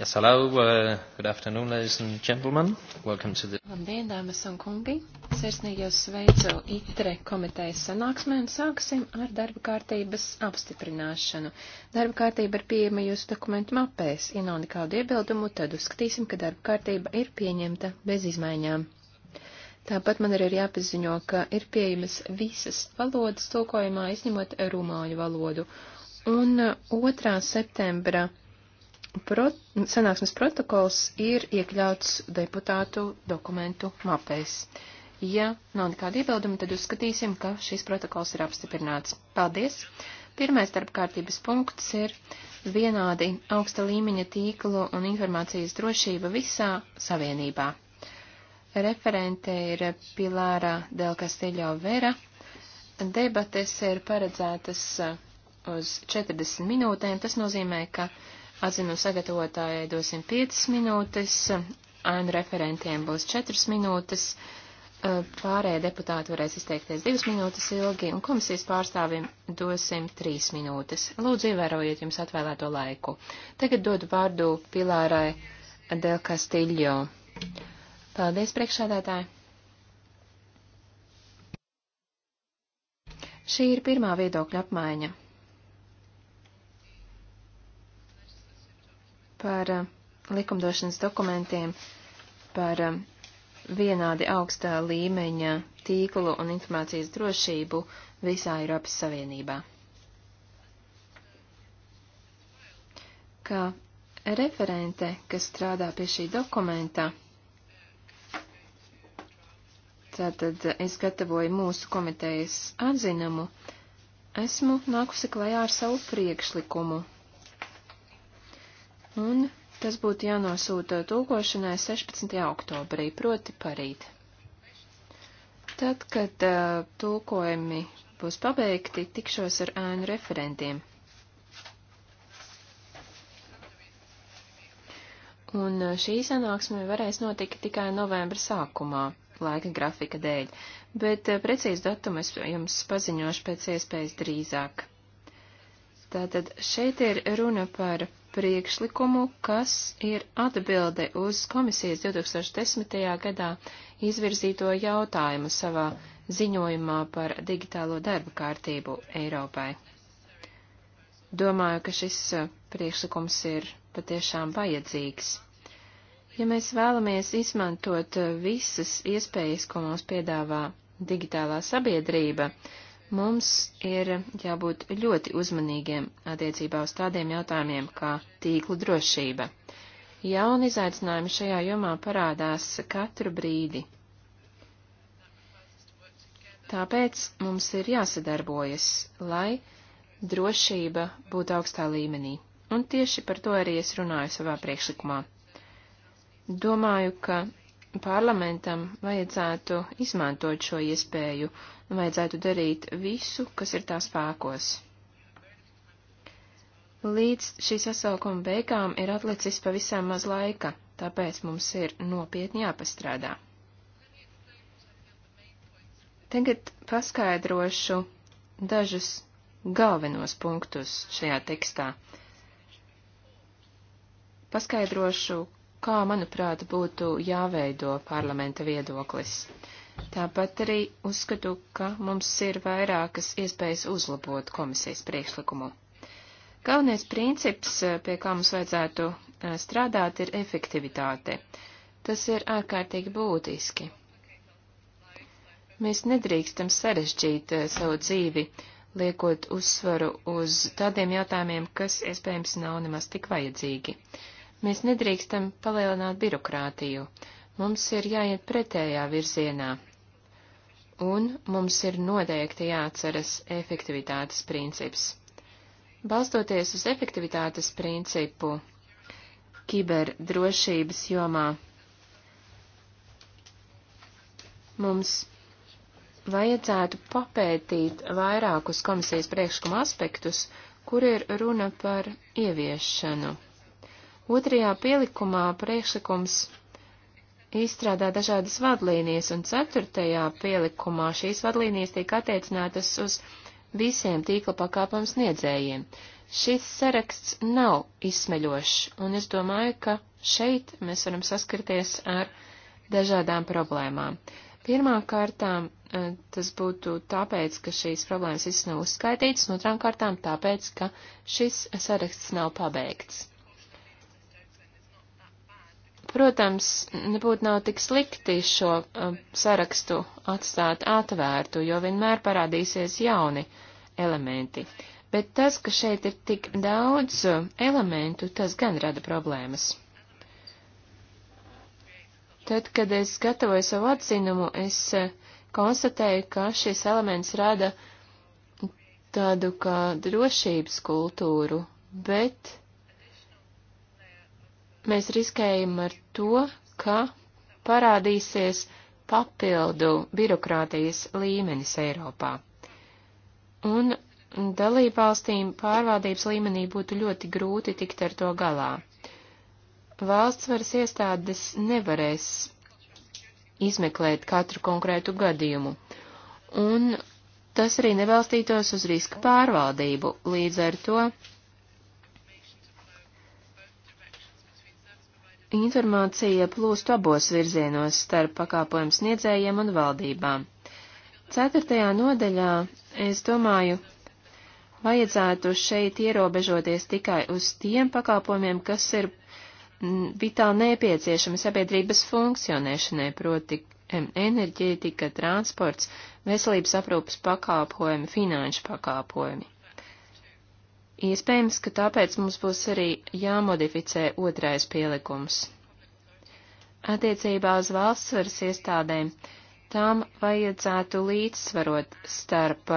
Yes, hello. Uh, good afternoon, ladies and gentlemen. Welcome to the... Labdien, dāmas un kungi. Sirsnīgi jūs sveicu ITRE komitejas sanāksmē un sāksim ar darba kārtības apstiprināšanu. Darba kārtība ir pieejama jūsu dokumentu mapēs. Ja nav nekādu iebildumu, tad uzskatīsim, ka darba kārtība ir pieņemta bez izmaiņām. Tāpat man ir jāpaziņo, ka ir pieejamas visas valodas tulkojumā, izņemot rumāņu valodu. Un 2. septembra Prot, sanāksmes protokols ir iekļauts deputātu dokumentu mapēs. Ja nav nekāda iebilduma, tad uzskatīsim, ka šis protokols ir apstiprināts. Paldies! Pirmais darba kārtības punkts ir vienādi augsta līmeņa tīklu un informācijas drošība visā savienībā. Referente ir Pilāra Delkasteļo Vera. Debates ir paredzētas uz 40 minūtēm. Tas nozīmē, ka Atzinu sagatavotājai dosim 5 minūtes, ANU referentiem būs 4 minūtes, pārējie deputāti varēs izteikties 2 minūtes ilgi, un komisijas pārstāvim dosim 3 minūtes. Lūdzu, ievērojiet jums atvēlēto laiku. Tagad dodu vārdu Pilārai Del Castillo. Paldies, priekšādātāji! Šī ir pirmā viedokļa apmaiņa. par eh, likumdošanas dokumentiem, par eh, vienādi augstā līmeņa tīklu un informācijas drošību visā Eiropas Savienībā. Kā referente, kas strādā pie šī dokumenta, tātad es gatavoju mūsu komitejas atzinumu, esmu nākusi klajā ar savu priekšlikumu un tas būtu jānosūta tūkošanai 16. oktobrī, proti parīt. Tad, kad uh, tulkojumi būs pabeigti, tikšos ar ēnu referentiem. Un šī sanāksme varēs notikt tikai novembra sākumā, laika grafika dēļ, bet uh, precīzi datumu es jums paziņošu pēc iespējas drīzāk. Tātad šeit ir runa par priekšlikumu, kas ir atbilde uz komisijas 2010. gadā izvirzīto jautājumu savā ziņojumā par digitālo darba kārtību Eiropai. Domāju, ka šis uh, priekšlikums ir patiešām vajadzīgs. Ja mēs vēlamies izmantot uh, visas iespējas, ko mums piedāvā digitālā sabiedrība, uh, Mums ir jābūt ļoti uzmanīgiem attiecībā uz tādiem jautājumiem kā tīklu drošība. Jauni izaicinājumi šajā jomā parādās katru brīdi. Tāpēc mums ir jāsadarbojas, lai drošība būtu augstā līmenī. Un tieši par to arī es runāju savā priekšlikumā. Domāju, ka parlamentam vajadzētu izmantot šo iespēju un vajadzētu darīt visu, kas ir tā spēkos. Līdz šī sasaukuma beigām ir atlicis pavisam maz laika, tāpēc mums ir nopietni jāpastrādā. Tagad paskaidrošu dažus galvenos punktus šajā tekstā. Paskaidrošu, kā, manuprāt, būtu jāveido parlamenta viedoklis. Tāpat arī uzskatu, ka mums ir vairākas iespējas uzlabot komisijas priekšlikumu. Galvenais princips, pie kā mums vajadzētu eh, strādāt, ir efektivitāte. Tas ir ārkārtīgi būtiski. Mēs nedrīkstam sarežģīt eh, savu dzīvi, liekot uzsvaru uz tādiem jautājumiem, kas, iespējams, nav nemaz tik vajadzīgi. Uh, Mēs nedrīkstam palielināt birokrātiju. Mums ir jāiet pretējā virzienā. Un mums ir noteikti jāatceras efektivitātes princips. Balstoties uz efektivitātes principu kiberdrošības jomā, mums vajadzētu papētīt vairākus komisijas priekšlikuma aspektus, kur ir runa par ieviešanu. Otrajā pielikumā priekšlikums izstrādā dažādas vadlīnijas, un ceturtajā pielikumā šīs vadlīnijas tiek attiecinātas uz visiem tīkla pakāpams sniedzējiem. Šis saraksts nav izsmeļošs, un es domāju, ka šeit mēs varam saskarties ar dažādām problēmām. Pirmām kārtām eh, tas būtu tāpēc, ka šīs problēmas viss nav uzskaitītas, un otrām kārtām tāpēc, ka šis saraksts nav pabeigts. Protams, nebūtu nav tik slikti šo uh, sarakstu atstāt atvērtu, jo vienmēr parādīsies jauni elementi. Bet tas, ka šeit ir tik daudz um, elementu, tas gan rada problēmas. Tad, kad es gatavoju savu atzinumu, es uh, konstatēju, ka šis elements rada tādu kā drošības kultūru, bet mēs riskējam ar to, ka parādīsies papildu birokrātijas līmenis Eiropā. Un dalībvalstīm pārvaldības līmenī būtu ļoti grūti tikt ar to galā. Valsts varas iestādes nevarēs izmeklēt katru konkrētu gadījumu, un tas arī nebalstītos uz riska pārvaldību, līdz ar to Informācija plūst abos virzienos starp pakāpojumu sniedzējiem un valdībām. Ceturtajā nodaļā, es domāju, vajadzētu šeit ierobežoties tikai uz tiem pakāpojumiem, kas ir mm, vitāli nepieciešami sabiedrības funkcionēšanai, proti enerģētika, transports, veselības aprūpas pakāpojumi, finanšu pakāpojumi. Iespējams, ka tāpēc mums būs arī jāmodificē otrais pielikums. Attiecībā uz valsts varas iestādēm tām vajadzētu līdzsvarot starp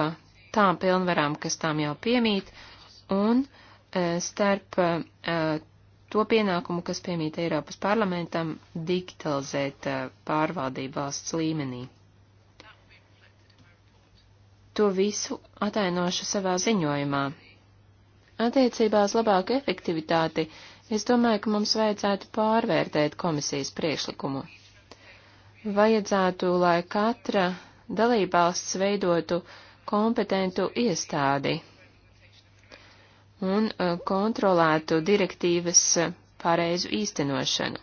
tām pilnvarām, kas tām jau piemīt, un e, starp e, to pienākumu, kas piemīt Eiropas parlamentam, digitalizēt e, pārvaldību valsts līmenī. To visu atainošu savā ziņojumā. Attiecībā uz labāku efektivitāti es domāju, ka mums vajadzētu pārvērtēt komisijas priekšlikumu. Vajadzētu, lai katra dalībvalsts veidotu kompetentu iestādi un uh, kontrolētu direktīvas uh, pareizu īstenošanu.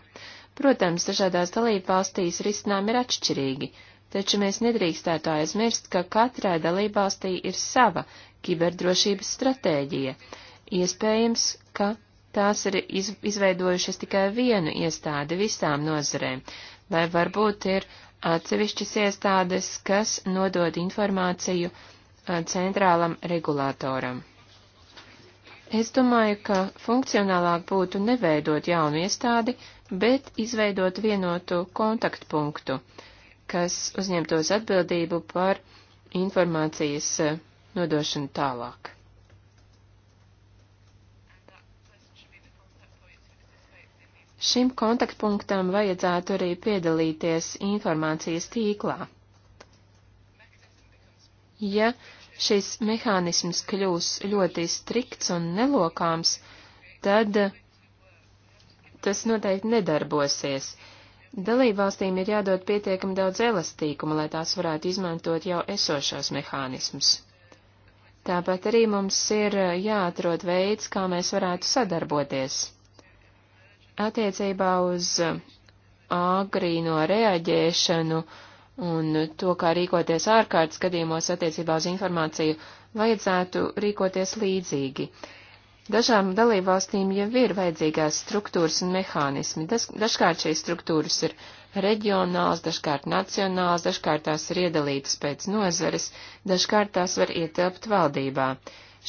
Protams, dažādās dalībvalstīs risinājumi ir atšķirīgi, taču mēs nedrīkstētu aizmirst, ka katrai dalībvalstī ir sava kiberdrošības stratēģija. Iespējams, ka tās ir iz, izveidojušas tikai vienu iestādi visām nozarēm, vai varbūt ir atsevišķas iestādes, kas nodod informāciju eh, centrālam regulātoram. Es domāju, ka funkcionālāk būtu neveidot jaunu iestādi, bet izveidot vienotu kontaktpunktu, kas uzņemtos atbildību par informācijas eh, nodošanu tālāk. Šim kontaktpunktam vajadzētu arī piedalīties informācijas tīklā. Ja šis mehānisms kļūs ļoti strikts un nelokāms, tad tas noteikti nedarbosies. Dalībvalstīm ir jādod pietiekami daudz elastīkuma, lai tās varētu izmantot jau esošos mehānismus. Tāpat arī mums ir eh, jāatrod veids, kā mēs varētu sadarboties. Attiecībā uz eh, agrīno reaģēšanu un to, kā rīkoties ārkārtas gadījumos attiecībā uz informāciju, vajadzētu rīkoties līdzīgi. Uh, Dažām dalībvalstīm jau ir vajadzīgās struktūras un mehānismi. Das, dažkārt šīs struktūras ir reģionāls, dažkārt nacionāls, dažkārt tās ir iedalītas pēc nozares, dažkārt tās var ietilpt valdībā.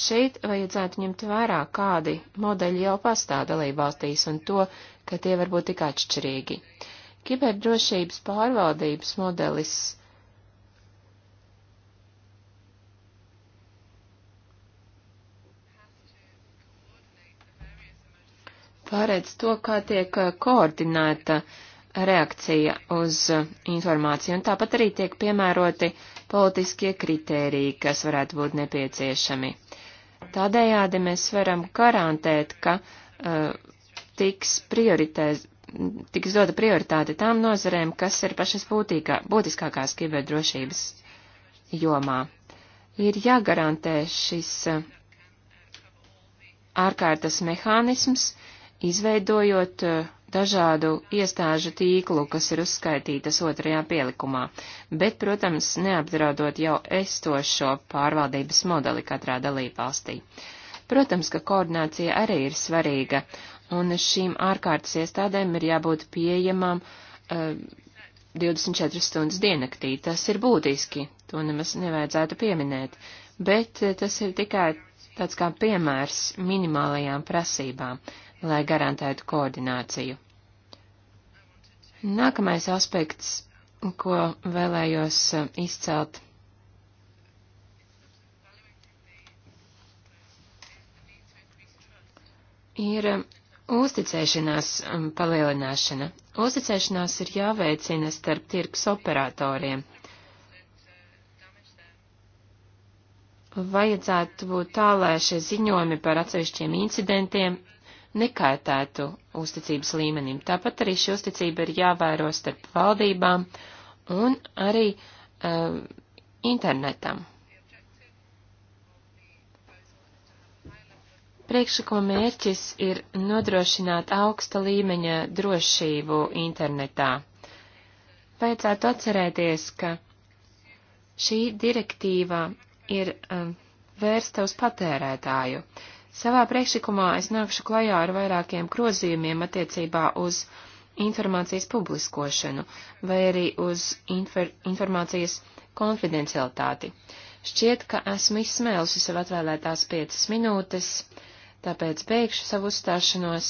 Šeit vajadzētu ņemt vērā, kādi modeļi jau pastāv dalībvalstīs un to, ka tie var būt tik atšķirīgi. Kiberdrošības pārvaldības modelis pārēdz to, kā tiek uh, koordinēta reakcija uz uh, informāciju, un tāpat arī tiek piemēroti politiskie kritēriji, kas varētu būt nepieciešami. Tādējādi mēs varam garantēt, ka uh, tiks prioritēs, tiks dota prioritāte tām nozarēm, kas ir pašas būtīgā, būtiskākās kiberdrošības jomā. Ir jāgarantē šis uh, ārkārtas mehānisms, izveidojot e, dažādu iestāžu tīklu, kas ir uzskaitītas otrajā pielikumā, bet, protams, neapdraudot jau estošo pārvaldības modeli katrā dalībvalstī. Protams, ka koordinācija arī ir svarīga, un šīm ārkārtas iestādēm ir jābūt pieejamām uh, 24 stundas diennaktī. Tas ir būtiski, to nemaz nevajadzētu pieminēt, bet e, tas ir tikai tāds kā piemērs minimālajām prasībām, lai garantētu koordināciju. Nākamais aspekts, ko vēlējos eh, izcelt, ir eh, uzticēšanās mm, palielināšana. Uzticēšanās ir jāveicina starp tirgus operatoriem. Vajadzētu būt tā, lai šie ziņojumi par atsevišķiem incidentiem nekaitētu uzticības līmenim. Tāpat arī šī uzticība ir jāvēro starp valdībām un arī uh, internetam. Priekšlikuma mērķis ir nodrošināt augsta līmeņa drošību internetā. Vajadzētu atcerēties, ka šī direktīva ir um, vērsta uz patērētāju. Uh, Savā priekšlikumā es nākšu klajā ar vairākiem grozījumiem attiecībā uz informācijas publiskošanu vai arī uz infer informācijas konfidencialitāti. Šķiet, ka esmu izsmēlusi sev atvēlētās piecas minūtes, tāpēc beigšu savu uzstāšanos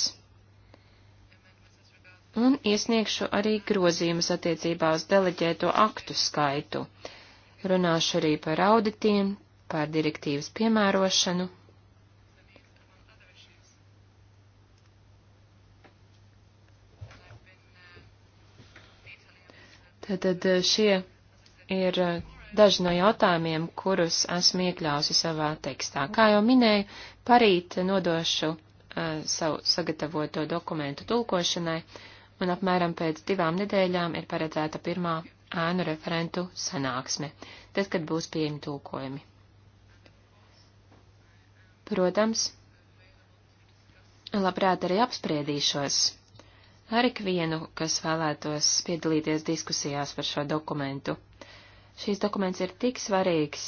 un iesniegšu arī grozījumus attiecībā uz deleģēto aktu skaitu. Runāšu arī par auditiem, par direktīvas piemērošanu Tātad eh, šie ir eh, daži no jautājumiem, kurus esmu iekļausi savā tekstā. Kā jau minēju, parīt nodošu uh, savu sagatavoto dokumentu tulkošanai, un apmēram pēc divām nedēļām ir paredzēta pirmā ēnu referentu sanāksme, tad, kad būs pieejami tulkojumi. Protams, labprāt arī apspriedīšos ar ikvienu, kas vēlētos piedalīties diskusijās par šo dokumentu. Šīs dokuments ir tik svarīgs,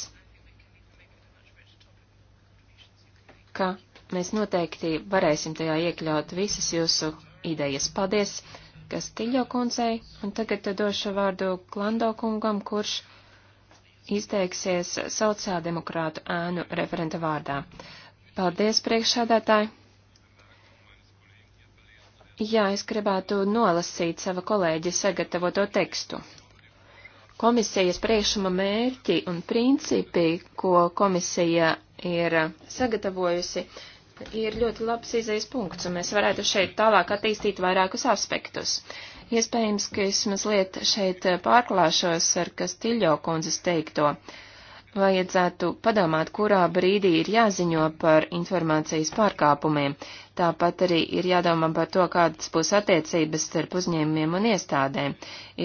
ka mēs noteikti varēsim tajā iekļaut visas jūsu idejas. Paldies, kas Tiļo kundzei, un tagad došu vārdu Klando kungam, kurš izteiksies sociāldemokrātu ēnu referenta vārdā. Paldies, priekšādātāji! Jā, es gribētu nolasīt sava kolēģa sagatavoto tekstu. Komisijas priekšuma mērķi un principi, ko komisija ir sagatavojusi, ir ļoti labs izējas punkts, un mēs varētu šeit tālāk attīstīt vairākus aspektus. Iespējams, ka es mazliet šeit pārklāšos ar Kastiļo kundzes teikto. Uh, vajadzētu padomāt, kurā brīdī ir jāziņo par informācijas pārkāpumiem. Tāpat arī ir jādomā par to, kādas būs attiecības starp uzņēmumiem un iestādēm.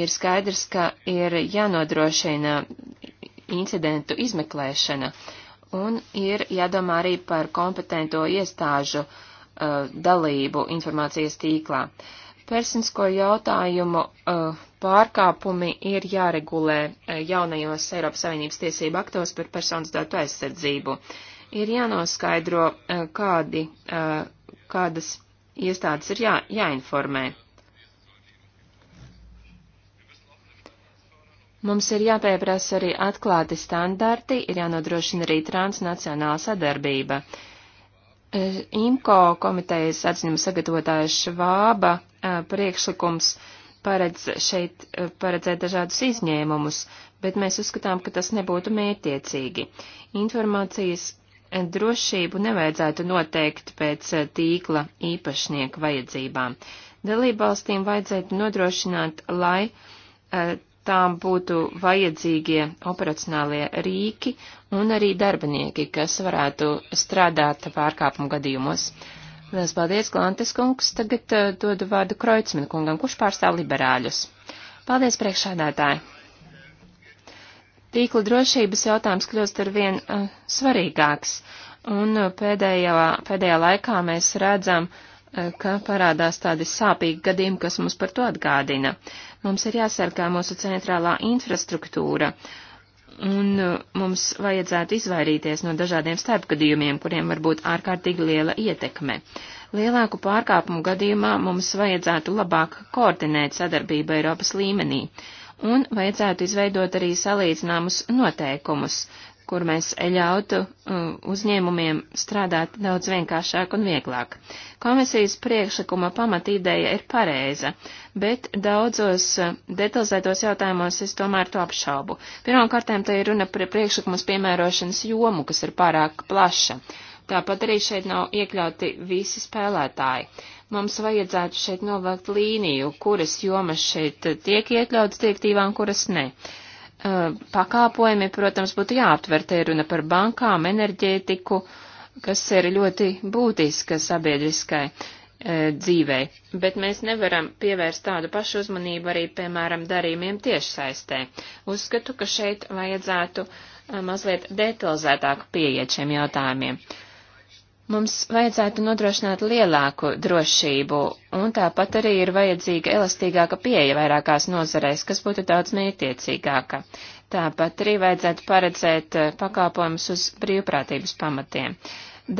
Ir skaidrs, ka ir jānodrošina incidentu izmeklēšana un ir jādomā arī par kompetento iestāžu uh, dalību informācijas tīklā. Persinsko jautājumu uh, pārkāpumi ir jāregulē eh, jaunajos Eiropas Savienības tiesību aktos par personas datu aizsardzību. Ir jānoskaidro, eh, kādi, eh, kādas iestādes ir jā, jāinformē. Mums ir jāpieprasa arī atklāti standarti, ir jānodrošina arī transnacionāla sadarbība. IMCO komitejas atzinuma sagatavotāja Švāba priekšlikums uh, paredz šeit eh, paredzēt dažādus izņēmumus, bet mēs uzskatām, ka tas nebūtu mērķiecīgi. Informācijas eh, drošību nevajadzētu noteikt pēc eh, tīkla īpašnieka vajadzībām. Dalībvalstīm vajadzētu nodrošināt, lai tām būtu vajadzīgie operacionālie rīki un arī darbinieki, kas varētu strādāt pārkāpumu gadījumos. Lielas paldies, Glantes kungs. Tagad uh, dodu vārdu Kreutzmanu kungam, kurš pārstāv liberāļus. Paldies, priekšādātāji. Tīkla drošības jautājums kļūst ar vien uh, eh, svarīgāks, un eh, pēdējā, pēdējā laikā mēs redzam, uh, ka parādās tādi sāpīgi gadījumi, kas mums par to atgādina. Mums ir jāsargā mūsu centrālā infrastruktūra. Uh, un uh, mums vajadzētu izvairīties no dažādiem starpgadījumiem, kuriem var būt ārkārtīgi liela ietekme. Lielāku pārkāpumu gadījumā mums vajadzētu labāk koordinēt sadarbību Eiropas līmenī, un vajadzētu izveidot arī salīdzināmus noteikumus, kur mēs ļautu uh, uzņēmumiem strādāt daudz vienkāršāk un vieglāk. Komisijas priekšlikuma pamatīdeja ir pareiza, bet daudzos uh, detalizētos jautājumos es tomēr to apšaubu. Pirmkārtēm te ir runa par priekšlikumas piemērošanas jomu, kas ir pārāk plaša. Tāpat arī šeit nav iekļauti visi spēlētāji. Mums vajadzētu šeit novākt līniju, kuras jomas šeit tiek iekļautas direktīvām, kuras ne. Uh, Eh, pakāpojumi, protams, būtu jāaptver. Te ir runa par bankām, enerģētiku, kas ir ļoti būtiska sabiedriskai e, eh, dzīvei. Bet mēs nevaram pievērst tādu pašu uzmanību arī, piemēram, darījumiem tiešsaistē. Uzskatu, ka šeit vajadzētu eh, mazliet detalizētāk pieiet šiem jautājumiem. Uh, Mums vajadzētu nodrošināt lielāku drošību, un tāpat arī ir vajadzīga elastīgāka pieeja vairākās nozarēs, kas būtu daudz mērķiecīgāka. Tāpat arī vajadzētu paredzēt eh, pakāpojumus uz brīvprātības pamatiem.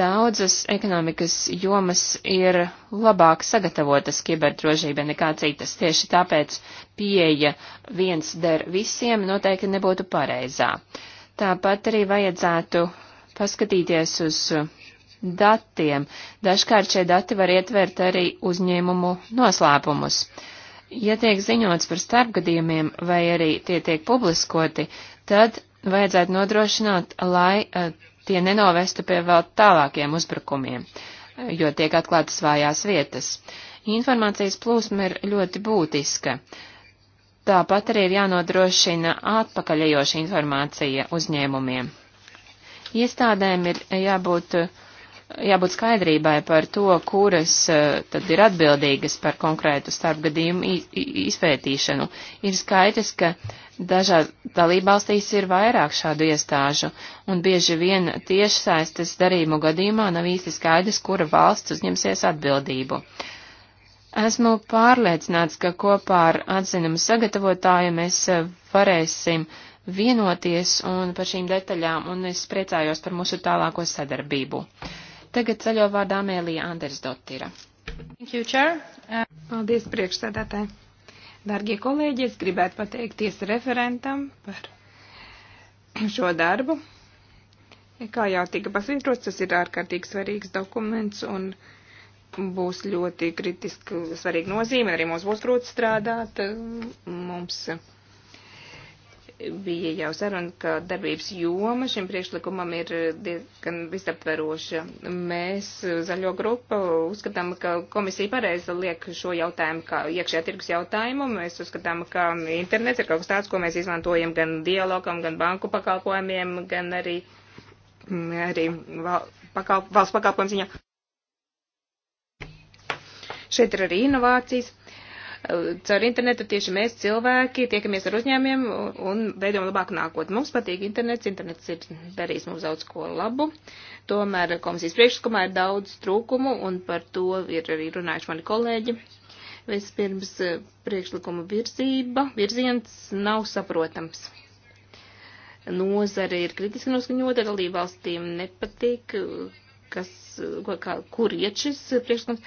Daudzas ekonomikas jomas ir labāk sagatavotas kiberdrošībai nekā citas, tieši tāpēc pieeja viens der visiem noteikti nebūtu pareizā. Tāpat arī vajadzētu paskatīties uz datiem. Dažkārt šie dati var ietvert arī uzņēmumu noslēpumus. Ja tiek ziņots par starpgadījumiem vai arī tie tiek publiskoti, tad vajadzētu nodrošināt, lai eh, tie nenovestu pie vēl tālākiem uzbrukumiem, eh, jo tiek atklātas vājās vietas. Informācijas plūsma ir ļoti būtiska. Tāpat arī ir jānodrošina atpakaļejoša informācija uzņēmumiem. Iestādēm ir eh, jābūt uh, jābūt skaidrībai par to, kuras e, tad ir atbildīgas par konkrētu starpgadījumu izpētīšanu. Ir skaidrs, ka dažās dalībvalstīs ir vairāk šādu iestāžu, un bieži vien tiešsaistes darījumu gadījumā nav īsti skaidrs, kura valsts uzņemsies atbildību. Esmu pārliecināts, ka kopā ar atzinumu sagatavotāju mēs e, varēsim vienoties un par šīm detaļām, un es priecājos par mūsu tālāko sadarbību. Uh, Tagad zaļo vārdā Mēlija Andersdotira. Paldies priekšsēdētāji. Dargie kolēģi, es gribētu pateikties referentam par šo darbu. Kā jau tika pasvītrots, tas ir ārkārtīgi svarīgs dokuments un būs ļoti kritiski svarīga nozīme. Arī mums būs grūti strādāt. Mums bija jau saruna, ka darbības joma šim priekšlikumam ir diezgan visaptveroša. Mēs zaļo grupu uzskatām, ka komisija pareizi liek šo jautājumu kā iekšējā tirgus jautājumu. Mēs uzskatām, ka internets ir kaut kas tāds, ko mēs izmantojam gan dialogam, gan banku pakalpojumiem, gan arī, arī val, pakalp, valsts pakalpojumu ziņā. Šeit ir arī inovācijas caur internetu tieši mēs cilvēki tiekamies ar uzņēmiem un veidojam labāku nākotni. Mums patīk internets, internets ir darījis mums daudz ko labu, tomēr komisijas priekšlikumā ir daudz trūkumu un par to ir arī runājuši mani kolēģi. Vispirms eh, priekšlikuma virzība, virziens nav saprotams. Nozare ir kritiski noskaņota, dalībvalstīm nepatīk, kas, kā, kur iet šis priekšlikums.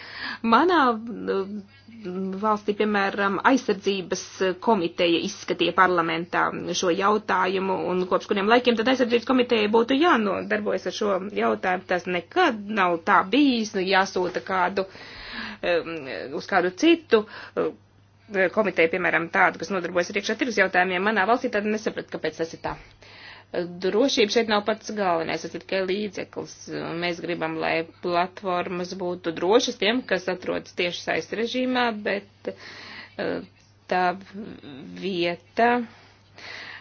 Manā mm, valstī, piemēram, aizsardzības komiteja izskatīja parlamentā šo jautājumu, un kopš kuriem laikiem tad aizsardzības komiteja būtu jānodarbojas ar šo jautājumu. Tas nekad nav tā bijis, nu, jāsūta kādu, uz kādu citu eh, komiteju, piemēram, tādu, kas nodarbojas ar iekšā tirgus jautājumiem. Manā valstī tad nesaprat, kāpēc tas ir tā drošība šeit nav pats galvenais, tas ir tikai līdzeklis. Mēs gribam, lai platformas būtu drošas tiem, kas atrodas tieši saist režīmā, bet eh, tā vieta,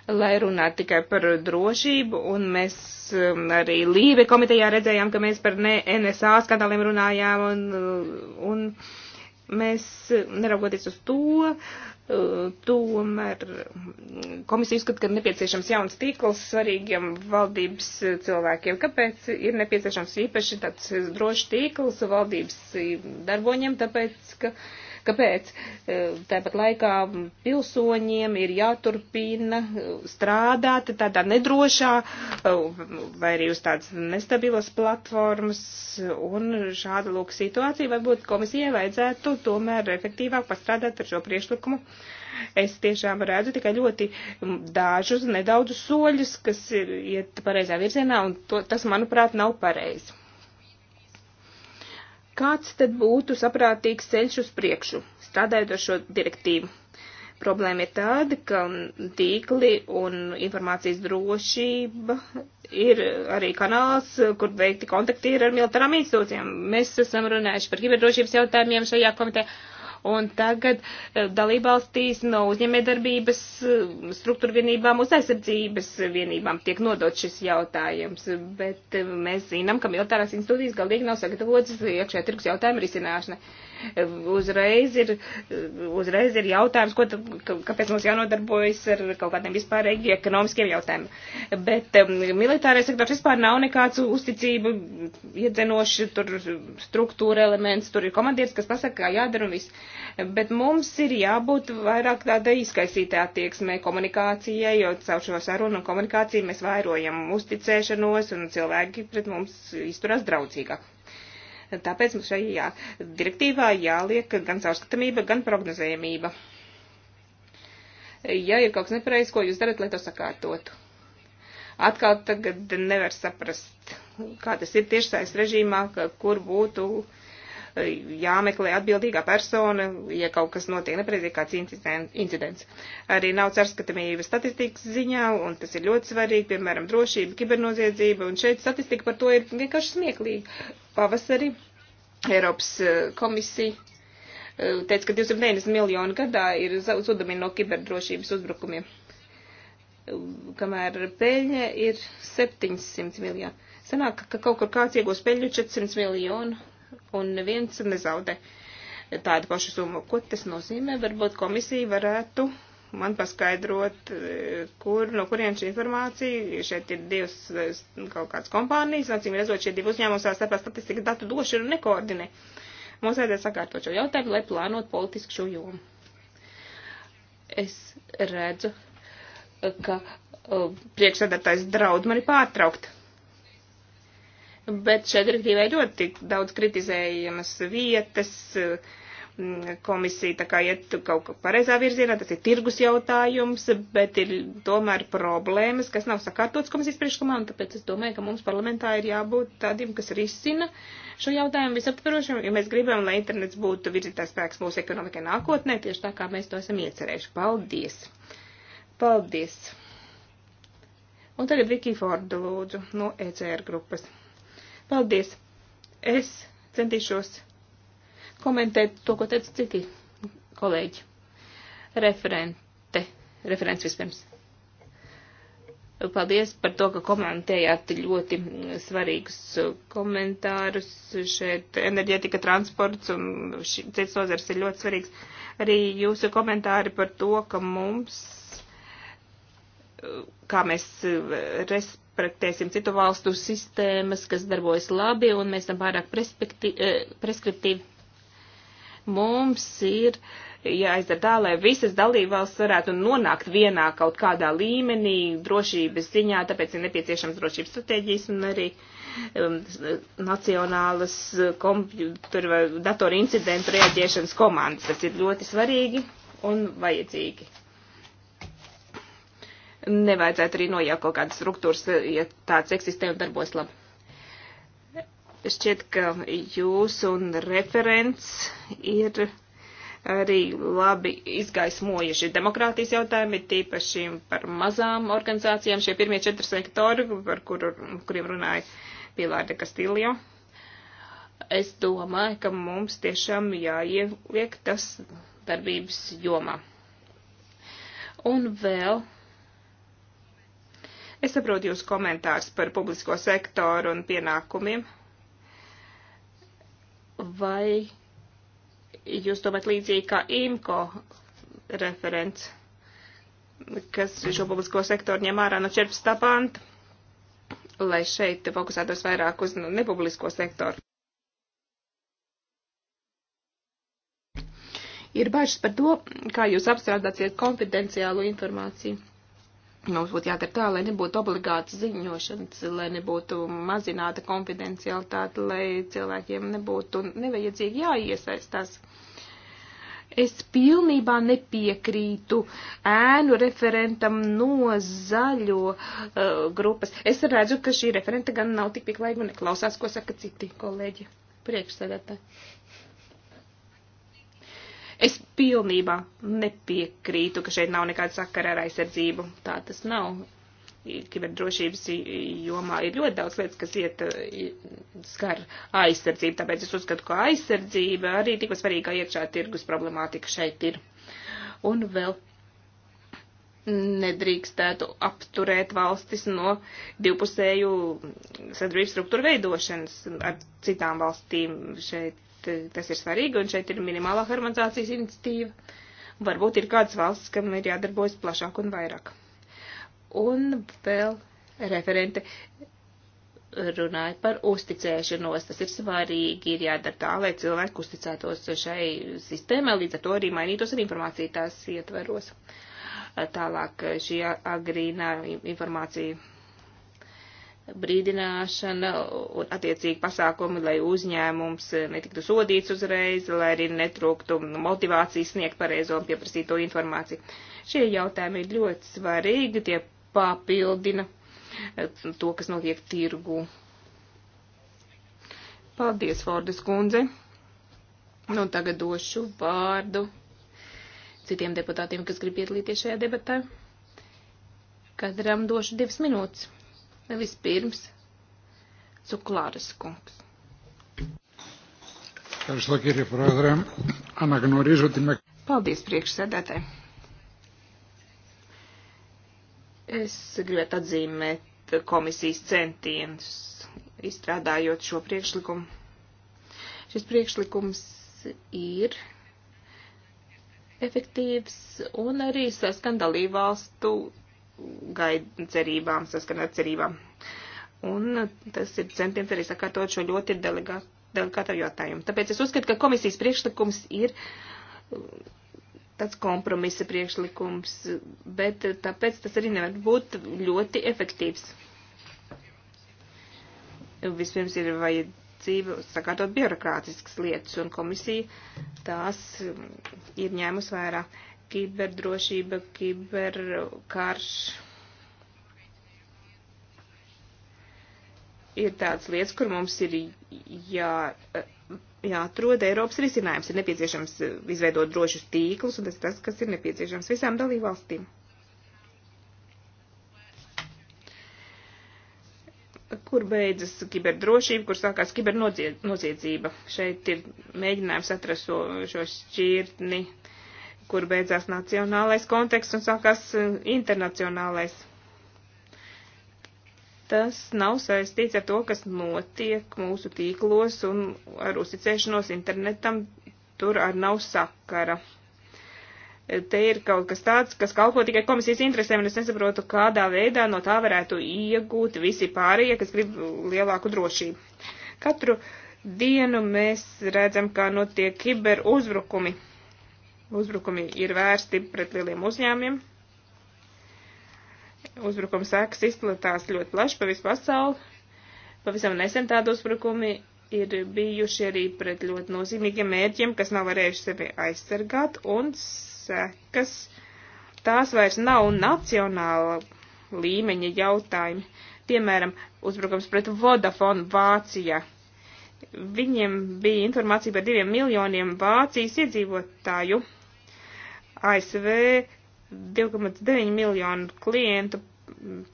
lai runātu tikai par drošību, un mēs eh, arī Lībe komitejā redzējām, ka mēs par NSA skandāliem runājām, un, eh, un mēs, neraugoties uz to, uh, Tomēr komisija uzskata, ka nepieciešams jauns tīkls svarīgiem valdības cilvēkiem. Kāpēc ir nepieciešams īpaši tāds drošs tīkls valdības darboņiem? Tāpēc, ka uh, Kāpēc? E, tāpat laikā pilsoņiem ir jāturpina e, strādāt tādā nedrošā e, vai arī uz tādas nestabilas platformas, un šāda lūk situācija varbūt komisijai vajadzētu tomēr efektīvāk pastrādāt ar šo priešlikumu. Es tiešām redzu tikai ļoti dažus, nedaudzus soļus, kas ir iet pareizā virzienā, un to, tas, manuprāt, nav pareizi. Kāds tad būtu saprātīgs ceļš uz priekšu, strādājot ar šo direktīvu? Problēma ir tāda, ka tīkli un informācijas drošība ir arī kanāls, kur veikti kontakti ir ar militārām institūcijām. Mēs esam runājuši par kiberdrošības jautājumiem šajā komitē, Un tagad eh, dalībvalstīs no uzņēmējdarbības eh, struktūra vienībām uz aizsardzības vienībām tiek nodot šis jautājums. Bet eh, mēs zinām, ka militārās institūcijas galīgi nav sagatavotas iekšējā tirgus jautājumu risināšanai uzreiz ir, uzreiz ir jautājums, ko, tad, kāpēc mums jānodarbojas ar kaut kādiem vispārīgi ekonomiskiem jautājumiem. Bet um, militārais sektors vispār nav nekāds uzticība iedzenoši tur struktūra elements, tur ir komandieris, kas pasaka, kā jādara un viss. Bet mums ir jābūt vairāk tādai izkaisītē attieksmē komunikācijai, jo caur šo sarunu un komunikāciju mēs vairojam uzticēšanos un cilvēki pret mums izturās draudzīgāk. Tāpēc mums šajā direktīvā jāliek gan caurskatāmība, gan prognozējamība. Ja ir kaut kas nepareizs, ko jūs darat, lai to sakārtotu. Atkal tagad nevar saprast, kā tas ir tiešsais režīmā, kur būtu uh, jāmeklē atbildīgā persona, ja kaut kas notiek nepareizi, kāds incidents. Arī nav cārskatamība statistikas ziņā, un tas ir ļoti svarīgi, piemēram, drošība, kibernoziedzība, un šeit statistika par to ir vienkārši smieklīga. Pavasari Eiropas eh, komisija eh, teica, ka 290 miljoni gadā ir zudumi no kiberdrošības uzbrukumiem, kamēr peļņa ir 700 miljoni. Sanāk, ka kaut kur kāds iegūs peļņu 400 miljonu un neviens nezaudē tādu pašu summu. Ko tas nozīmē? Varbūt komisija varētu man paskaidrot, e, kur, no kurien šī informācija. Šeit ir divas e, kaut kādas kompānijas, acīm redzot, šie divi uzņēmumi savā starpā statistikas datu došanu nekoordinē. Mums vajadzētu sakārtot šo jautājumu, lai plānot politiski šo jomu. Es redzu, ka e, priekšsēdētājs draud mani pārtraukt bet šeit direktīvai ļoti daudz kritizējamas vietas, komisija tā kā iet kaut kā pareizā virzienā, tas ir tirgus jautājums, bet ir tomēr problēmas, kas nav sakārtotas komisijas priekšlikumā, un tāpēc es domāju, ka mums parlamentā ir jābūt tādiem, kas risina šo jautājumu visaptvarošiem, jo mēs gribam, lai internets būtu virzītājs spēks mūsu ekonomikai nākotnē, tieši tā kā mēs to esam iecerējuši. Paldies! Paldies! Un tagad Viki Forda lūdzu no ECR grupas. Paldies! Es centīšos komentēt to, ko teica citi kolēģi. Referente. Referents vispirms. Paldies par to, ka komentējāt ļoti svarīgus komentārus. Šeit enerģētika, transports un cits nozars ir ļoti svarīgs. Arī jūsu komentāri par to, ka mums, kā mēs res, praktēsim citu valstu sistēmas, kas darbojas labi, un mēs tam pārāk eh, preskriptīvi. Mums ir jāizdara tā, lai visas dalībvalsts varētu nonākt vienā kaut kādā līmenī drošības ziņā, tāpēc ir nepieciešams drošības stratēģijas un arī um, nacionālas kompjutora vai datora incidentu reaģēšanas komandas. Tas ir ļoti svarīgi un vajadzīgi nevajadzētu arī nojaukt kaut kādas struktūras, ja tāds eksistē un darbos labi. Šķiet, ka jūs un referents ir arī labi izgaismojuši demokrātijas jautājumi, tīpaši par mazām organizācijām, šie pirmie četri sektori, par kur, kuriem runāja Pilārde Kastīlio. Es domāju, ka mums tiešām jāieliek tas darbības jomā. Un vēl Es saprotu jūsu komentārs par publisko sektoru un pienākumiem. Vai jūs domājat līdzīgi kā IMCO referents, kas šo publisko sektoru ņem ārā no 14. panta, lai šeit fokusētos vairāk uz nepublisko sektoru? Ir bažas par to, kā jūs apstrādāsiet konfidenciālu informāciju. Mums būtu jādara tā, lai nebūtu obligāta ziņošanas, lai nebūtu mazināta konfidencialitāte, lai cilvēkiem nebūtu nevajadzīgi jāiesaistās. Es pilnībā nepiekrītu ēnu referentam no zaļo uh, grupas. Es redzu, ka šī referenta gan nav tik pieklājīga un neklausās, ko saka citi kolēģi priekšsēdētāji. Es pilnībā nepiekrītu, ka šeit nav nekāda sakara ar aizsardzību. Tā tas nav. Kiberdrošības jomā ir ļoti daudz lietas, kas iet eh, skar aizsardzību, tāpēc es uzskatu, ka aizsardzība arī tikpat svarīga iekšā tirgus problemātika šeit ir. Un vēl nedrīkstētu apturēt valstis no divpusēju sadarbības struktūru veidošanas ar citām valstīm. Šeit Eh, tas ir svarīgi, un šeit ir minimālā harmonizācijas iniciatīva. Varbūt ir kādas valsts, kam ir jādarbojas plašāk un vairāk. Un vēl referente runāja par uzticēšanos. Tas ir svarīgi, ir jādara tā, lai cilvēki uzticētos šai sistēmai, līdz ar to arī mainītos ar informāciju tās ietveros. Tālāk šī agrīnā informācija brīdināšana un attiecīgi pasākumi, lai uzņēmums netiktu sodīts uzreiz, lai arī netrūktu motivācijas sniegt pareizo un pieprasīto informāciju. Šie jautājumi ir ļoti svarīgi, tie papildina eh, to, kas notiek tirgu. Paldies, Fordas kundze. Nu, tagad došu vārdu citiem deputātiem, kas grib piedalīties šajā debatā. Katram došu divas minūtes. Vispirms Cuklāras kungs. Paldies priekšsēdētāji. Es gribētu atzīmēt komisijas centienus, izstrādājot šo priekšlikumu. Šis priekšlikums ir efektīvs un arī saskan dalībvalstu gaid cerībām, saskan ar cerībām. Un tas ir centiens arī sakārtot šo ļoti delikātu jautājumu. Tāpēc es uzskatu, ka komisijas priekšlikums ir uh, tāds kompromisa priekšlikums, bet tāpēc tas arī nevar būt ļoti efektīvs. Vispirms ir vajadzība sakārtot birokrātiskas lietas, un komisija tās um, ir ņēmus vairāk kiberdrošība, kiberkarš. Ir tādas lietas, kur mums ir jā, jāatrod Eiropas risinājums. Ir nepieciešams izveidot drošus tīklus, un tas ir tas, kas ir nepieciešams visām dalībvalstīm. kur beidzas kiberdrošība, kur sākās kibernoziedzība. Šeit ir mēģinājums atrast šo šķirtni kur beidzās nacionālais konteksts un sākās e, internacionālais. Tas nav saistīts ar to, kas notiek mūsu tīklos un ar uzticēšanos internetam, tur ar nav sakara. E, te ir kaut kas tāds, kas kalpo tikai komisijas interesēm, un es nesaprotu, kādā veidā no tā varētu iegūt visi pārējie, kas grib lielāku drošību. Katru dienu mēs redzam, kā notiek kiber uzbrukumi Uzbrukumi ir vērsti pret lieliem uzņēmiem. Uzbrukuma sākas izplatās ļoti plaši pa visu pasauli. Pavisam nesen tādi uzbrukumi ir bijuši arī pret ļoti nozīmīgiem mērķiem, kas nav varējuši sevi aizsargāt, un sekas tās vairs nav nacionāla līmeņa jautājumi. Piemēram, uzbrukums pret Vodafone Vācija. Viņiem bija informācija par diviem miljoniem Vācijas iedzīvotāju. ASV 2,9 miljonu klientu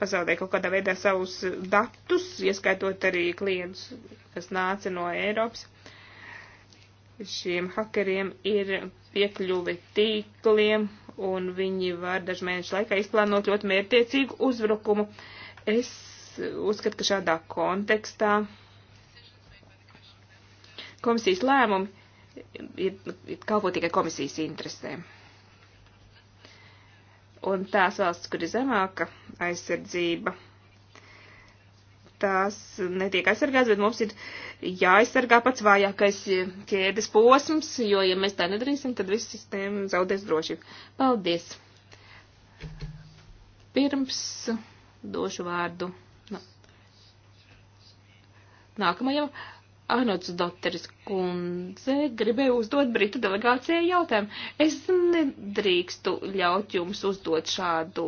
pazaudēja kaut kādā veidā savus datus, ieskaitot arī klientus, kas nāca no Eiropas. Šiem hakeriem ir piekļuvi tīkliem, un viņi var dažu mēnešu laikā izplānot ļoti mērķiecīgu uzbrukumu. Es uzskatu, ka šādā kontekstā komisijas lēmumi ir kalpo tikai komisijas interesēm. Un tās valsts, kur ir zemāka aizsardzība, tās netiek aizsargāts, bet mums ir jāaizsargā pats vājākais ķēdes posms, jo, ja mēs tā nedarīsim, tad viss sistēma zaudēs drošību. Paldies! Pirms došu vārdu. Nu. Nākamajam Arnots Doteris kundze gribēja uzdot Britu delegācijai jautājumu. Es nedrīkstu ļaut jums uzdot šādu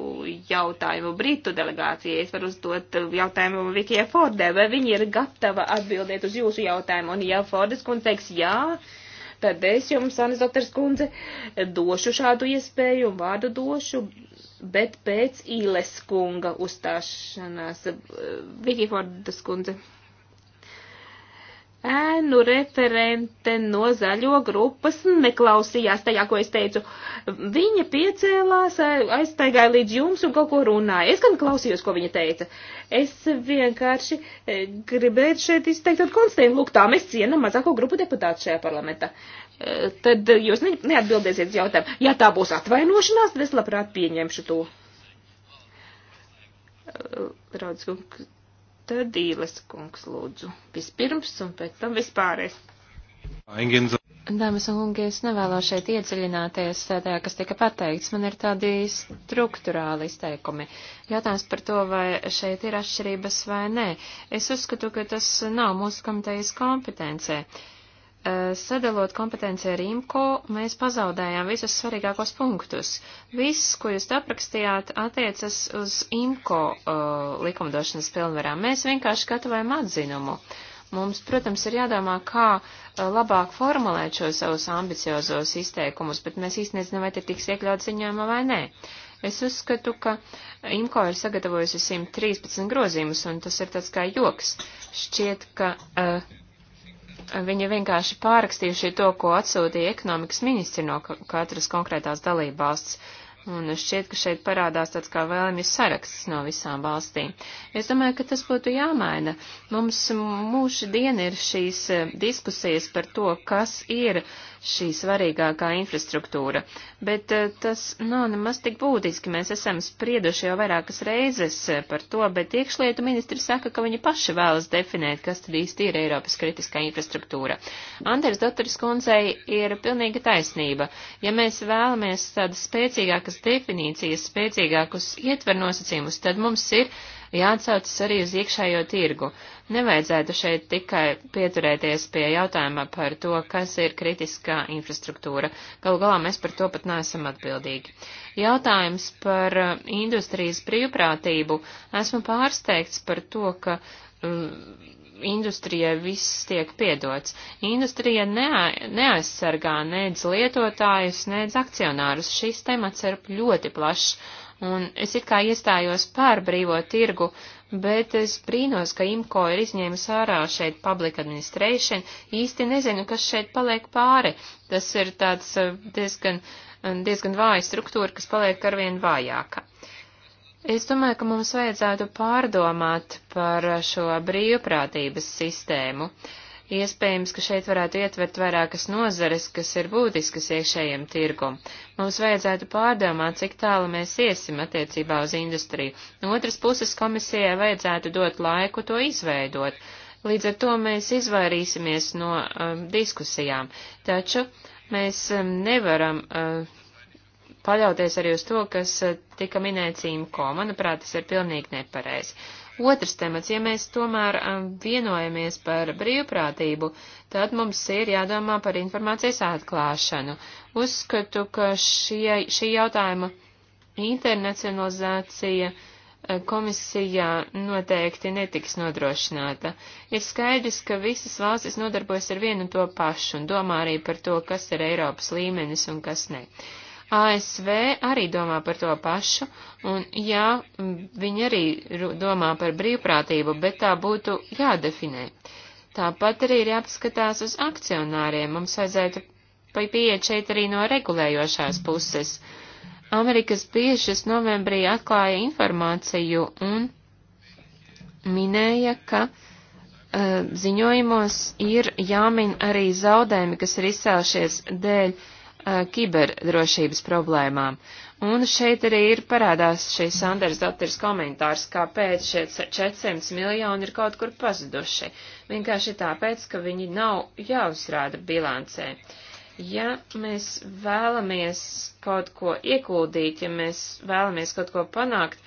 jautājumu Britu delegācijai. Es varu uzdot jautājumu Vikijai Fordē, vai viņa ir gatava atbildēt uz jūsu jautājumu. Un ja Fordes kundze teiks jā, tad es jums, Arnots Doteris kundze, došu šādu iespēju un vārdu došu. Bet pēc īles kunga uzstāšanās, Vikija Fordes kundze ēnu referente no zaļo grupas neklausījās tajā, ko es teicu. Viņa piecēlās, aiztaigāja līdz jums un kaut ko runāja. Es gan klausījos, ko viņa teica. Es vienkārši e, gribētu šeit izteikt tādu konstatējumu. Lūk, tā mēs cienam mazāko grupu deputātu šajā parlamentā. E, tad jūs ne, neatbildēsiet uz jautājumu. Ja tā būs atvainošanās, tad es labprāt pieņemšu to. E, Raudzkungs Tad Dīles kungs lūdzu. Vispirms un pēc tam vispārējais. Dāmas un kungi, es nevēlos šeit iedziļināties tajā, kas tika pateikts. Man ir tādi struktūrāli izteikumi. Jautājums par to, vai šeit ir atšķirības vai nē. Es uzskatu, ka tas nav mūsu komitejas kompetencē. Uh, Eh, sadalot kompetenci ar IMCO, mēs pazaudējām visus svarīgākos punktus. Viss, ko jūs aprakstījāt, attiecas uz IMCO uh, likumdošanas pilnvarām. Mēs vienkārši gatavojam atzinumu. Mums, protams, ir jādomā, kā uh, labāk formulēt šos savus ambiciozos izteikumus, bet mēs īsti nezinām, vai te tiks iekļauts ziņojumā vai nē. Es uzskatu, ka IMCO ir sagatavojusi 113 grozījumus, un tas ir tāds kā joks. Šķiet, ka uh, Viņi vienkārši pārakstījuši to, ko atsūtīja ekonomikas ministri no katras konkrētās dalībvalsts. Uh, Un šķiet, ka šeit parādās tāds kā vēlmju saraksts no visām valstīm. Es domāju, ka tas būtu jāmaina. Mums mūsu diena ir šīs e, diskusijas par to, kas ir šī svarīgākā infrastruktūra. Bet e, tas nav nemaz tik būtiski. Mēs esam sprieduši jau vairākas reizes e, par to, bet iekšlietu ministri saka, ka viņi paši vēlas definēt, kas tad īsti ir Eiropas kritiskā infrastruktūra. Anders Dotters kundzei ir pilnīga taisnība. Ja mēs vēlamies tādas spēcīgākas spēcīgākas definīcijas, spēcīgākus ietvernosacījumus, tad mums ir jāatsaucas arī uz iekšējo tirgu. Nevajadzētu šeit tikai pieturēties pie jautājuma par to, kas ir kritiskā infrastruktūra. Galu galā mēs par to pat neesam atbildīgi. Jautājums par uh, industrijas brīvprātību. Esmu pārsteigts par to, ka uh, industrijai viss tiek piedots. Industrija nea, neaizsargā nedz lietotājus, nedz akcionārus. Šis temats ir ļoti plašs, un es it kā iestājos pār brīvo tirgu, bet es brīnos, ka IMCO ir izņēmis ārā šeit public administration. Īsti nezinu, kas šeit paliek pāri. Tas ir tāds eh, diezgan, diezgan vāja struktūra, kas paliek arvien vājāka. Es domāju, ka mums vajadzētu pārdomāt par šo brīvprātības sistēmu. Iespējams, ka šeit varētu ietvert vairākas nozares, kas ir būtiskas iekšējiem tirgum. Mums vajadzētu pārdomāt, cik tālu mēs iesim attiecībā uz industriju. No otras puses komisijai vajadzētu dot laiku to izveidot. Līdz ar to mēs izvairīsimies no um, diskusijām. Taču mēs um, nevaram uh, paļauties arī uz to, kas eh, tika minēts IMCO. Manuprāt, tas ir pilnīgi nepareizi. Otrs temats, ja mēs tomēr eh, vienojamies par brīvprātību, tad mums ir jādomā par informācijas atklāšanu. Uzskatu, ka šie, šī jautājuma internacionalizācija eh, komisijā noteikti netiks nodrošināta. Ir skaidrs, ka visas valstis nodarbojas ar vienu to pašu un domā arī par to, kas ir Eiropas līmenis un kas ne. Uh, ASV arī domā par to pašu, un jā, viņi arī domā par brīvprātību, bet tā būtu jādefinē. Tāpat arī ir jāpaskatās uz akcionāriem. Mums vajadzētu pieiet šeit arī no regulējošās puses. Amerikas biežas novembrī atklāja informāciju un minēja, ka uh, ziņojumos ir jāmin arī zaudējumi, kas ir izcēlušies dēļ uh, kiberdrošības problēmām. Un šeit arī ir parādās šīs Sanders Dotters komentārs, kāpēc šie 400 miljoni ir kaut kur pazuduši. Vienkārši tāpēc, ka viņi nav jāuzrāda bilancē. Ja mēs vēlamies kaut ko ieguldīt, ja mēs vēlamies kaut ko panākt,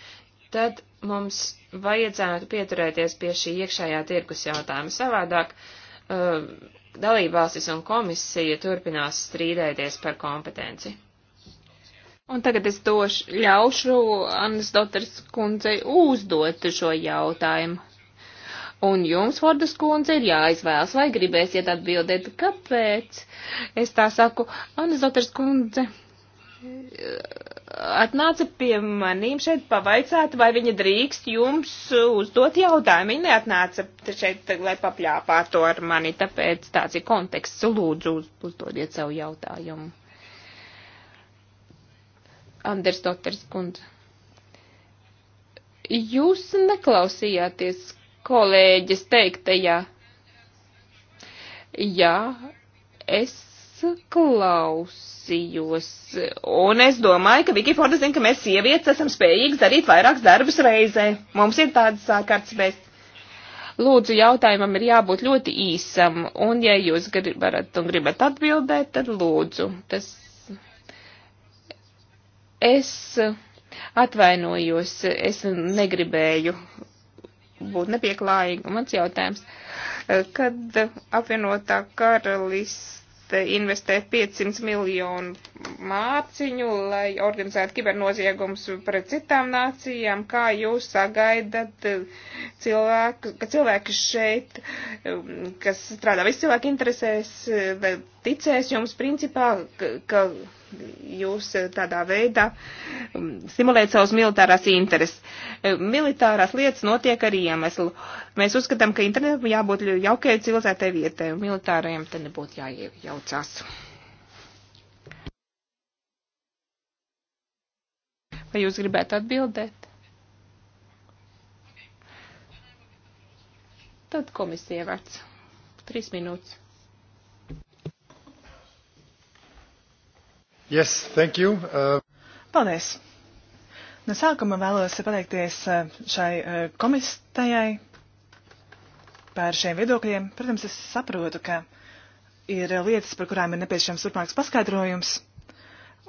tad mums vajadzētu pieturēties pie šī iekšējā tirkus jautājuma savādāk. Uh, dalībvalstis un komisija turpinās strīdēties par kompetenci. Un tagad es došu, ļaušu Annas Dotars kundzei uzdot šo jautājumu. Un jums, Fordas kundze, ir jāizvēlas, vai gribēsiet atbildēt, kāpēc. Es tā saku, Annas Dotars kundze, atnāca pie manīm šeit pavaicāt, vai viņa drīkst jums uzdot jautājumu. Viņa neatnāca šeit, lai papļāpātu ar mani, tāpēc tāds ir konteksts. Lūdzu, uz, uzdodiet savu jautājumu. Anders Dotters kundze. Jūs neklausījāties kolēģis teiktajā. Jā, es klausījos, un es domāju, ka Viki Forda zina, ka mēs sievietes esam spējīgas darīt vairākas darbus reizē. Mums ir tādas sākārtas bez. Lūdzu, jautājumam ir jābūt ļoti īsam, un ja jūs varat un gribat atbildēt, tad lūdzu. Tas es atvainojos, es negribēju būt nepieklājīga. Mans jautājums, kad apvienotā karalista investē 500 miljonu mārciņu, lai organizētu kibernoziegums pret citām nācijām. Kā jūs sagaidat eh, cilvēku, ka cilvēki šeit, um, kas strādā visu cilvēku interesēs, eh, ticēs jums principā, ka, ka jūs eh, tādā veidā um, stimulēt savus militārās intereses. Eh, militārās lietas notiek ar iemeslu. Mēs uzskatām, ka internetam jābūt jaukai civilizētai vietai, un militārajiem te nebūtu jāiejaucās. Vai jūs gribētu atbildēt? Tad komisija vārds. Trīs minūtes. Yes, thank you. Uh... Paldies. No sākuma vēlos pateikties uh, šai uh, komisijai par šiem viedokļiem. Protams, es saprotu, ka ir lietas, par kurām ir nepieciešams turpmāks paskaidrojums.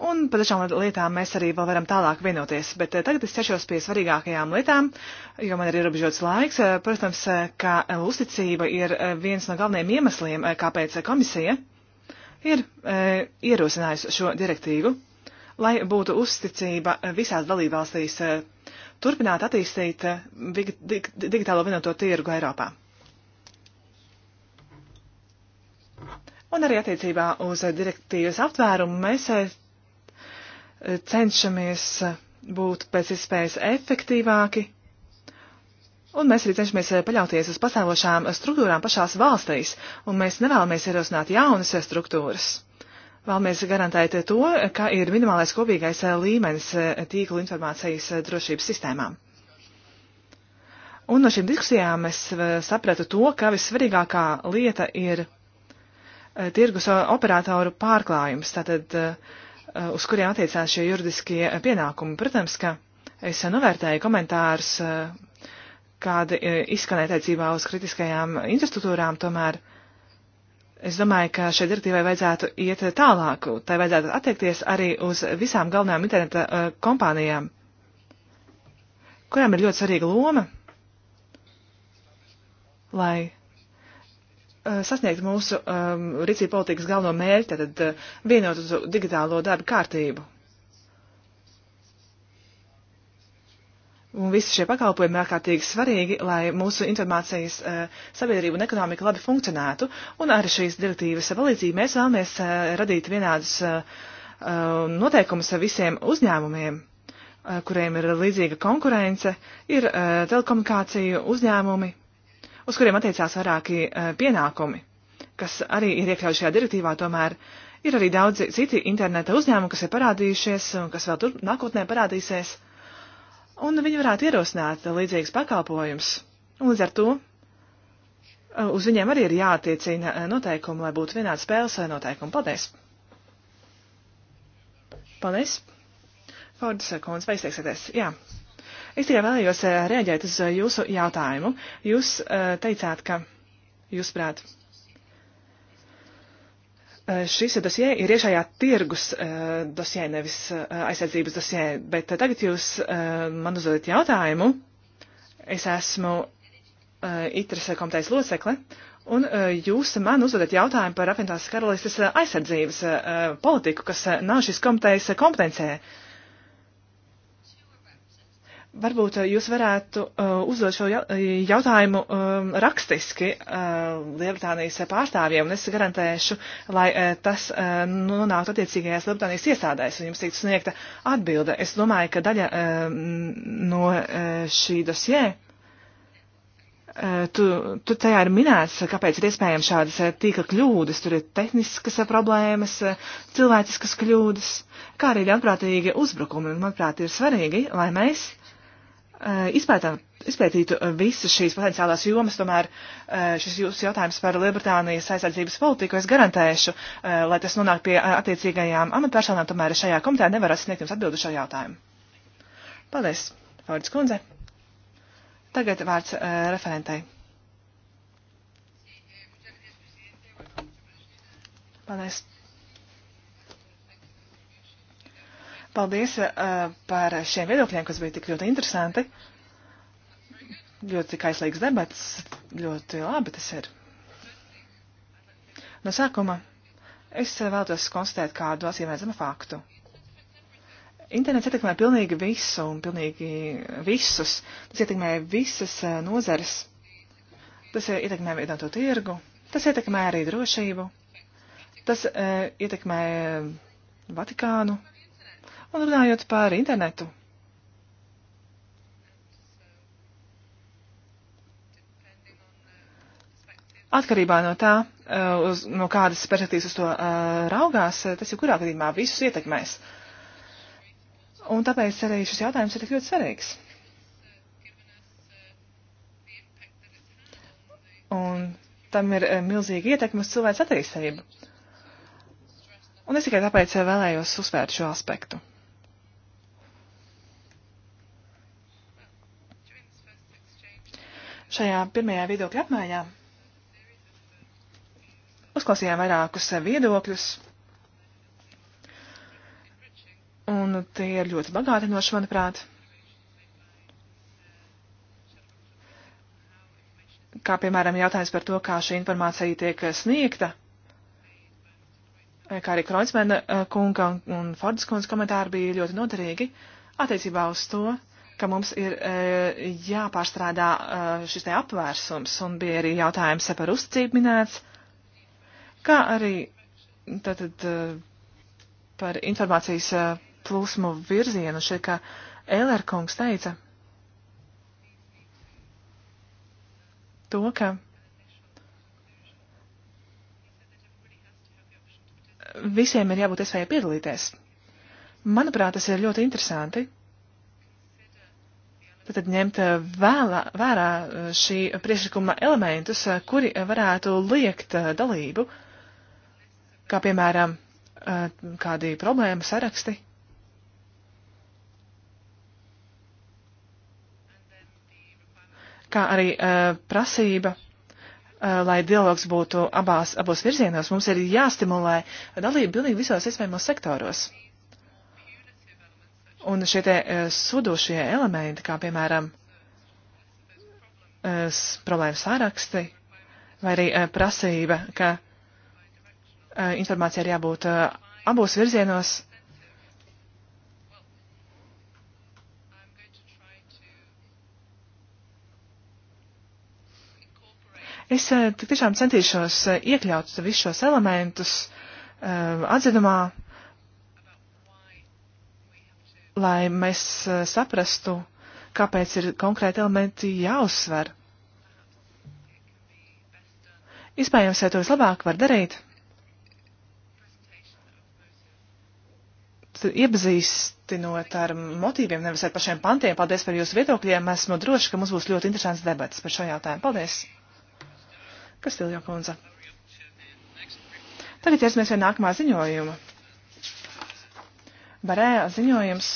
Un par dažām lietām mēs arī vēl varam tālāk vienoties, bet uh, tagad es ķeršos pie svarīgākajām lietām, jo man ir ierobežots laiks. Protams, ka uzticība ir viens no galvenajiem iemesliem, kāpēc komisija ir e, ierosinājusi šo direktīvu, lai būtu uzticība visās dalībvalstīs e, turpināt attīstīt e, dig, dig, digitālo vienoto tirgu Eiropā. Un arī attiecībā uz direktīvas aptvērumu mēs e, e cenšamies e, būt pēc iespējas efektīvāki Un mēs arī cenšamies eh, paļauties uz pastāvošām eh, struktūrām pašās valstīs, un mēs nevēlamies ierosināt jaunas eh, struktūras. Vēlamies garantēt to, ka ir minimālais kopīgais līmenis tīkla informācijas drošības sistēmām. Un no šīm diskusijām es sapratu to, ka vissvarīgākā lieta ir tirgus operatoru pārklājums, tātad uz kuriem attiecās šie juridiskie pienākumi. Protams, ka es novērtēju komentārus kādi e, izskanēja attiecībā uz kritiskajām infrastruktūrām, tomēr es domāju, ka šai direktīvai vajadzētu iet tālāk. Tai vajadzētu attiekties arī uz visām galvenajām interneta e, kompānijām, kurām ir ļoti svarīga loma, lai e, sasniegt mūsu um, rīcību politikas galveno mērķi, tad uh, vienotu digitālo darbu kārtību. Un visi šie pakalpojumi ir ārkārtīgi svarīgi, lai mūsu informācijas eh, sabiedrība un ekonomika labi funkcionētu. Un ar šīs direktīvas palīdzību mēs vēlamies eh, radīt vienādus eh, noteikumus visiem uzņēmumiem, kuriem ir līdzīga konkurence, ir telekomunikāciju uzņēmumi, uz kuriem attiecās vairāki pienākumi, kas arī ir iekļauts šajā direktīvā, tomēr ir arī daudzi citi interneta uzņēmumi, kas ir parādījušies un kas vēl tur nākotnē parādīsies un viņi varētu ierosināt līdzīgas pakalpojumus. Un līdz ar to uh, uz viņiem arī ir jātiecina uh, noteikumi, lai būtu vienāds spēles noteikumi. Paldies! Paldies! Fordas uh, kundze, vai izteiksieties? Jā. Es tikai vēlējos reaģēt uz jūsu jautājumu. Jūs teicāt, ka jūs prāt. Eh, šis dosjē ir iešējā tirgus eh, dosjē, nevis eh, aizsardzības dosjē, bet tagad jūs man uzdodat jautājumu. Es esmu ITRAS komitejas locekle, un jūs man uzdodat jautājumu par apvienotās karalistes aizsardzības politiku, kas nav šis komitejas kompetencē. Uh, Varbūt eh, jūs varētu uh, uzdot šo jautājumu um, rakstiski uh, Lielbritānijas pārstāvjiem, un es garantēšu, lai uh, tas uh, nonāktu attiecīgajās Lielbritānijas iestādēs, un jums tiktu sniegta atbilde. Es domāju, ka daļa uh, no uh, šī dosie, uh, tu, tu tajā ir minēts, kāpēc ir iespējams šādas uh, tīkla kļūdas, tur ir tehniskas uh, problēmas, uh, cilvēciskas kļūdas, kā arī ļaunprātīgi uzbrukumi, un manuprāt, ir svarīgi, lai mēs Eh, izpētā, izpētītu eh, visas šīs potenciālās jomas, tomēr eh, šis jūsu jautājums par Lielbritānijas aizsardzības politiku es garantēšu, lai tas nonāk pie attiecīgajām amatpersonām, tomēr šajā komitē nevar sniegt jums atbildu šo jautājumu. Paldies, Fordas kundze. Tagad vārds referentei. Paldies. Paldies eh, par šiem viedokļiem, kas bija tik ļoti interesanti. Ļoti kaislīgs debats. Ļoti labi tas ir. No sākuma es vēlos konstatēt kādu acīmredzamu faktu. Internets ietekmē pilnīgi visu un pilnīgi visus. Tas ietekmē visas eh, nozares. Tas eh, ietekmē vienoto tirgu. Tas ietekmē arī drošību. Tas e, ietekmē Vatikānu. Un runājot par internetu. Atkarībā no tā, eh, uz, no kādas perspektīvas uz to uh, raugās, eh, tas jau kurā gadījumā visus ietekmēs. Un tāpēc arī šis jautājums ir tik ļoti svarīgs. Un tam ir milzīga ietekme uz cilvēku attīstību. Un es tikai tāpēc vēlējos uzsvērt šo aspektu. Šajā pirmajā viedokļa apmaiņā uzklausījām vairākus viedokļus, un tie ir ļoti bagātinoši, manuprāt. Kā piemēram jautājums par to, kā šī informācija tiek sniegta, kā arī Kreuzmena eh, kunga un Fordas kundas komentāri bija ļoti noderīgi attiecībā uz to, uh, ka mums ir e, jāpārstrādā e, šis te apvērsums, un bija arī jautājums par uzticību minēts, kā arī tātad e, par informācijas plūsmu virzienu, šeit kā Ēlērkungs teica, to, ka visiem ir jābūt iespējai piedalīties. Manuprāt, tas ir ļoti interesanti tad ņemt eh, vēlā, vērā eh, šī priekšlikuma elementus, eh, kuri varētu liekt dalību, kā piemēram kādi problēma saraksti. Kā arī uh, prasība, uh, lai dialogs būtu abās, abos virzienos, mums ir jāstimulē dalība pilnīgi visos iespējamos sektoros. Uh, Un šie te e, sudošie elementi, kā piemēram e, problēmu sāraksti vai arī e, prasība, ka informācija ir jābūt abos virzienos, Es tiešām centīšos iekļaut visus šos elementus atzinumā, lai mēs eh, saprastu, kāpēc ir konkrēti elementi jāuzsver. Iespējams, ja to vislabāk var darīt, iepazīstinot ar motīviem, nevis ar pašiem pantiem. Paldies par jūsu viedokļiem. Esmu droši, ka mums būs ļoti interesants debats par šo jautājumu. Paldies! Kastiljo kundze. Tagad ķersimies pie nākamā ziņojuma. Barējā ziņojums.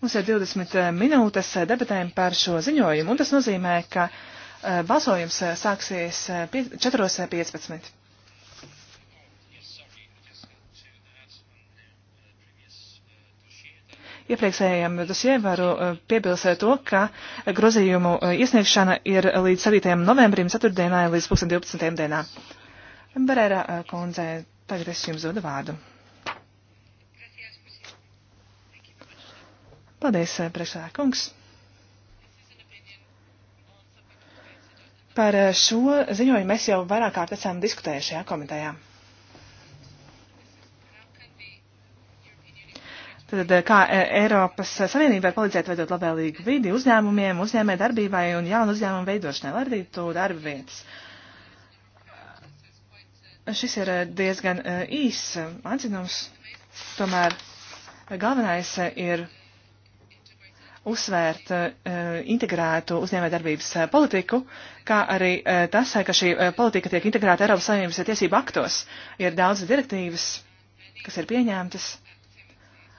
Mums ir 20 eh, minūtes eh, debatēm par šo ziņojumu, un tas nozīmē, ka eh, balsojums sāksies 4.15. Iepriekšējiem dosiem varu piebilst to, ka grozījumu iesniegšana ir līdz 7. novembrim, 4. dienā līdz 12. dienā. Barērā kundze, tagad es jums dodu vārdu. Paldies, eh, priekšsēkungs. Par eh, šo ziņojumu mēs jau vairāk kārt esam diskutējuši šajā komitejā. Tad, eh, kā Eiropas Savienība var palīdzēt veidot labvēlīgu vidi uzņēmumiem, uzņēmē darbībai un jaunu uzņēmumu veidošanai, lai radītu darba vietas. Šis ir diezgan īs atzinums, tomēr galvenais ir uzsvērt eh, integrētu uzņēmējdarbības eh, politiku, kā arī eh, tas, ka šī politika tiek integrēta Eiropas Savienības tiesību aktos. Ir daudz direktīvas, kas ir pieņemtas,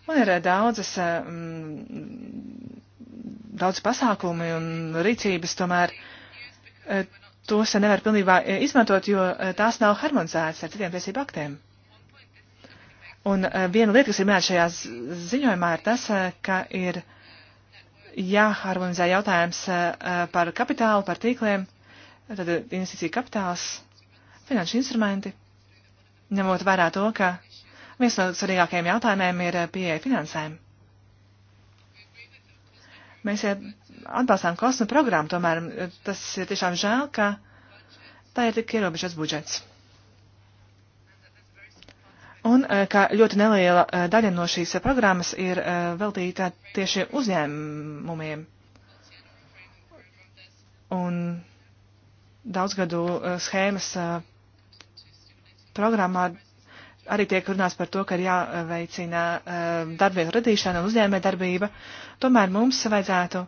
un ir daudzas, mm, daudz pasākumi un rīcības, tomēr tos nevar pilnībā izmantot, jo tās nav harmonizētas ar citiem tiesību aktiem. Un viena lieta, kas ir minēta šajā ziņojumā, ir tas, ka ir uh, jāharmonizē jautājums eh, eh, par kapitālu, par tīkliem, tad eh, investīcija kapitāls, finanšu instrumenti, ņemot vērā to, ka viens no svarīgākajiem jautājumiem ir pieeja finansēm. Mēs atbalstām kosmu programmu, tomēr tas ir tiešām žēl, ka tā ir tik ierobežots budžets. Un eh, kā ļoti neliela eh, daļa no šīs programmas ir eh, veltīta tieši uzņēmumiem. Un daudzgadu schēmas programmā arī tiek runāts par to, ka ir jāveicina darbvietu radīšana un uzņēmē darbība. Tomēr mums vajadzētu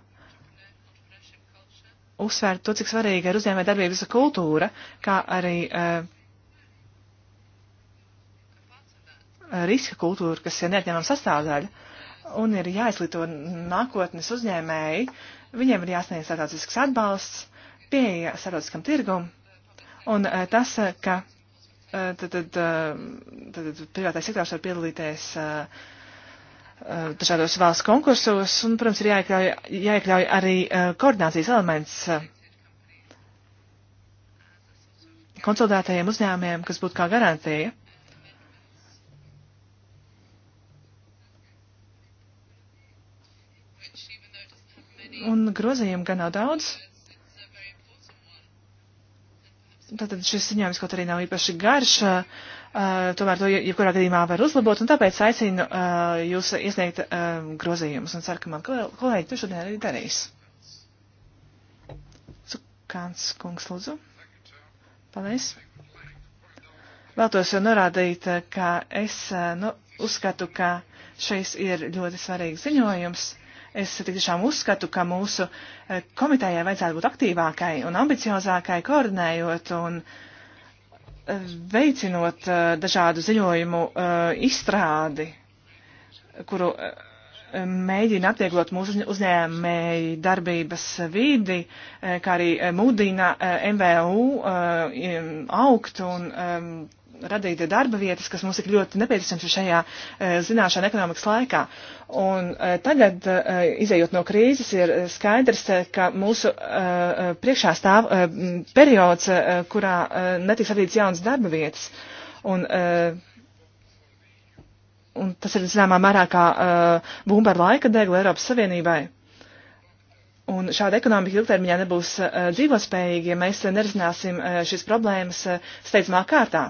uzsvērt to, cik svarīga ir uzņēmē darbības kultūra, kā arī uh, riska kultūra, kas ir neatņemama sastāvdaļa un ir jāizglīto nākotnes uzņēmēji, viņiem ir jāsniedz starptautisks atbalsts, pieeja starptautiskam tirgum un eh, tas, eh, ka eh, tad, tad, tad privātais sektors var piedalīties dažādos valsts konkursos, un, protams, ir jāiekļauj, jāiekļauj arī koordinācijas elements konsolidētajiem uzņēmumiem, kas būtu kā garantija un grozījumu gan nav daudz. Tātad šis ziņojums kaut arī nav īpaši garš, uh, tomēr to jebkurā gadījumā var uzlabot, un tāpēc aicinu uh, jūs iesniegt uh, grozījumus, un ceru, ka man kol kolēģi to šodien arī darīs. Cukāns kungs, lūdzu. Paldies. Vēltos jau norādīt, ka es nu, uzskatu, ka šis ir ļoti svarīgs ziņojums Es tiešām uzskatu, ka mūsu e, komitējai vajadzētu būt aktīvākai un ambiciozākai, koordinējot un e, veicinot e, dažādu ziņojumu izstrādi, kuru mēģina atvieglot mūsu uzņēmēju darbības vidi, kā arī mudina MVU augt un radīt darba vietas, kas mums ir ļoti nepieciešams šajā e, zināšana ekonomikas laikā. Un e, tagad, e, izējot no krīzes, ir skaidrs, ka mūsu priekšā stāv periods, kurā netiks radīts jaunas darba vietas. Un, un tas ir zināmā mērā kā bumba ar laika deglu Eiropas Savienībai. Un šāda ekonomika ilgtermiņā nebūs uh, dzīvotspējīga, ja mēs uh, nerisināsim uh, šīs problēmas uh, steidzamā kārtā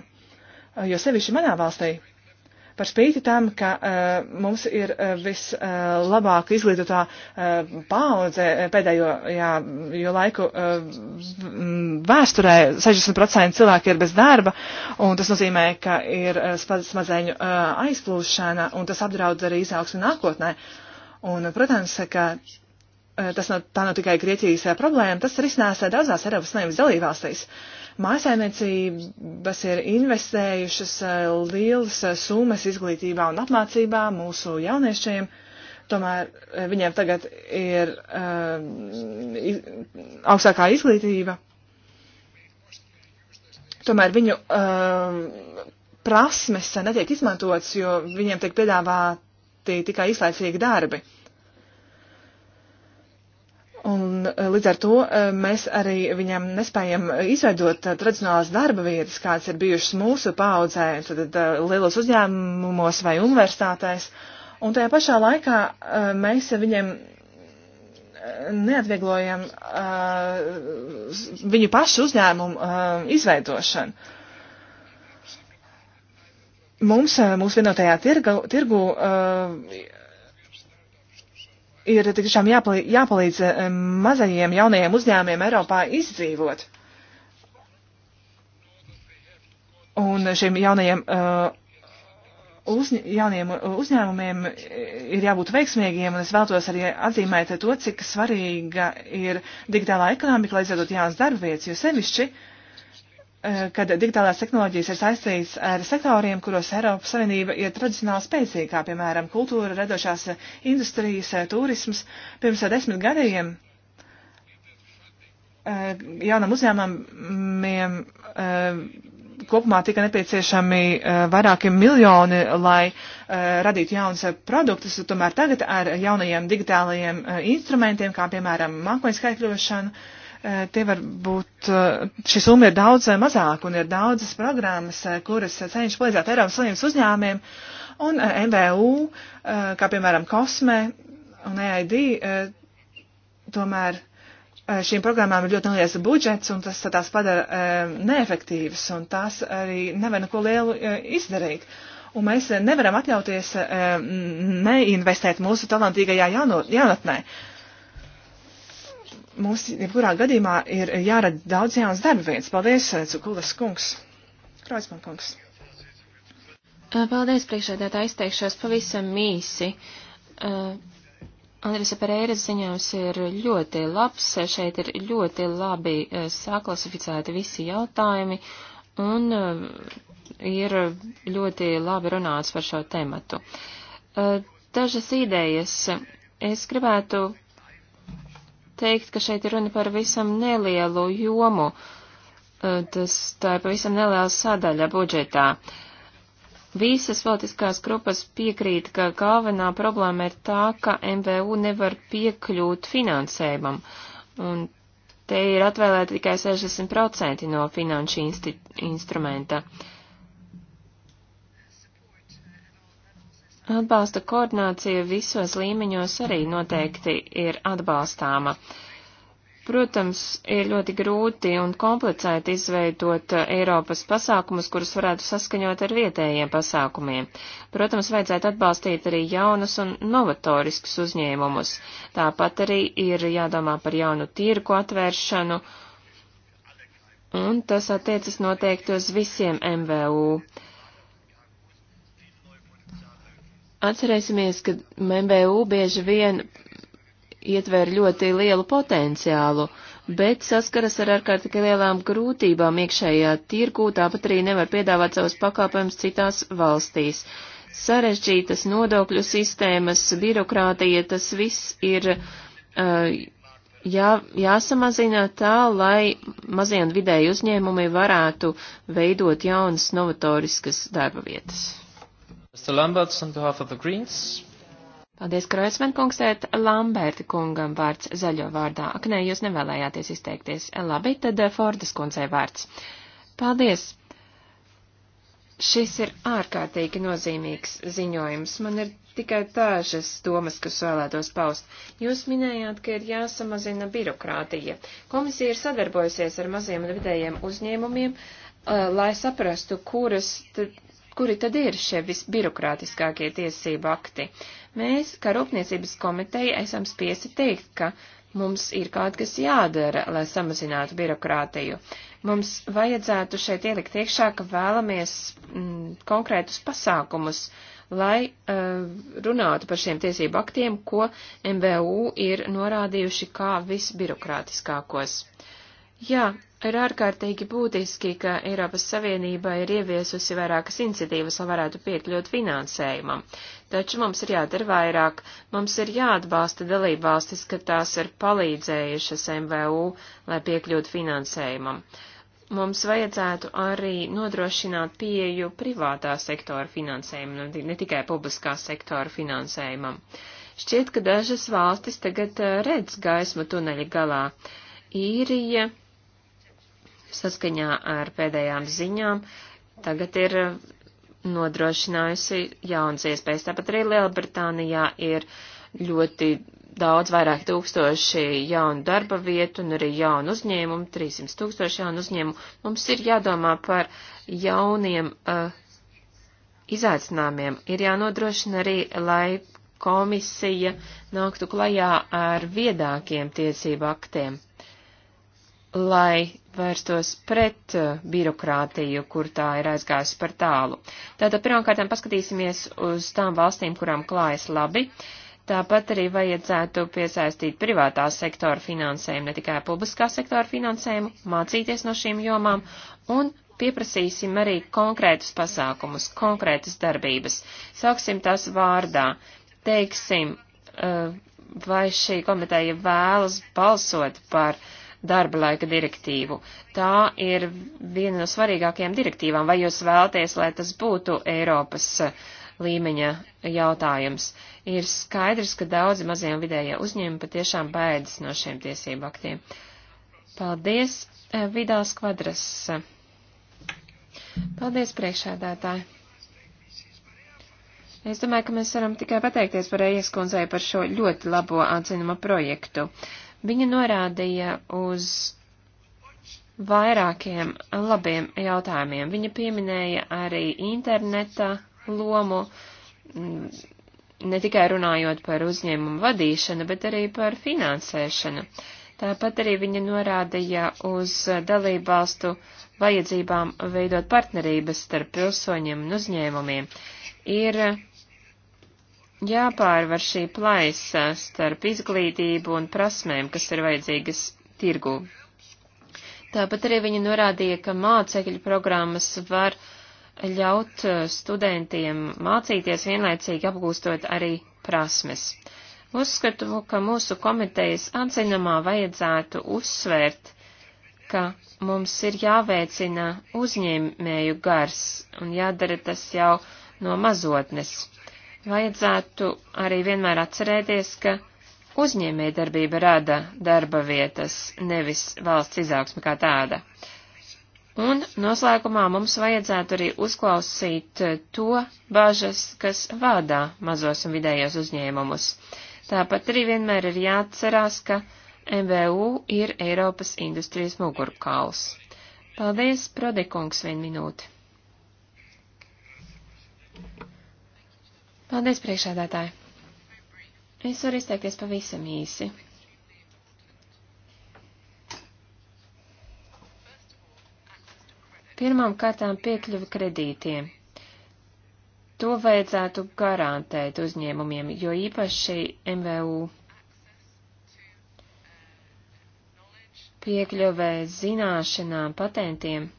jo sevišķi manā valstī par spīti tam, ka uh, mums ir uh, vislabāk uh, izglītotā uh, paudze pēdējo jā, jo laiku uh, vēsturē 60% cilvēki ir bez darba, un tas nozīmē, ka ir uh, smadzeņu uh, aizplūšana, un tas apdraud arī izaugsmi nākotnē. Un, protams, ka Eh, tas nav, tā nav tikai Grieķijas eh, problēma, tas ir iznēs eh, daudzās Eiropas Savienības dalībvalstīs. Mājasēmniecības ir investējušas lielas summas izglītībā un apmācībā mūsu jauniešiem. Tomēr viņiem tagad ir uh, iz, augstākā izglītība. Tomēr viņu uh, prasmes netiek izmantotas, jo viņiem tiek piedāvāti tikai izlaicīgi darbi. Uh, Un eh, līdz ar to eh, mēs arī viņam nespējam izveidot eh, tradicionālās darba vietas, kādas ir bijušas mūsu paudzē, tad lielos uzņēmumos vai universitātēs. Un tajā pašā laikā mēs viņiem neatvieglojam viņu pašu uzņēmumu izveidošanu mums, mūsu vienotajā tirgu, tirgu uh, ir tiešām jāpalīdz, jāpalīdz mazajiem jaunajiem uzņēmiem Eiropā izdzīvot. Un šiem jaunajiem, eh, uz, jaunajiem uzņēmumiem ir jābūt veiksmīgiem, un es vēltos arī atzīmēt to, cik svarīga ir digitālā ekonomika, lai izveidot jaunas darbvietas, jo sevišķi uh, Eh, kad digitālās tehnoloģijas ir saistīts ar sektoriem, kuros Eiropas Savienība ir tradicionāli spēcīga, kā piemēram kultūra, radošās eh, industrijas, eh, turisms. Pirms desmit gadiem jaunam uzņēmumiem kopumā tika nepieciešami vairāki miljoni, lai radītu jaunas produktus, tomēr tagad ar jaunajiem digitālajiem instrumentiem, kā piemēram mākoņu skaitļošanu, Eh, tie var būt, eh, šī summa ir daudz vai eh, mazāk, un ir daudzas programmas, kuras cenšas palīdzēt Eiropas Savienības uzņēmiem un MVU, kā piemēram Kosme un EID. Tomēr šīm programmām ir ļoti neliels budžets, un tas tās padara neefektīvas, un tās arī nevar neko lielu izdarīt. Un mēs nevaram atļauties neinvestēt mūsu talantīgajā jaunatnē mums jebkurā gadījumā ir jārada daudz jaunas darba vietas. Paldies, eh, Cukulas kungs. Kreuzman kungs. Eh, paldies, priekšēdētā izteikšos pavisam īsi. Uh, eh, Andrisa Pereiras ziņojums ir ļoti labs, šeit ir ļoti labi uh, saklasificēti visi jautājumi un uh, ir ļoti labi runāts par šo tematu. Dažas idejas. Es gribētu teikt, ka šeit ir runa par visam nelielu jomu. E, tas tā ir pavisam neliela sadaļa budžetā. Visas politiskās grupas piekrīt, ka galvenā problēma ir tā, ka MVU nevar piekļūt finansējumam. Un te ir atvēlēta tikai 60% no finanšu instrumenta. Uh, Atbalsta koordinācija visos līmeņos arī noteikti ir atbalstāma. Protams, ir ļoti grūti un komplicēti izveidot eh, Eiropas pasākumus, kurus varētu saskaņot ar vietējiem pasākumiem. Protams, vajadzētu atbalstīt arī jaunus un novatoriskus uzņēmumus. Tāpat arī ir jādomā par jaunu tirku atvēršanu, un tas attiecas noteikti uz visiem MVU. Uh, Atcerēsimies, ka MBU bieži vien ietver ļoti lielu potenciālu, bet saskaras ar ārkārtīgi lielām grūtībām iekšējā tirgū, tāpat arī nevar piedāvāt savus pakāpojumus citās valstīs. Sarežģītas nodokļu sistēmas, birokrātija, tas viss ir uh, jā, jāsamazina tā, lai mazie un vidēji uzņēmumi varētu veidot jaunas novatoriskas darba vietas. Mr. Lamberts on behalf of the Greens. Paldies, Kroisman kungs, tēt Lamberti kungam vārds zaļo vārdā. Ak, nē, jūs nevēlējāties izteikties. Labi, tad eh, Fordas kundzei vārds. Paldies. Šis ir ārkārtīgi nozīmīgs ziņojums. Man ir tikai tāžas domas, kas vēlētos paust. Jūs minējāt, ka ir jāsamazina birokrātija. Komisija ir sadarbojusies ar maziem un vidējiem uzņēmumiem, eh, lai saprastu, kuras kuri tad ir šie visbirokrātiskākie tiesību akti? Mēs, kā Rūpniecības komiteja, esam spiesti teikt, ka mums ir kaut kas jādara, lai samazinātu birokrātiju. Mums vajadzētu šeit ielikt iekšā, ka vēlamies mm, konkrētus pasākumus, lai uh, runātu par šiem tiesību aktiem, ko MBU ir norādījuši kā visbirokrātiskākos. Jā, Ir ārkārtīgi būtiski, ka Eiropas Savienība ir ieviesusi vairākas iniciatīvas, lai varētu piekļūt finansējumam. Taču mums ir jādara vairāk, mums ir jāatbalsta dalībvalstis, ka tās ir palīdzējušas MVU, lai piekļūtu finansējumam. Mums vajadzētu arī nodrošināt pieju privātā sektora finansējumam, ne tikai publiskā sektora finansējumam. Šķiet, ka dažas valstis tagad eh, redz gaismu tuneļa galā. Īrija. Ja saskaņā ar pēdējām ziņām tagad ir eh, nodrošinājusi jaunas iespējas. Tāpat arī Lielbritānijā ir ļoti daudz vairāk tūkstoši jaunu darba vietu un arī jaunu uzņēmumu, 300 tūkstoši jaunu uzņēmumu. Mums ir jādomā par jauniem uh, izaicinājumiem. Ir jānodrošina arī, lai komisija nāktu klajā ar viedākiem tiesību aktiem, lai vērstos pret uh, birokrātiju, kur tā ir aizgājusi par tālu. Tātad pirmkārt paskatīsimies uz tām valstīm, kurām klājas labi. Tāpat arī vajadzētu piesaistīt privātā sektora finansējumu, ne tikai publiskā sektora finansējumu, mācīties no šīm jomām un pieprasīsim arī konkrētus pasākumus, konkrētas darbības. Sauksim tās vārdā. Teiksim, uh, vai šī komiteja vēlas balsot par uh, darba laika direktīvu. Tā ir viena no svarīgākajām direktīvām. Vai jūs vēlaties, lai tas būtu Eiropas uh, līmeņa jautājums? Ir skaidrs, ka daudzi mazie un vidējie uzņēmumi patiešām baidas no šiem tiesību aktiem. Paldies, uh, Vidās Kvadras. Paldies, priekšādātāji. Es domāju, ka mēs varam tikai pateikties par Eijas kundzei par šo ļoti labo atzinuma projektu. Uh, Viņa norādīja uz vairākiem labiem jautājumiem. Viņa pieminēja arī interneta lomu, ne tikai runājot par uzņēmumu vadīšanu, bet arī par finansēšanu. Tāpat arī viņa norādīja uz dalībvalstu vajadzībām veidot partnerības starp pilsoņiem un uzņēmumiem. Ir jāpārvar šī plaisa starp izglītību un prasmēm, kas ir vajadzīgas tirgu. Tāpat arī viņi norādīja, ka mācekļu programmas var ļaut uh, studentiem mācīties vienlaicīgi apgūstot arī prasmes. Uzskatu, ka mūsu komitejas atzinumā vajadzētu uzsvērt, ka mums ir jāveicina uzņēmēju gars un jādara tas jau no mazotnes Vajadzētu arī vienmēr atcerēties, ka uzņēmēja darbība rada darba vietas, nevis valsts izaugsme kā tāda. Un noslēgumā mums vajadzētu arī uzklausīt to bažas, kas vādā mazos un vidējos uzņēmumus. Tāpat arī vienmēr ir jāatcerās, ka MVU ir Eiropas industrijas mugurkauls. Paldies, Prodikungs, vien minūte. Paldies, priekšādātāji. Es varu izteikties pavisam īsi. Pirmām kārtām piekļuvi kredītiem. To vajadzētu garantēt uzņēmumiem, jo īpaši MVU piekļuvē zināšanām, patentiem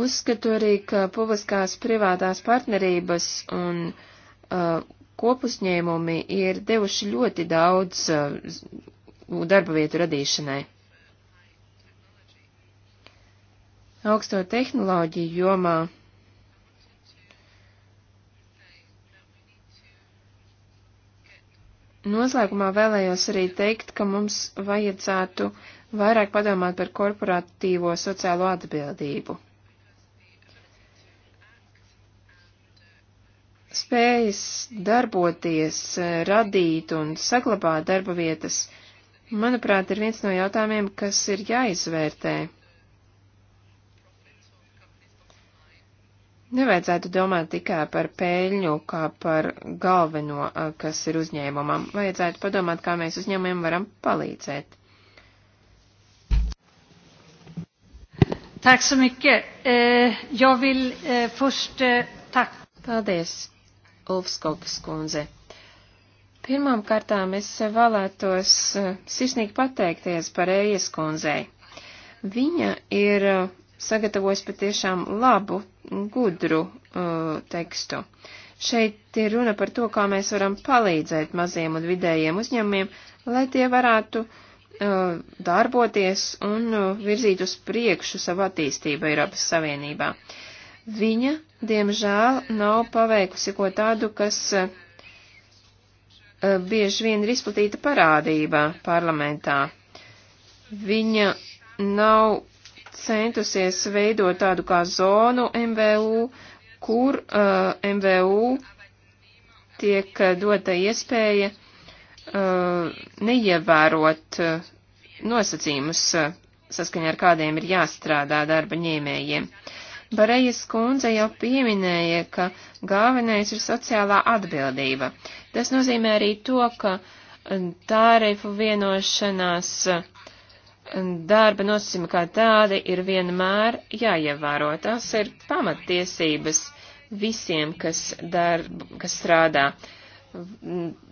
Uzskatu arī, ka publiskās privātās partnerības un uh, kopuzņēmumi ir devuši ļoti daudz uh, darba vietu radīšanai. Augsto tehnoloģiju jomā Noslēgumā vēlējos arī teikt, ka mums vajadzētu vairāk padomāt par korporatīvo sociālo atbildību. spējas darboties, eh, radīt un saglabāt darba vietas, manuprāt, ir viens no jautājumiem, kas ir jāizvērtē. Nevajadzētu domāt tikai par pēļņu, kā par galveno, eh, kas ir uzņēmumam. Vajadzētu padomāt, kā mēs uzņēmumiem varam palīdzēt. Tack så mycket. Eh, jag vill eh, först eh, tacka. Paldies. Ulfskogas kundze. Pirmām kārtām es vēlētos eh, sirsnīgi pateikties par Ejas kundzei. Viņa ir eh, sagatavojusi patiešām labu, gudru uh, tekstu. Šeit ir runa par to, kā mēs varam palīdzēt maziem un vidējiem uzņēmumiem, lai tie varētu uh, darboties un uh, virzīt uz priekšu savu attīstību Eiropas Savienībā. Viņa diemžēl nav paveikusi ko tādu, kas eh, bieži vien ir izplatīta parādība parlamentā. Viņa nav centusies veidot tādu kā zonu MVU, kur uh, eh, MVU tiek eh, dota iespēja uh, neievērot uh, nosacījumus, uh, saskaņā ar kādiem ir jāstrādā darba ņēmējiem. Barejas kundze jau pieminēja, ka galvenais ir sociālā atbildība. Tas nozīmē arī to, ka tārifu vienošanās darba nosacījumi kā tādi ir vienmēr jāievēro. Tās ir pamattiesības visiem, kas, darb, kas strādā.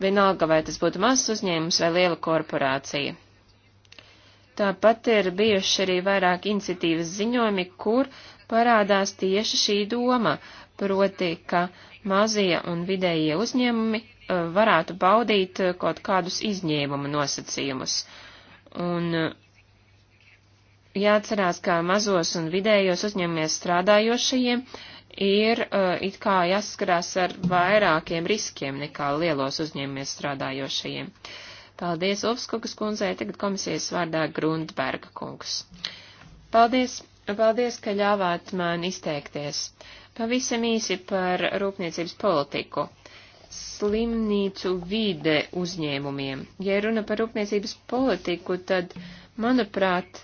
Vienalga, vai tas būtu mazs uzņēmums vai liela korporācija. Tāpat ir bijuši arī vairāk iniciatīvas ziņojumi, kur parādās tieši šī doma, proti, ka mazie un vidējie uzņēmumi uh, varētu baudīt uh, kaut kādus izņēmumu nosacījumus. Un uh, jāatcerās, ka mazos un vidējos uzņēmumies strādājošajiem ir it kā jāskarās ar vairākiem riskiem nekā lielos uzņēmumies strādājošajiem. Paldies Upskukas kundzei, tagad komisijas vārdā Grundberga kungs. Paldies! Paldies, ka ļāvāt man izteikties. Pavisam īsi par rūpniecības politiku. Slimnīcu vide uzņēmumiem. Ja runa par rūpniecības politiku, tad, manuprāt,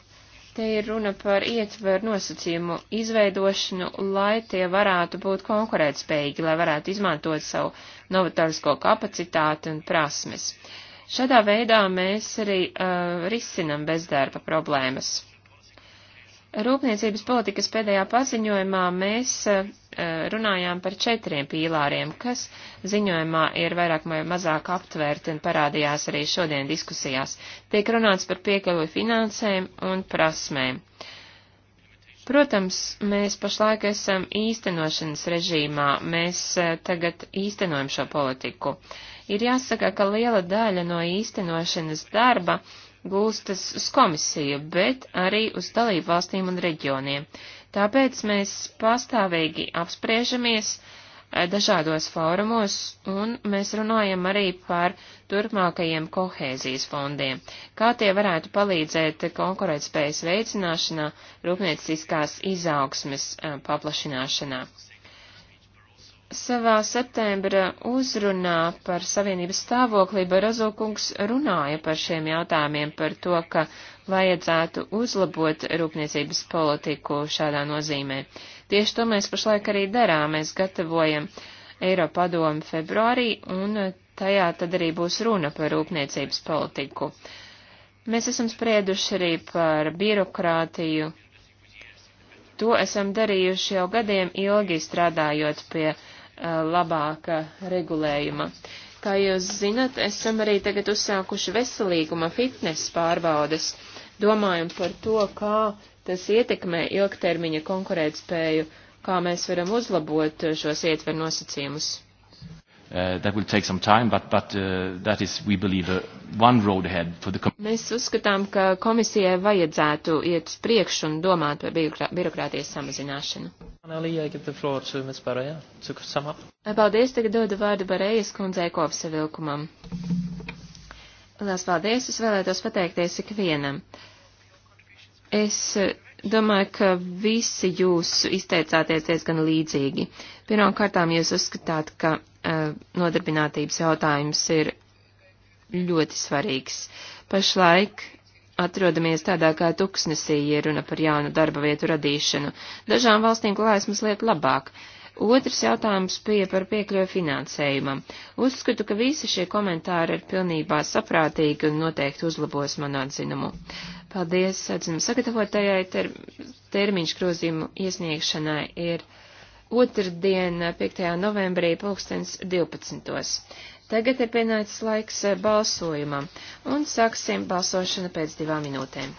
te ir runa par ietveru nosacījumu izveidošanu, lai tie varētu būt konkurētspējīgi, lai varētu izmantot savu novatorisko kapacitāti un prasmes. Šādā veidā mēs arī uh, risinam bezdarba problēmas. Rūpniecības politikas pēdējā paziņojumā mēs eh, runājām par četriem pīlāriem, kas ziņojumā ir vairāk vai mazāk aptvērti un parādījās arī šodien diskusijās. Tiek runāts par piekļuvi finansēm un prasmēm. Protams, mēs pašlaik esam īstenošanas režīmā, mēs eh, tagad īstenojam šo politiku. Ir jāsaka, ka liela daļa no īstenošanas darba uh, gulstas uz komisiju, bet arī uz dalību valstīm un reģioniem. Tāpēc mēs pastāvīgi apspriežamies eh, dažādos fórumos un mēs runājam arī par turpmākajiem kohēzijas fondiem, kā tie varētu palīdzēt konkurētspējas veicināšanā, rūpnieciskās izaugsmes eh, paplašināšanā. Savā septembra uzrunā par Savienības stāvoklī Barozokungs runāja par šiem jautājumiem, par to, ka vajadzētu uzlabot rūpniecības politiku šādā nozīmē. Tieši to mēs pašlaik arī darām. Mēs gatavojam Eiropadomu februārī, un tajā tad arī būs runa par rūpniecības politiku. Mēs esam sprieduši arī par birokrātiju. To esam darījuši jau gadiem ilgi strādājot pie labāka regulējuma. Kā jūs zinat, esam arī tagad uzsākuši veselīguma fitnes pārbaudes. Domājam par to, kā tas ietekmē ilgtermiņa konkurētspēju, kā mēs varam uzlabot šos ietver nosacījumus. Uh, that will take some time, but, but uh, that is, we believe, uh, one road ahead for the Mēs uzskatām, ka komisijai vajadzētu iet uz priekšu un domāt par birokrātijas samazināšanu. Paldies, tagad dodu vārdu Barējas kundzei kopsavilkumam. Lielas paldies, es vēlētos pateikties ikvienam. Es eh, domāju, ka visi jūs izteicāties diezgan līdzīgi. Pirmkārtām jūs uzskatāt, ka uh, nodarbinātības jautājums ir ļoti svarīgs. Pašlaik atrodamies tādā kā tuksnesī, ja runa par jaunu darba vietu radīšanu. Dažām valstīm klājas mazliet labāk. Otrs jautājums bija par piekļuvi finansējumam. Uzskatu, ka visi šie komentāri ir pilnībā saprātīgi un noteikti uzlabos manu atzinumu. Paldies, atzinumu sagatavotājai, ter, termiņš grozījumu iesniegšanai ir otrdien, 5. novembrī, pulkstens 12. Tagad ir pienācis laiks eh, balsojumam, un sāksim balsošanu pēc divām minūtēm.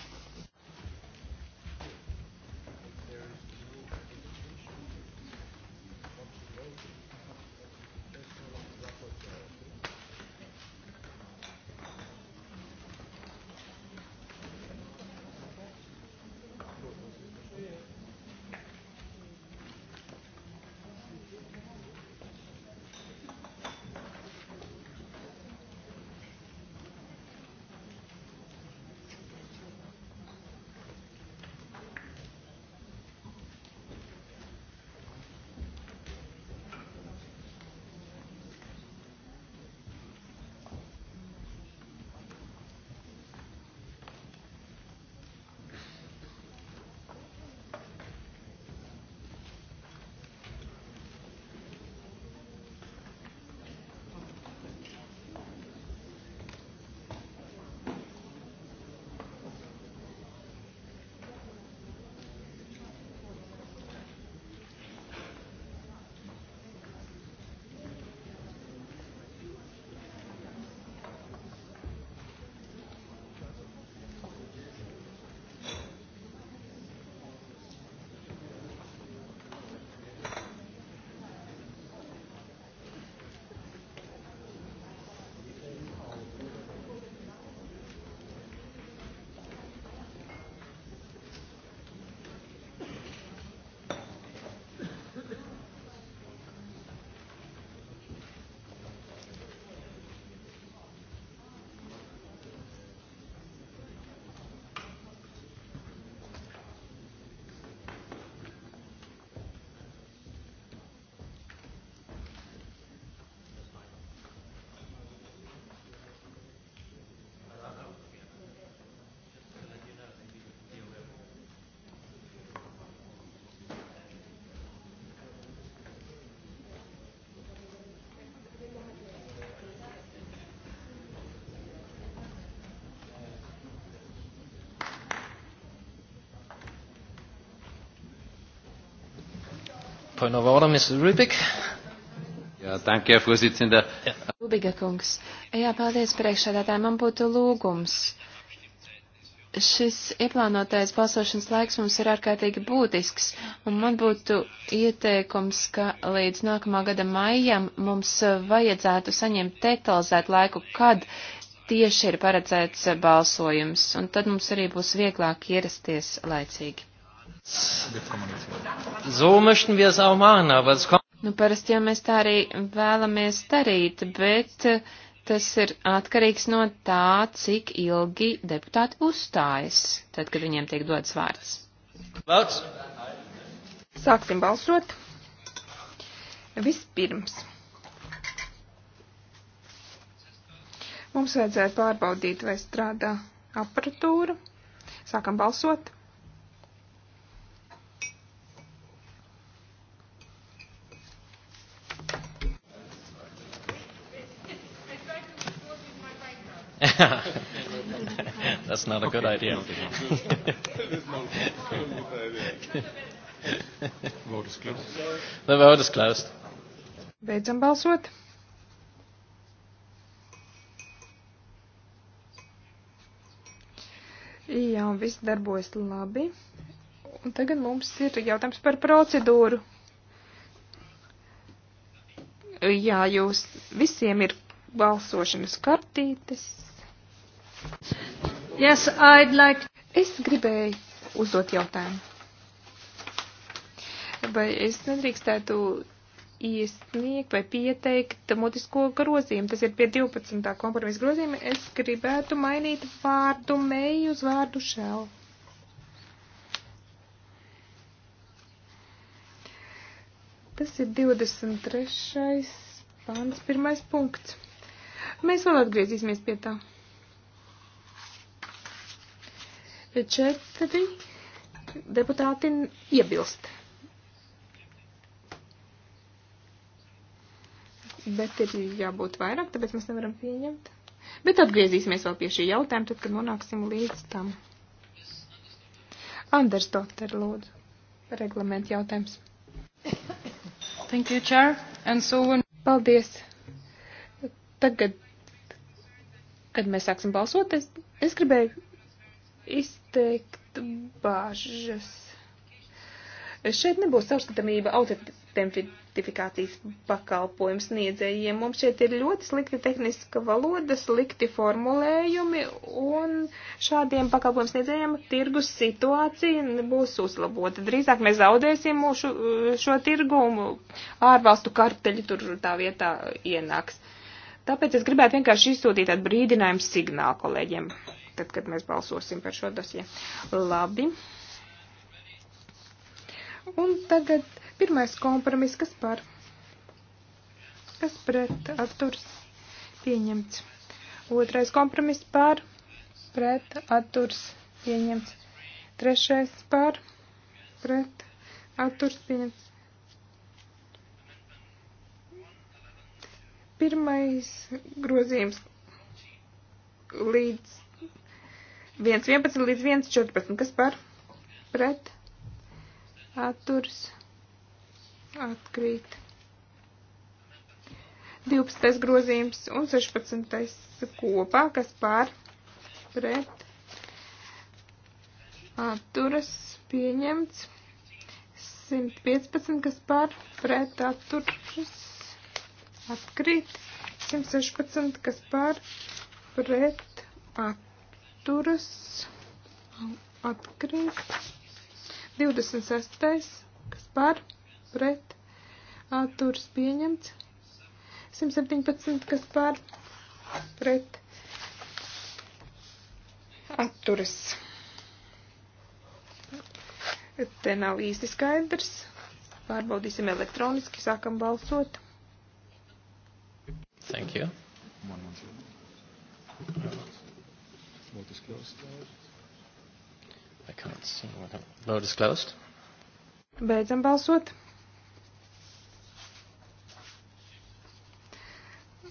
point of order, Mr. Rubik. Jā, thank you, Fuzicinda. Rubiga kungs. Jā, paldies priekšādātāji. Man būtu lūgums. Šis ieplānotais balsošanas laiks mums ir ārkārtīgi būtisks, un man būtu ieteikums, ka līdz nākamā gada maijam mums vajadzētu saņemt detalizētu laiku, kad tieši ir paredzēts balsojums, un tad mums arī būs vieglāk ierasties laicīgi. So möchten wir es auch machen, aber es kommt. Nu, parasti jau mēs tā arī vēlamies darīt, bet eh, tas ir atkarīgs no tā, cik ilgi deputāti uzstājas, tad, kad viņiem tiek dots vārds. Balts. Sāksim balsot. Vispirms. Mums vajadzētu pārbaudīt, vai strādā aparatūra. Sākam balsot. That's not a okay. good idea. vote is closed. The vote is closed. Beidzam balsot. Jā, un viss darbojas labi. Un tagad mums ir jautājums par procedūru. Jā, jūs visiem ir balsošanas kartītes. Yes, I'd like... Es gribēju uzdot jautājumu. Vai es nedrīkstētu iesniegt vai pieteikt mutisko grozījumu? Tas ir pie 12. kompromisa grozījuma. Es gribētu mainīt vārdu meju uz vārdu šel. Tas ir 23. pāns, pirmais punkts. Mēs vēl atgriezīsimies pie tā. četri deputāti iebilst. Bet ir jābūt vairāk, tāpēc mēs nevaram pieņemt. Bet atgriezīsimies vēl pie šī jautājuma, tad, kad nonāksim līdz tam. Anders Dotter, lūdzu, reglamentu jautājums. Thank you, Chair. And so when... Paldies. Tagad, kad mēs sāksim balsot, es, es gribēju izteikt bāžas. Šeit nebūs caurskatāmība autentifikācijas pakalpojumu sniedzējiem. Mums šeit ir ļoti slikta tehniska valoda, slikti formulējumi, un šādiem pakalpojumu sniedzējiem tirgus situācija būs uzlabota. Drīzāk mēs zaudēsim mūsu šo tirgu, un ārvalstu karteļi tur tā vietā ienāks. Tāpēc es gribētu vienkārši izsūtīt tādu brīdinājumu signālu kolēģiem tad, kad mēs balsosim par šo dosie. Labi. Un tagad pirmais kompromiss, kas par, kas pret atturs pieņemts. Otrais kompromiss par, pret atturs pieņemts. Trešais par, pret atturs pieņemts. pirmais grozījums līdz 1.11 līdz 1.14. Kas par? Pret. Atturs. Atkrīt. 12. grozījums un 16. kopā. Kas par? Pret. Atturas. Pieņemts. 115. Kas par? Pret. Atturas. Atkrīt. 116. Kas par? Pret. Atturas atturas atkrīt. 26. kas par pret atturas pieņemts. 117. kas par pret atturas. Te nav īsti skaidrs. Pārbaudīsim elektroniski, sākam balsot. Thank you. One, one, two. Vote is closed. I can't see what Vote is closed. Beidzam balsot.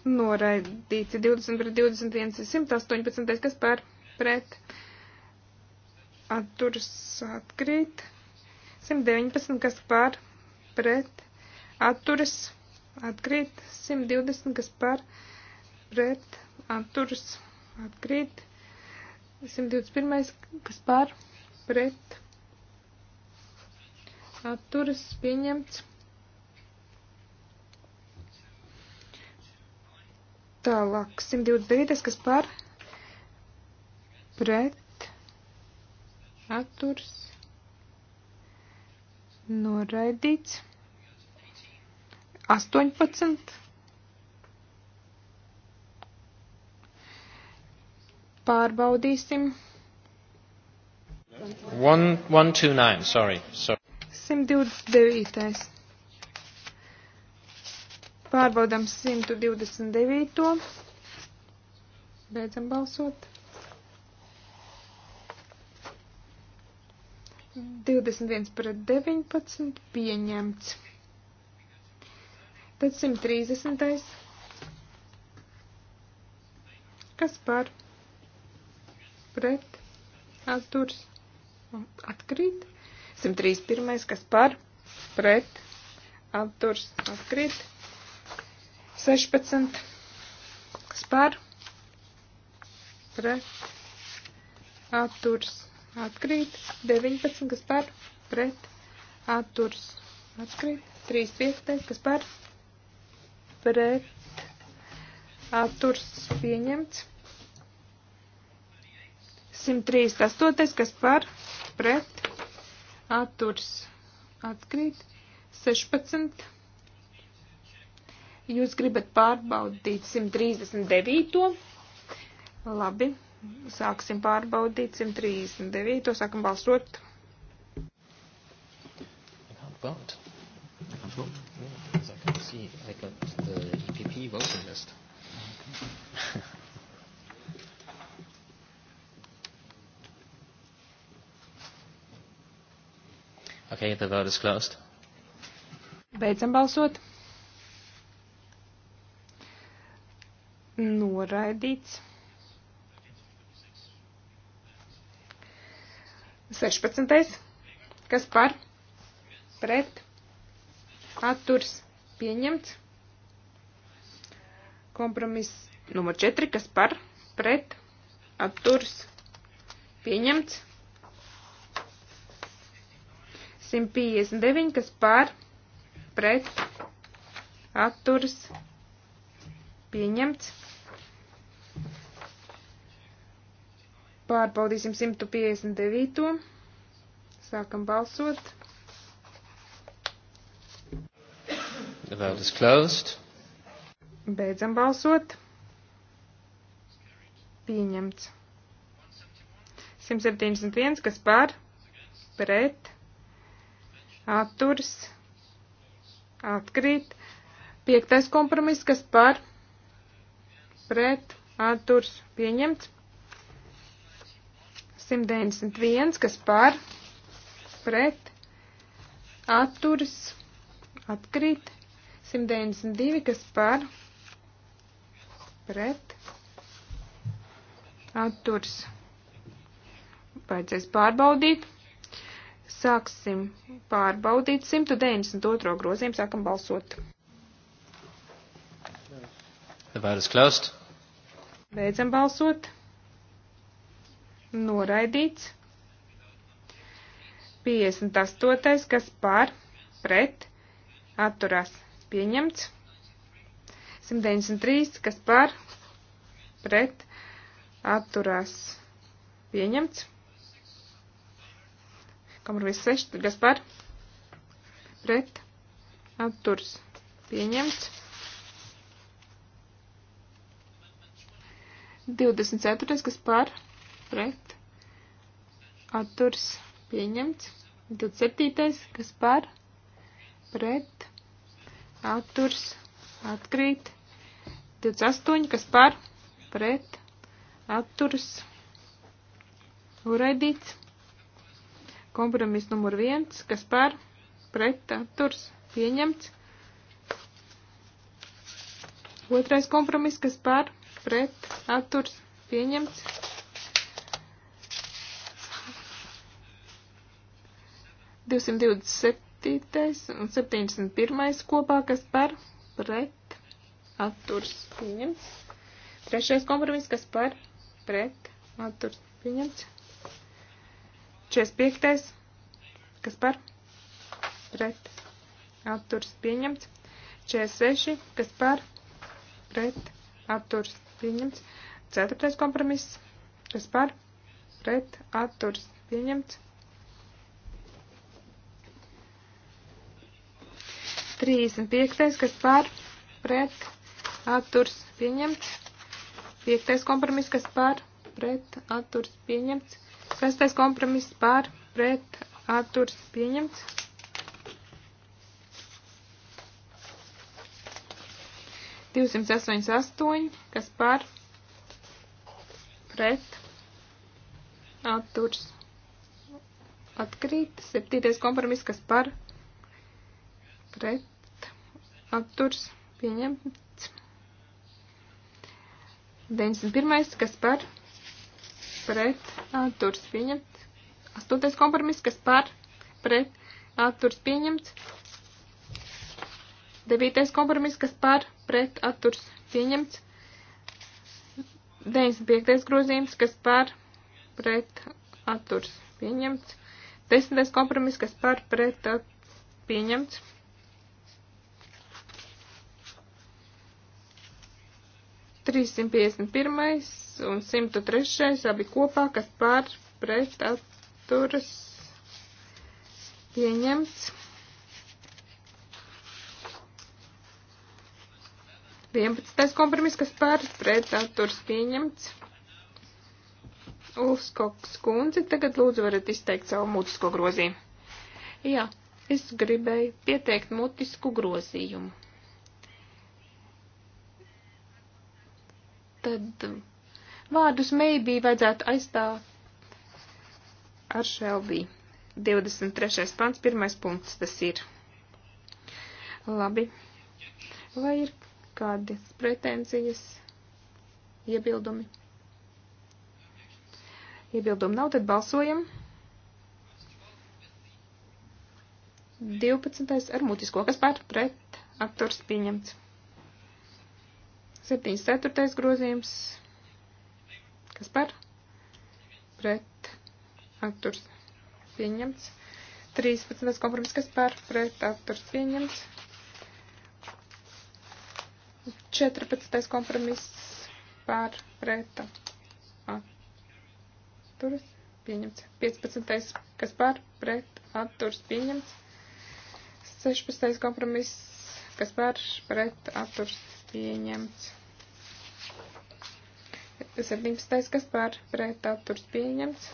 Noraidīts 20 pret 21, 118, kas pār pret atturas atkrīt. 119, kas pār pret atturas atkrīt. 120, kas pār pret atturas atkrīt. 121. kas pār pret atturas pieņemts. Tālāk, 129. kas pār pret atturs noraidīts. 18. Pārbaudīsim. 129, sorry. sorry. 129. Pārbaudām 129. Beidzam balsot. 21 pret 19 pieņemts. Tad 130. Kas par? pret atturs atkrīt. 131. kas par pret atturs atkrīt. 16. kas par pret atturs atkrīt. 19. kas par pret atturs atkrīt. 3.5. kas par pret atturs pieņemts. 138, kas par pret atturs atkrīt. 16. Jūs gribat pārbaudīt 139. Labi, sāksim pārbaudīt 139. Sākam balsot. Vote. Vote. Yeah, I can see I got the EPP voting list. Okay. Okay, the vote is closed. Beidzam balsot. Noraidīts. 16. Kas par? Pret. Atturs. Pieņemts. Kompromiss numur 4. Kas par? Pret. Atturs. Pieņemts. 159, kas par, pret, atturas, pieņemts. Pārbaudīsim 159. Sākam balsot. The vote is closed. Beidzam balsot. Pieņemts. 171, kas par, pret, atturs, atkrīt. Piektais kompromiss, kas par, pret, atturs, pieņemts. 191, kas par, pret, atturs, atkrīt. 192, kas par, pret, atturs. Vajadzēs pārbaudīt. Sāksim pārbaudīt 192. grozījumu, sākam balsot. Vairs klaust. Beidzam balsot. Noraidīts. 58. kas pār, pret, atturās. Pieņemts. 193. kas pār, pret, atturās. Pieņemts kompromiss 6, kas par pret atturs pieņemts. 24, kas par pret atturs pieņemts. 27, kas par pret atturs atkrīt. 28, kas par pret atturs uraidīts. Kompromiss numur viens, kas par pret atturs pieņemts. Otrais kompromiss, kas par pret atturs pieņemts. Divsimt divdesmit septītais un septiņdesmit pirmais kopā, kas par pret atturs pieņemts. Trešais kompromiss, kas par pret atturs pieņemts. 45. Kas par? Pret. Atturs pieņemts. 46. Kas par? Pret. Atturs pieņemts. 4. kompromiss. Kas par? Pret. Atturs pieņemts. 35. Kas par? Pret. Atturs pieņemts. 5. kompromiss. Kas par? Pret. Atturs pieņemts. Sestais kompromiss pār pret atturs pieņemts. Divsimt astoņas astoņi, kas par pret atturs atkrīt. Septītais kompromiss, kas par pret atturs pieņemts. 91. kas par pret pret atturs pieņemts. Astotais kompromiss, kas par pret atturs pieņemts. Devītais kompromiss, kas par pret atturs pieņemts. 95. grozījums, kas par pret atturs pieņemts. Desmitais kompromiss, kas par pret atturs pieņemts. 351. un 103. abi kopā, kas pār pret atturas pieņemts. 11. kompromiss, kas pār pret atturas pieņemts. Ulfskoks kundze, tagad lūdzu varat izteikt savu mutisko grozījumu. Jā, es gribēju pieteikt mutisku grozījumu. tad vārdus maybe vajadzētu aizstāt ar shall be. 23. pants, pirmais punkts tas ir. Labi. Vai ir kādas pretenzijas, iebildumi? Iebildumu nav, tad balsojam. 12. ar mutisko, kas pār pret, atturs pieņemts. 74. grozījums. Kas par? Pret. Atturs. Pieņemts. 13. kompromis. Kas par? Pret. Atturs. Pieņemts. 14. kompromis. Par. Pret. Atturs. Pieņemts. 15. kas par? Pret. Atturs. Pieņemts. 16. kompromis. Kas par? Pret. Atturs. Pieņemts pieņemts. 17. kas pār pret atturs pieņemts.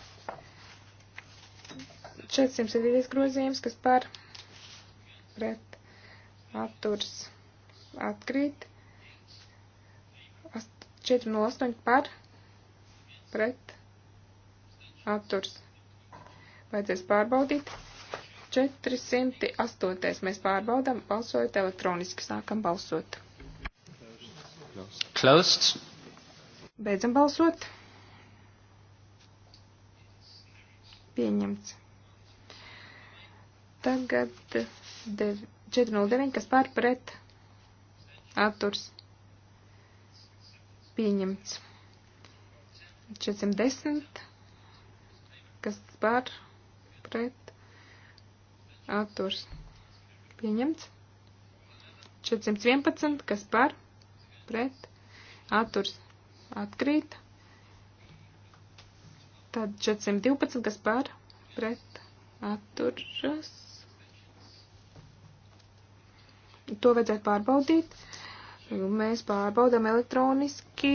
402. grozījums, kas pār pret atturs atkrīt. 408 par pret atturs. Vajadzēs pārbaudīt. 408. mēs pārbaudām, balsojot elektroniski, sākam balsot. Closed. Beidzam balsot. Pieņemts. Tagad 409, kas pār pret atturs. Pieņemts. 410, kas pār pret atturs. Pieņemts. 411, kas par pret, atturs atkrīt. Tad 412, kas par, pret, atturas. To vajadzētu pārbaudīt. Mēs pārbaudām elektroniski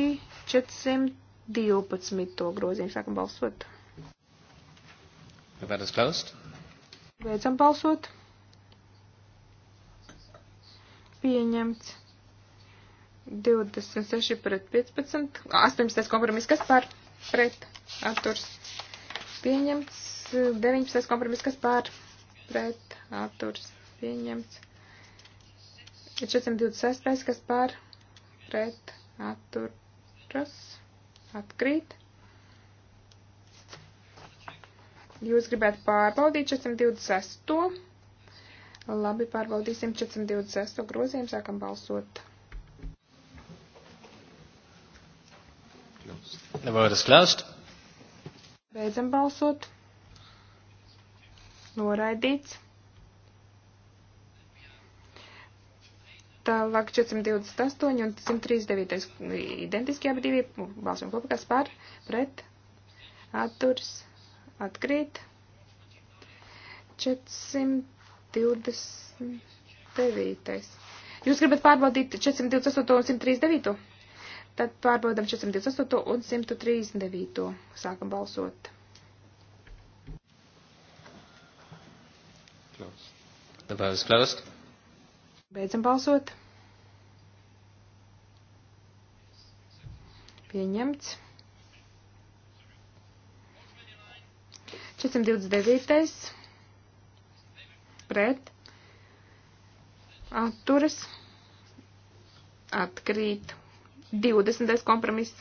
412 grozījumu. Sākam balsot. Vēlas klaust? Beidzam balsot. Pieņemts. 26 pret 15, 18 kompromiss, kas par pret atturs pieņemts, 19 kompromiss, kas par pret atturs pieņemts, 426, kas par pret atturas atkrīt. Jūs gribētu pārbaudīt 426. Labi, pārbaudīsim 426. grozījumu, sākam balsot. The vote is closed. Beidzam balsot. Noraidīts. Tālāk 428 un 139. Identiski abi divi balsojumi kopā, kas par, pret, atturs, atkrīt. 429. Jūs gribat pārbaudīt 428 un 139? Tad pārbaudam 428 un 139. Sākam balsot. Dabēvis klēst. Beidzam balsot. Pieņemts. 429. Pret. Atturas. Atkrīt. 20. kompromiss.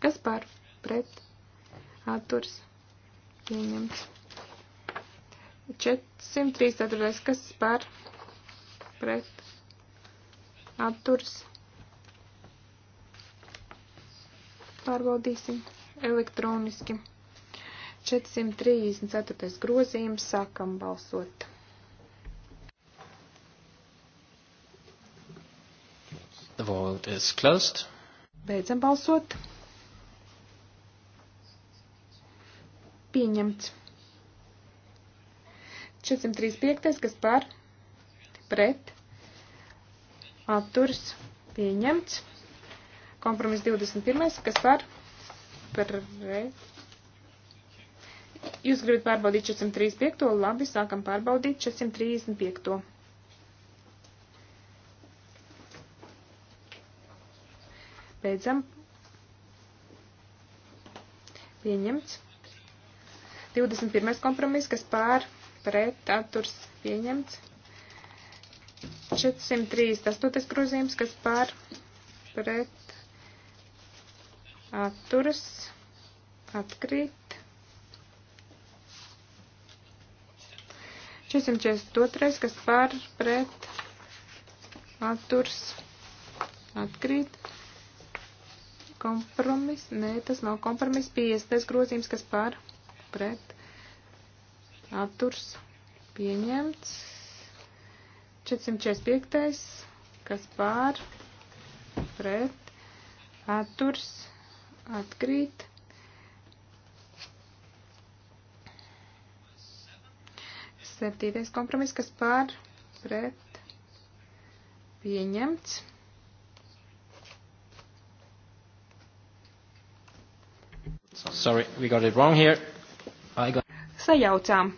Kas par? Pret. Atturs. Pieņemts. 434. Kas par? Pret. Atturs. Pārbaudīsim elektroniski. 434. grozījums sākam balsot. Vote is closed. Beidzam balsot. Pieņemts. 435. kas par pret atturs pieņemts. Kompromis 21. kas par pret. Jūs gribat pārbaudīt 435. Labi, sākam pārbaudīt 435. Beidzam. Pieņemts. 21. kompromiss, kas pār pret atturs pieņemts. 438. grozījums, kas pār pret atturs atkrīt. 442. kas pār pret atturs atkrīt. Kompromis, nē, tas nav kompromis, 50. grozījums, kas par, pret, atturs, pieņemts. 445. kas pār, pret, atturs, atkrīt. Septītais kompromiss, kas pār, pret, pieņemts. Sorry, we got it wrong here. I got... Sajaucām.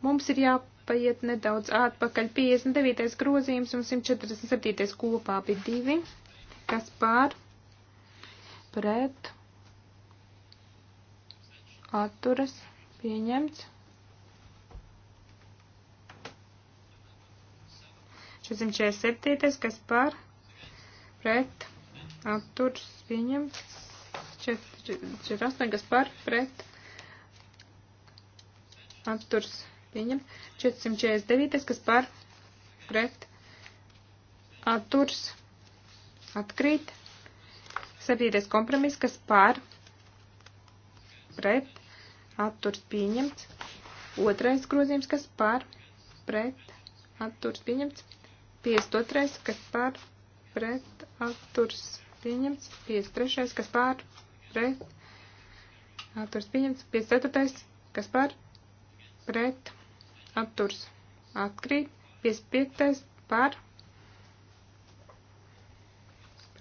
Mums ir jāpaiet nedaudz atpakaļ 59. grozījums un 147. kopā bija divi. Kas pār? Pret. Atturas. Pieņemts. 447. kas par pret atturs pieņemts. 48, kas par pret atturs pieņem. 449, kas par pret atturs atkrīt. 7. kompromiss, kas par pret atturs pieņemts. Otrais grozījums, kas par pret atturs pieņemts. 52. kas par pret atturs pieņemts. 53. kas par pret pret, atturs pieņemts, 54. kas par, pret, atturs atkrīt, 55. par,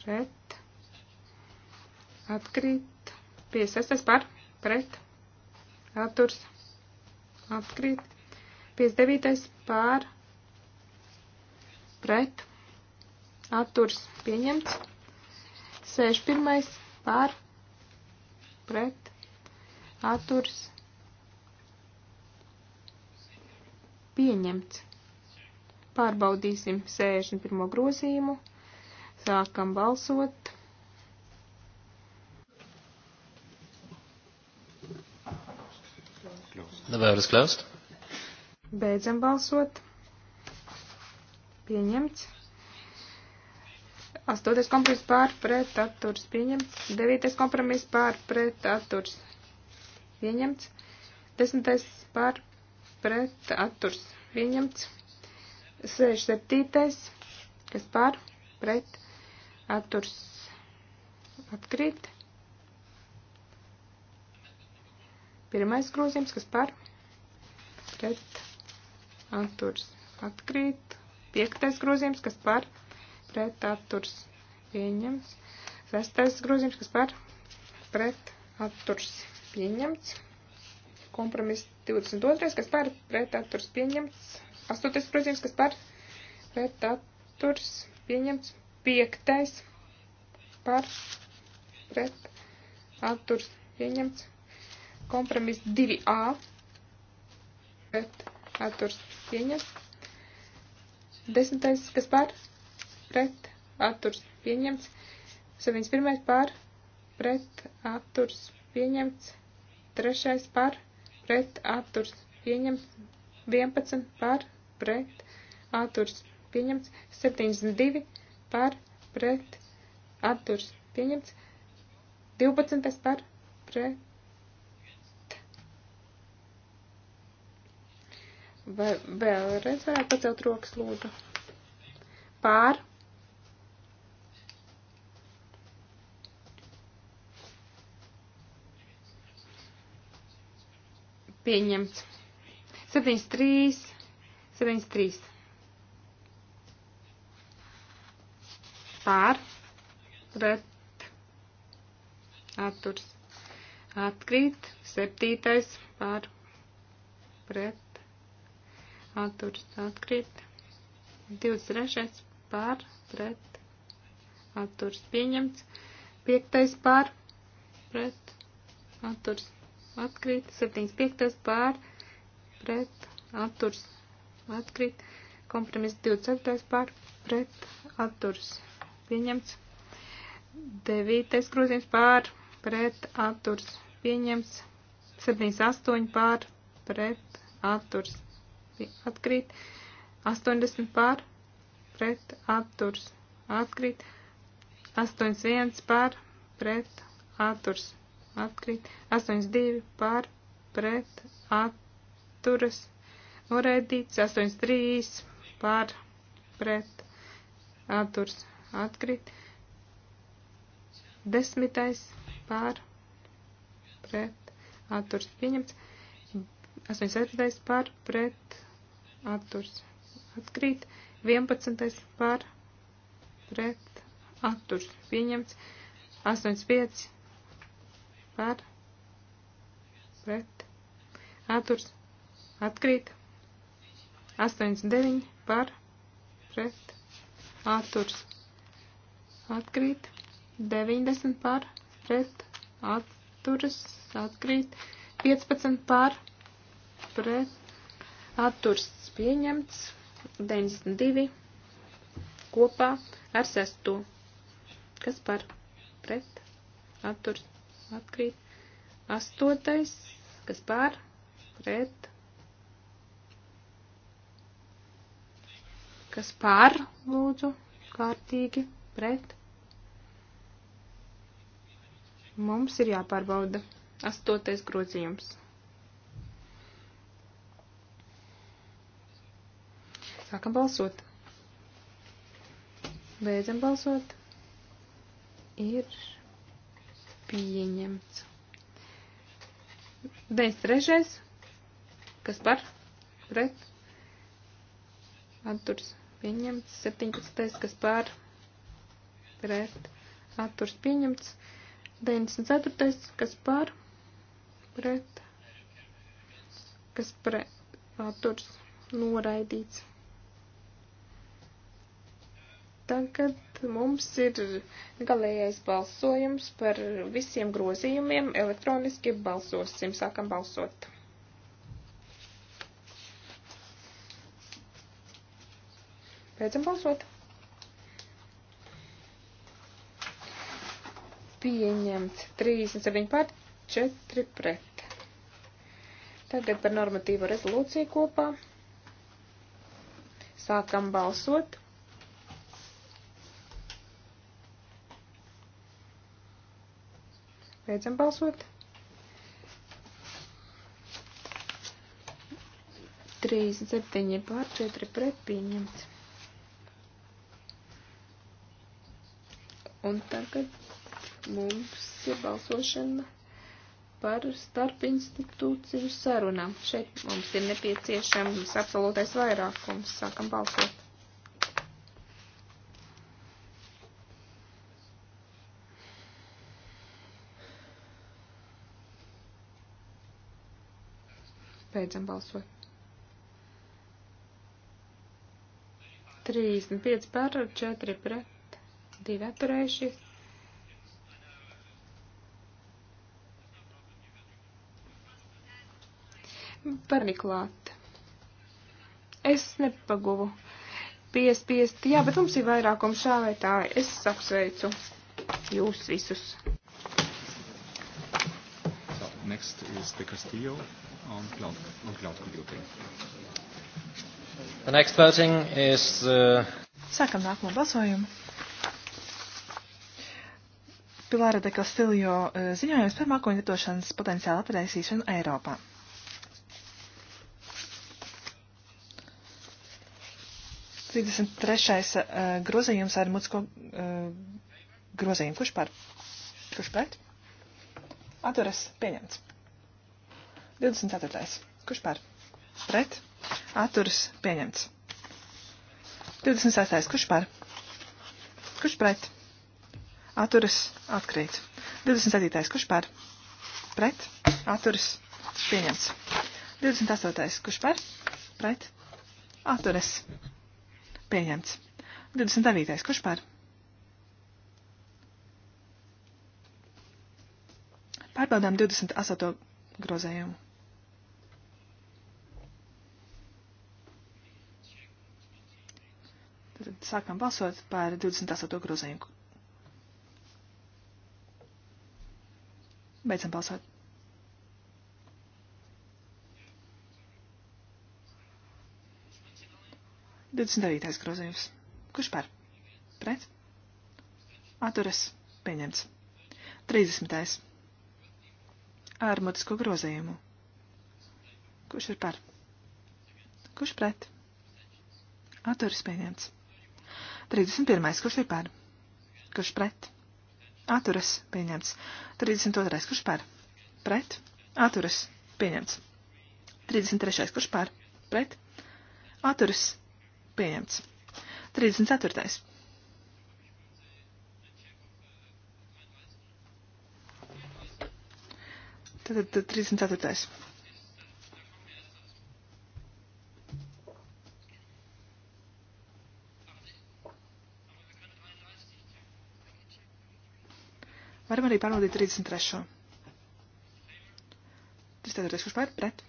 pret, atkrīt, 56. par, pret, atturs atkrīt, 59. par, pret, atturs pieņemts, 61. par, pret, pret, atturs, pieņemts. Pārbaudīsim 61. grozījumu, sākam balsot. The vote is closed. Beidzam balsot. Pieņemts. Astoties kompromiss pār pret atturs pieņemts. Devītais kompromiss pār pret atturs pieņemts. Desmitais pār pret atturs pieņemts. Sēž septītais, kas pār pret atturs atkrīt. Pirmais grozījums, kas par pret atturs atkrīt. Piektais grozījums, kas par pret pret atturs pieņemts. Sestais grozījums, kas par pret atturs pieņemts. Kompromiss 22, kas par pret atturs pieņemts. Astotais grozījums, kas par pret atturs pieņemts. Piektais par pret atturs pieņemts. Kompromiss 2a pret atturs pieņemts. Desmitais, kas par pret pret atturs pieņemts. 71. par pret atturs pieņemts. 3. par pret atturs pieņemts. 11. par pret atturs pieņemts. 72. par pret atturs pieņemts. 12. par pret Vai vēlreiz varētu pacelt rokas lūdzu? Pār. pieņemts. 73, 73. Pār, pret, atturs, atkrīt, septītais, pār, pret, atturs, atkrīt, 23. pār, pret, atturs, pieņemts, piektais pār, pret, atturs, atkrīt, 75. pār pret atturs atkrīt, kompromiss 24. pār pret atturs pieņemts, 9. grozījums pār pret atturs pieņemts, 78 pār pret atturs atkrīt, 80 pār pret atturs atkrīt, 81 pār pret atturs atkrīt, 82 par, pret, atturas, noraidīts, 83 par, pret, atturs, atkrīt, desmitais par, pret, atturs, pieņemts, 87 par, pret, atturs, atkrīt, 11 par, pret, atturs, pieņemts, 85 par, pret, atturs, atkrīt, 89 par, pret, atturs, atkrīt, 90 par, pret, atturs, atkrīt, 15 par, pret, atturs, pieņemts, 92 kopā ar sesto, kas par, pret, atturs, atkrīt. Astotais, kas pār, pret, kas pār, lūdzu, kārtīgi, pret. Mums ir jāpārbauda astotais grozījums. Sākam balsot. Beidzam balsot. Ir pieņemts. Beidz trešais, kas par pret atturs pieņemts. 17. kas par pret atturs pieņemts. 94. kas par pret kas pret atturs noraidīts. Tagad mums ir galējais balsojums par visiem grozījumiem. Elektroniski balsosim, sākam balsot. Beidzam balsot. Pieņemts 37 pār 4 pret. Tagad par normatīvu rezolūciju kopā. Sākam balsot. Beidzam balsot. 3, 7 pār 4 pret pieņemts. Un tagad mums ir balsošana par starpinstitūciju sarunām. Šeit mums ir nepieciešams absolūtais vairākums. Sākam balsot. Beidzam balsot. 35 par, 4 pret, 2 atturējušies. Par Niklāta. Es nepaguvu. 5, 5, jā, bet mums ir vairākums šā vai tā. Es apsveicu jūs visus. So, next is the Castillo on cloud, on cloud computing. The next voting is... Uh... Sākam nākamo balsojumu. Pilāra de Castillo uh, ziņojums par mākoņu lietošanas potenciālu atraisīšanu Eiropā. Trīsdesmit trešais uh, grozījums ar mucko uh, grozījumu. Kurš par? Kurš pret? Atturas pieņemts. 24. Kurš par? Pret. Atturas pieņemts. 26. Kurš par? Kurš pret? Atturas atkrīt. 27. Kurš par? Pret. Atturas pieņemts. 28. Kurš par? Pret. Atturas pieņemts. 29. Kurš par? Pārbaudām 28. grozējumu. Sākam balsot par 28. grozījumu. Beidzam balsot. Divdesmit devītais grozījums. Kurš par? Pret? Atturas. Pieņemts. Trīsdesmitais. Ar mutisko grozījumu. Kurš ir par? Kurš pret? Atturis pieņemts. 31. kurš ir par? Kurš pret? Atturas pieņemts. 32. kurš par? Pret? Atturas pieņemts. 33. kurš par? Pret? Atturas pieņemts. 34. Tad 34. pārbaudīt 33. 34. kurš pār pret?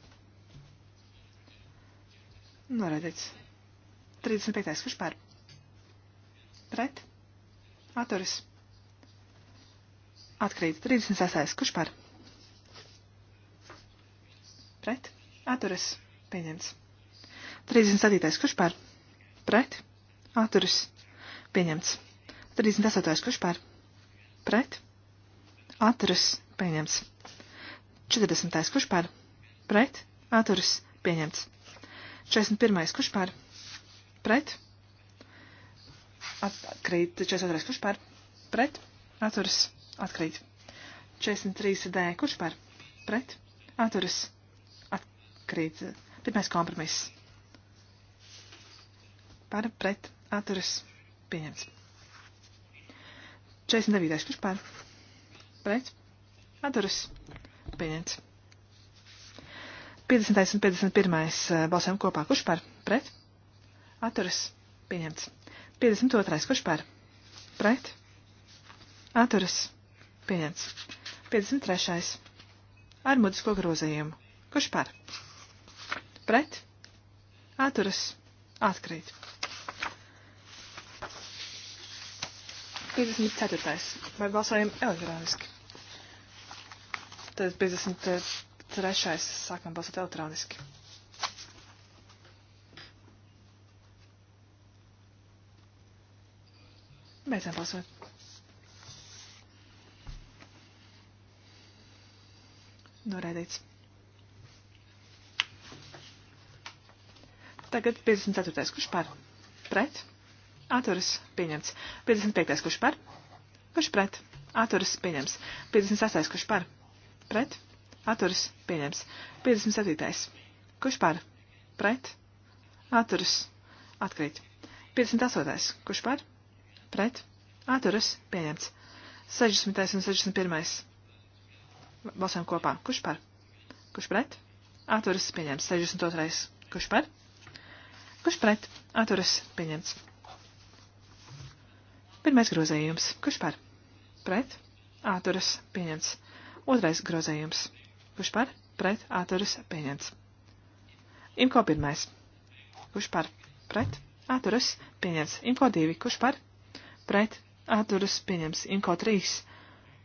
Noredzīts. 35. kurš pār pret? Atturis. Atkrīt. 36. kurš pār? Pret? Atturis. Pieņemts. 37. kurš pār? Pret? Atturis. Pieņemts. 38. kurš pār? Pret? atturas pieņemts. 40. kurš pār? Pret, atturas pieņemts. 41. kurš pār? Pret, atkrīt. 42. kurš pār? Pret, atturas atkrīt. 43. D. kurš pār? Pret, atturas atkrīt. Pirmais kompromiss. Par, pret, atturas pieņemts. 49. kurš pār? pret atturas pieņemts. 50. un 51. Eh, balsēm kopā. Kurš par? Pret? Atturas. Pieņemts. 52. Kurš par? Pret? Atturas. Pieņemts. 53. Ar mutisko grozījumu. Kurš par? Pret? Atturas. Atkrīt. 54. Vai balsojam elektroniski? Tad 53. sākam balsot elektroniski. Beidzam balsot. Noraidīts. Tagad 54. Kurš par? Pret? Atturas pieņemts. 55. Kurš par? Kurš pret? Atturas pieņemts. 56. Kurš par? pret, atturas, pieņems. 57. Kurš par, pret, atturas, atkrīt. 58. Kurš par, pret, atturas, pieņemts. 60. un 61. Balsojam kopā. Kurš par, kurš pret, atturas, pieņemts. 62. Kurš par, kurš pret, atturas, pieņemts. Pirmais grozējums. Kurš par? Pret? Āturas pieņemts. Otrais grozējums. Kurš par? Pret atturas pieņemts. Imko pirmais. Kurš par? Pret atturas pieņemts. Imko divi. Kurš par? Pret atturas pieņemts. Imko trīs.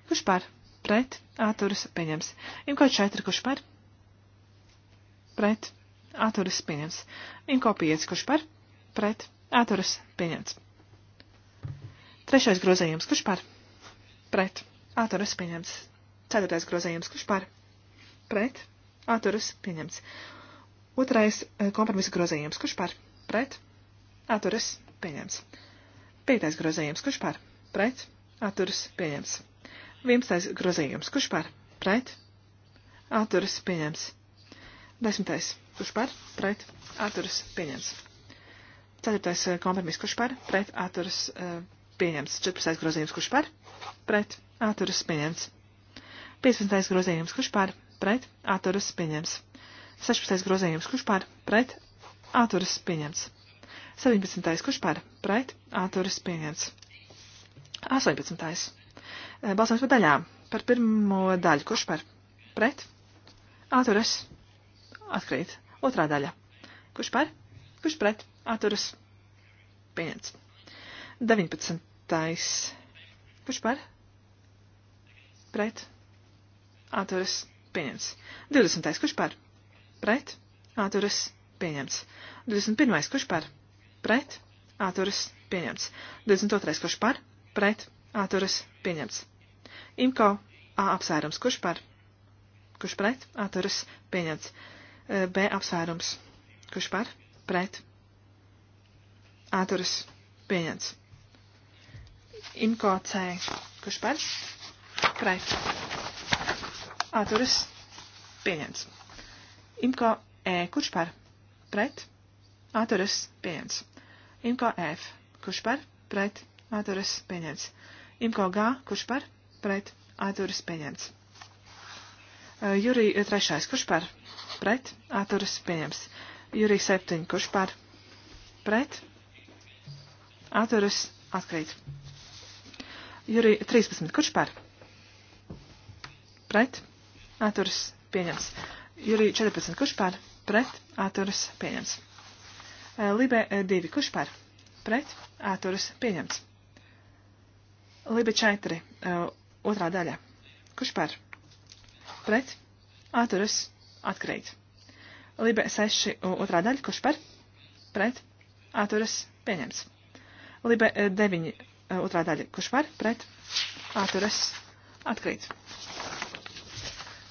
Kurš par? Pret atturas pieņemts. Imko četri. Kurš par? Pret atturas pieņemts. Imko pieci. Kurš par? Pret atturas pieņemts. Trešais grozējums. Kurš par? Pret atturas pieņemts. Ceturtais grozījums, kurš par? Pret. Atturas pieņemts. Otrais eh, kompromisa grozījums, kurš par? Pret. Atturas pieņemts. Piektais grozījums, kurš par? Pret. Atturas pieņemts. Vienpadsmitais grozījums, kurš par? Pret. Atturas pieņemts. Desmitais, kurš par? Pret. Atturas pieņemts. Ceturtais eh, kompromiss, kurš par? Pret. Atturas eh, pieņemts. Četrpadsmitais grozījums, kurš par? Pret. Atturas pieņemts. 15. grozījums, kurš pār pret atturas pieņems. 16. grozījums, kurš pār pret atturas pieņems. 17. kurš pār pret atturas pieņems. 18. E, balsojums par daļām. Par pirmo daļu, kurš pār pret atturas atkrīt. Otrā daļa. Kurš par? Kurš pret? Atturas. Pieņemts. 19. Kurš par? Pret atturas pieņemts. 20. kurš par? Pret, atturas pieņemts. 21. kurš par? Pret, atturas pieņemts. 22. kurš par? Pret, atturas pieņemts. Imko A apsvērums, kurš par? Kurš pret, atturas pieņemts. E, B apsvērums, kurš par? Pret, atturas pieņemts. Imko C, kurš par? Pret Atturas. Pieņemts. Imko E. Kurš par? Pret. Atturas. Pieņemts. Imko F. Kurš par? Pret. Atturas. Pieņemts. Imko G. Kurš par? Pret. Atturas. Pieņemts. E, Jurī trešais. Kurš par? Pret. Atturas. Pieņemts. Jurī septiņi. Kurš par? Pret. Atturas. Atkrīt. Jurī 13. Kurš par? Pret atturas pieņems. Jurī 14, kurš par, pret, atturas pieņems. Eh, Libe eh, 2, kurš par, pret, atturas pieņems. Libe 4, eh, otrā daļa, kurš par, pret, atturas atkrīt. Libe 6, otrā daļa, kurš par, pret, atturas pieņems. Libe 9, otrā daļa, kurš par, pret, atturas atkrīt.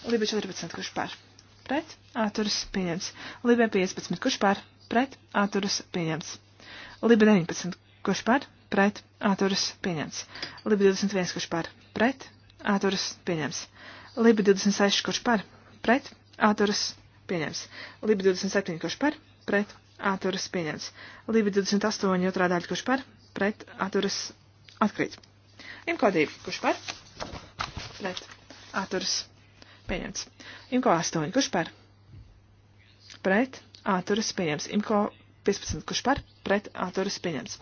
Libe 14, kurš pār? Pret, atturas pieņemts. Libe 15, kurš pār? Pret, atturas pieņemts. Libe 19, kurš pār? Pret, atturas pieņemts. Libe 21, kurš pār? Pret, atturas pieņemts. Libe 26, kurš pār? Pret, atturas pieņemts. Libe 27, kurš pār? Pret, atturas pieņemts. Libe 28, otrā daļa, kurš pār? Pret, atturas atkrīt. Imko 2, kurš pār? Pret, atturas pieņemts. Pieņemts. Imko 8. Kurš par? Pret. Āturas pieņemts. Imko 15. Kurš par? Pret. Āturas pieņemts.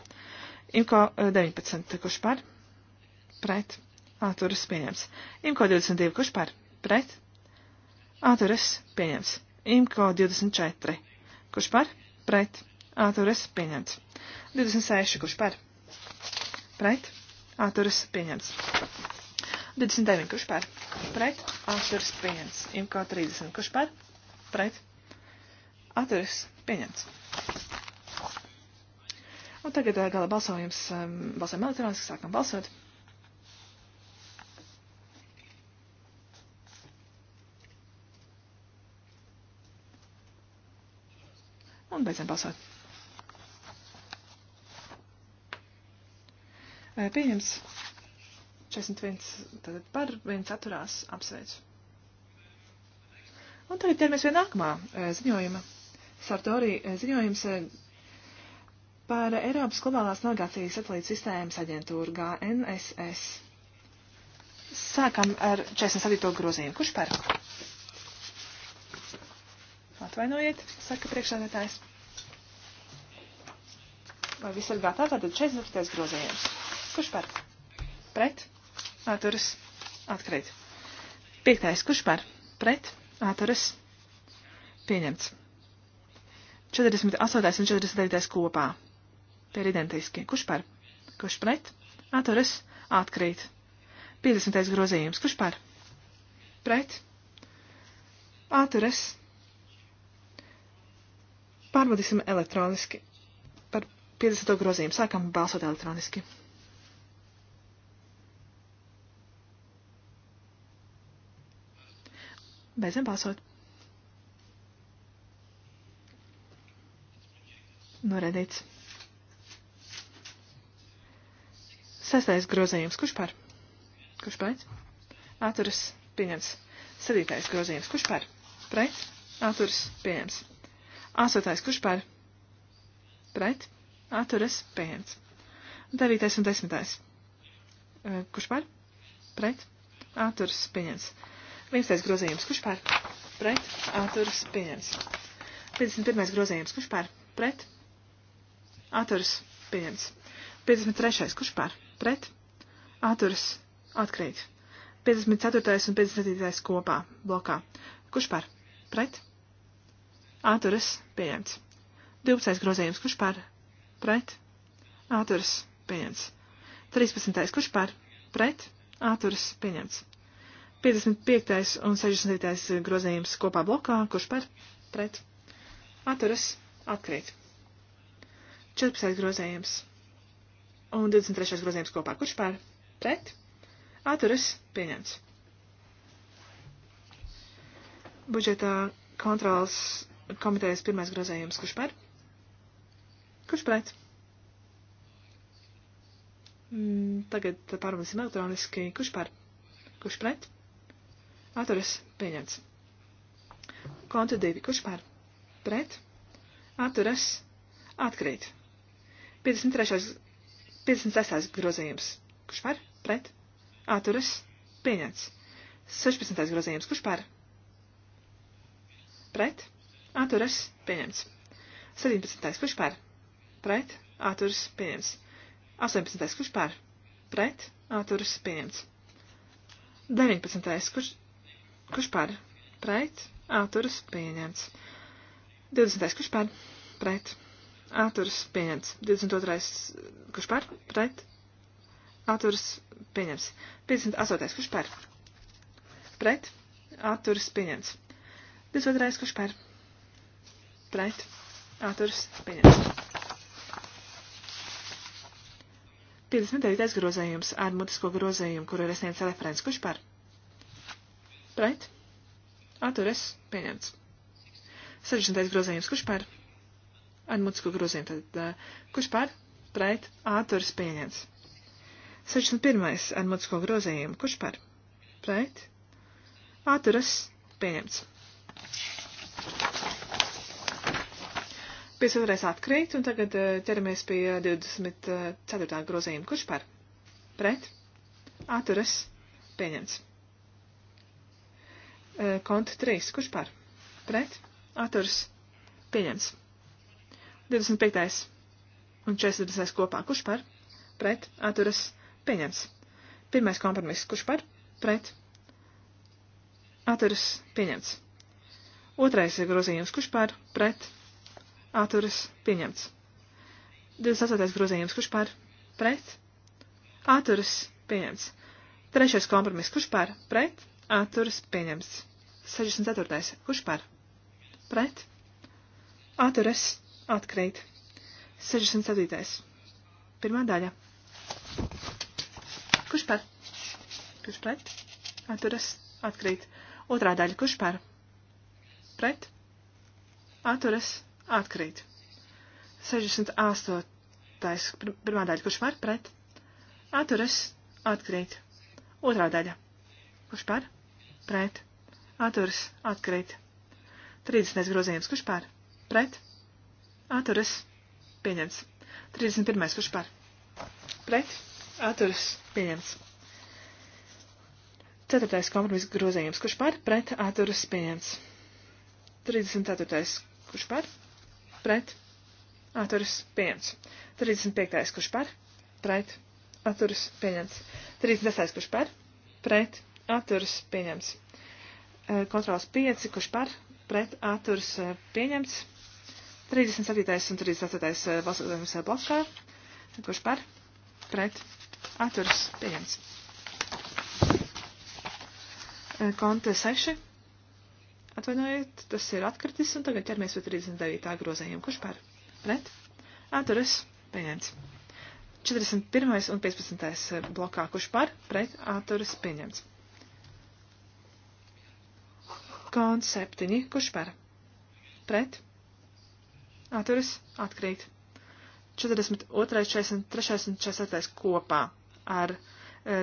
Imko 19. Eh, Kurš par? Pret. Āturas pieņemts. Imko 22. Kurš par? Pret. Āturas pieņemts. Imko 24. Kurš par? Pret. Āturas pieņemts. 26. Kurš par? Pret. Āturas pieņemts. 29. Kurš par? Pret. Atturas pieņemts. Imko 30. Kurš par? Pret. Atturas pieņemts. Un tagad eh, gala balsojums. Ehm, balsojam elektroniski. Sākam balsot. Un beidzam balsot. Eh, Pieņems 41 tātad par, viens atturās, apsveicu. Un tagad ķeramies pie nākamā e, ziņojuma. Sartori e, ziņojums e, par Eiropas globālās navigācijas satelīta sistēmas aģentūru GNSS. Sākam ar 47. grozījumu. Kurš par? Atvainojiet, saka priekšsēdētājs. Vai viss ir gatavs? Tātad 47. grozījums. Kurš par? Pret? atturas atkrīt. Piektais, kurš par pret atturas pieņemts. 48. un 49. kopā. Tie ir identiski. Kurš par? Kurš pret? Atturas atkrīt. 50. grozījums. Kurš par? Pret? Atturas. Pārbaudīsim elektroniski. Par 50. grozījumu sākam balsot elektroniski. Beidzam balsot. Noredīts. Sastais grozījums. Kurš par? Kurš pēc? Atturas pieņems. Sadītais grozījums. Kurš par? Pret? Atturas pieņems. Astotais. Kurš par? Pret? Atturas pieņems. Devītais un desmitais. Eh, kurš par? Pret? Atturas pieņems. 11. grozījums, kurš pār pret atturas pieņems. 51. grozījums, kurš pār pret atturas pieņems. 53. kurš pār pret atturas atkrīt. 54. un 57. kopā blokā. Kurš pār pret atturas pieņemts. 12. grozījums, kurš pār pret atturas pieņemts. 13. kurš pār pret atturas pieņemts. 55. un 69. grozījums kopā blokā, kurš par pret atturas atkrīt. 14. grozījums un 23. grozījums kopā, kurš par pret atturas pieņemts. Budžetā kontrols komitejas pirmais grozējums, kurš par? Kurš pret? Mm, tagad pārbaudīsim elektroniski, kurš par? Kurš pret? Atturas pieņemts. Konta 2. Kurš par? Pret. Atturas. Atkrīt. 53. 56. grozījums. Kurš par? Pret. Atturas. Pieņemts. 16. grozījums. Kurš par? Pret. Atturas. Pieņemts. 17. Kurš par? Pret. Atturas. Pieņemts. 18. Kurš par? Pret. Atturas. Pieņemts. 19. Kurš Kurš par? Pret. Atturas pieņemts. 20. Kurš par? Pret. Atturas pieņemts. 22. Kurš par? Pret. Atturas pieņemts. 58. Kurš par? Pret. Atturas pieņemts. 22. Kurš par? Pret. Atturas pieņemts. 59. grozējums ar mutisko grozējumu, kuru ir iesniegts referents. Kurš par? Pret. Atturas. Pieņemts. 60. grozījums. Kurš par? Ar mutisku grozījumu. Tad, uh, kurš par? Pret. Atturas. Pieņemts. 61. Ar mutisko grozījumu. Kurš par? Pret. Atturas. Pieņemts. 52. atkrīt, un tagad ķeramies pie 24. grozījuma. Kurš par? Pret? Atturas? Pieņemts. E, konta 3. Kurš par? Pret? Atturs. Pieņems. 25. un 40. kopā. Kurš par? Pret? Atturas. Pieņems. Pirmais kompromiss. Kurš par? Pret? Atturas. Pieņemts. Otrais grozījums. Kurš par? Pret? Atturas. Pieņemts. 28. grozījums. Kurš par? Pret? Atturas. Pieņemts. Trešais kompromiss. Kurš par? Pret? Atturas. Pieņemts. 64. Kurš par? Pret? Atturas. Atkrīt. 67. Pirmā daļa. Kurš par? Kurš pret? Atturas. Atkrīt. Otrā daļa. Kurš par? Pret? Atturas. Atkrīt. 68. Pirmā daļa. Kurš par? Pret? Atturas. Atkrīt. Otrā daļa. Kurš par? Pret? atturas atkrīt. 30. grozījums, kurš pār? Pret, atturas pieņemts. 31. kurš pār? Pret, atturas pieņemts. 4. kompromisa grozījums, kurš pār? Pret, atturas pieņemts. 34. kurš pār? Pret, atturas pieņemts. 35. kurš pār? Pret, atturas pieņemts. 36. kurš pār? Pret, atturas pieņemts. Eh, kontrols 5, kurš par pret atturs eh, pieņemts. 37. un 38. Eh, balsojums blokā. Kurš par pret atturs pieņemts. Konta 6. Atvainojiet, tas ir atkritis, un tagad ķermies pie 39. grozējiem. Kurš par? Pret? Atturas. Pieņemts. 41. un 15. blokā. Kurš par? Pret? Atturas. Pieņemts. Kont septiņi, kurš par? Pret? Atturis atkrīt. 42, 43 un 44 kopā ar e,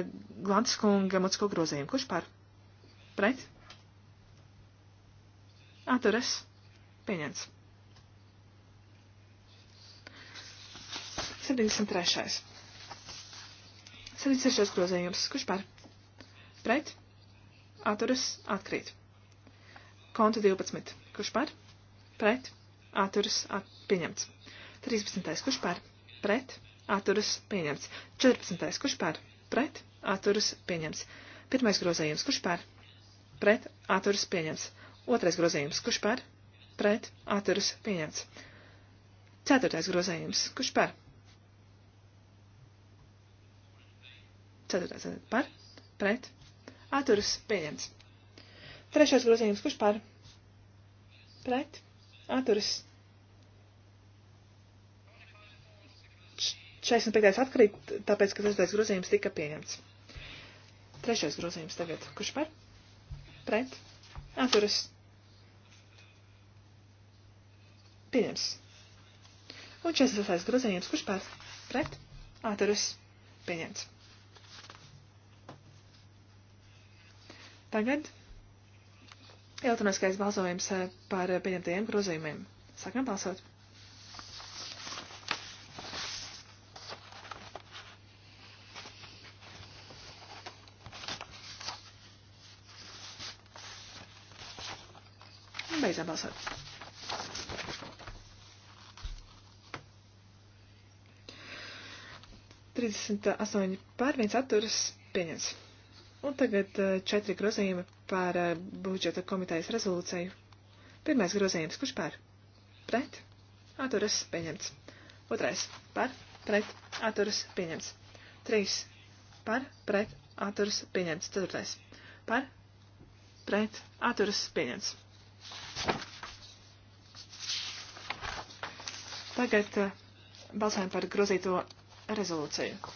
Glants kunga mutsko grozījumu. Kurš par? Pret? Atturis. Pieņemts. 73. 76 grozījums. Kurš par? Pret? Atturis atkrīt. Konta 12. Kurš par? Pret. Atturas at, pieņemts. 13. Kurš par? Pret. Atturas pieņemts. 14. Kurš par? Pret. Atturas pieņemts. Pirmais grozējums. Kurš par? Pret. Atturas pieņemts. Otrais grozējums. Kurš par? Pret. Atturas pieņemts. Ceturtais grozējums. Kurš par? Ceturtais par? Pret. Atturas pieņemts. Trešais grozījums, kurš par? Pret. Atturas. 45. atkrīt, tāpēc, ka trešais grozījums tika pieņemts. Trešais grozījums tagad, kurš par? Pret. Atturas. Pieņems. Un 46. grozījums, kurš par? Pret. Atturas. Pieņemts. Tagad Elektroniskais balsojums eh, par eh, pieņemtajiem grozījumiem. Sākam balsot. Un beidzam balsot. Trīsdesmit astoņi pār viens atturas pieņems. Un tagad eh, četri grozījumi par eh, budžeta komitejas rezolūciju. Pirmais grozījums, kurš par? Pret? Atturas pieņemts. Otrais par? Pret? Atturas pieņemts. Trīs par? Pret? Atturas pieņemts. Ceturtais par? Pret? Atturas pieņemts. Tagad eh, balsojam par grozīto rezolūciju.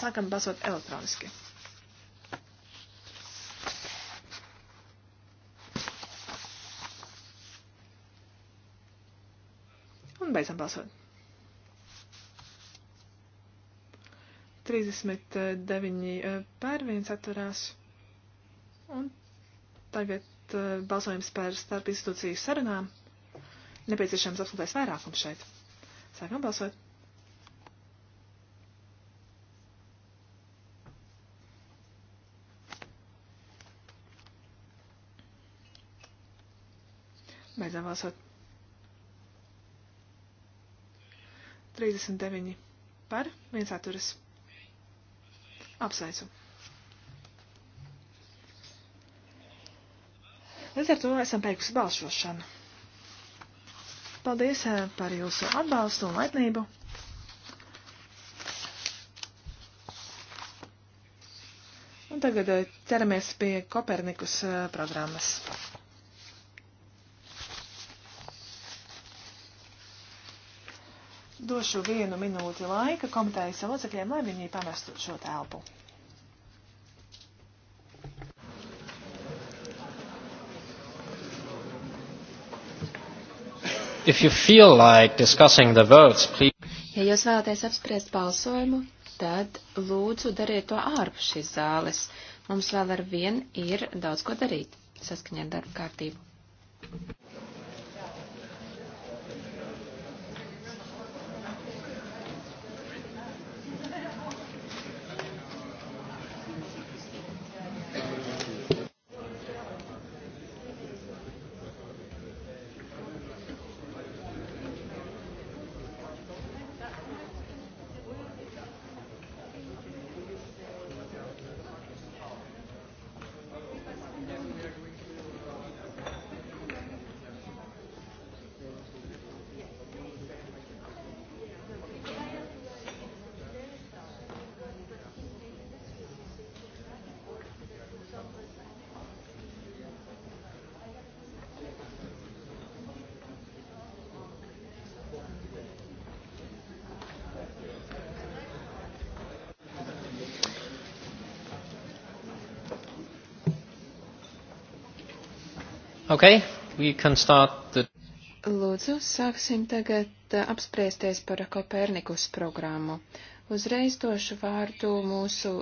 Sākam balsot elektroniski. Un beidzam balsot. 39 eh, pār viens atturās. Un tagad eh, balsojums par starp institūciju sarunām. Nepieciešams absolūtais vairākums šeit. Sākam balsot. Beidzam balsot. 39 par, viens atturas. Apsveicu. Līdz ar to esam beigusi balsošanu. Paldies eh, par jūsu atbalstu un laipnību. Un tagad eh, ķeramies pie Kopernikus eh, programmas. došu vienu minūti laika komitejas locekļiem, lai viņi pamestu šo telpu. If you feel like discussing the votes, please. Ja jūs vēlaties apspriest balsojumu, tad lūdzu dariet to ārpus šīs zāles. Mums vēl ar vien ir daudz ko darīt saskaņā ar darba kārtību. Okay, we can start the... Lūdzu, sāksim tagad uh, apspriesties par Kopernikus programmu. Uzreiz došu vārdu mūsu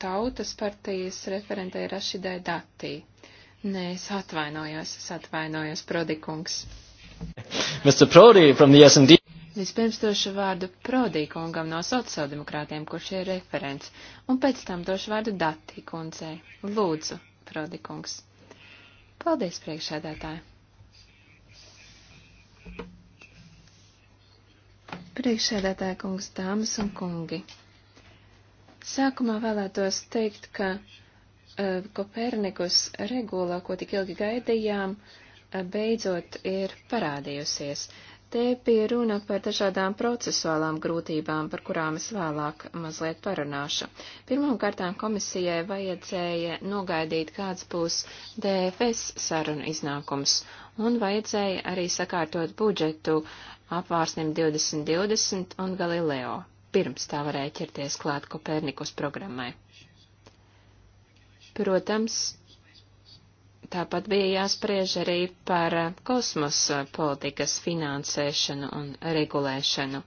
tautas partijas referentei Rašidai Datī. Nē, es atvainojos, es atvainojos, Prodikungs. Mr. Prodi from the S&D. Vispirms došu vārdu Prodī kungam no sociāldemokrātiem, kurš ir referents, un pēc tam došu vārdu Datī kundzei. Lūdzu, Prodi kungs. Paldies, priekšsēdētāji! Priekšsēdētāja kungs, dāmas un kungi! Sākumā vēlētos teikt, ka uh, Kopernikus regula, ko tik ilgi gaidījām, uh, beidzot ir parādījusies. Uh, Te bija runa par dažādām procesuālām grūtībām, par kurām es vēlāk mazliet parunāšu. Pirmkārtām komisijai vajadzēja nogaidīt, kāds būs DFS sarunu iznākums, un vajadzēja arī sakārtot budžetu apvārsnim 2020 un Galileo, pirms tā varēja ķerties klāt Kopernikus programmai. Protams, Tāpat bija jāspriež arī par kosmosa politikas finansēšanu un regulēšanu.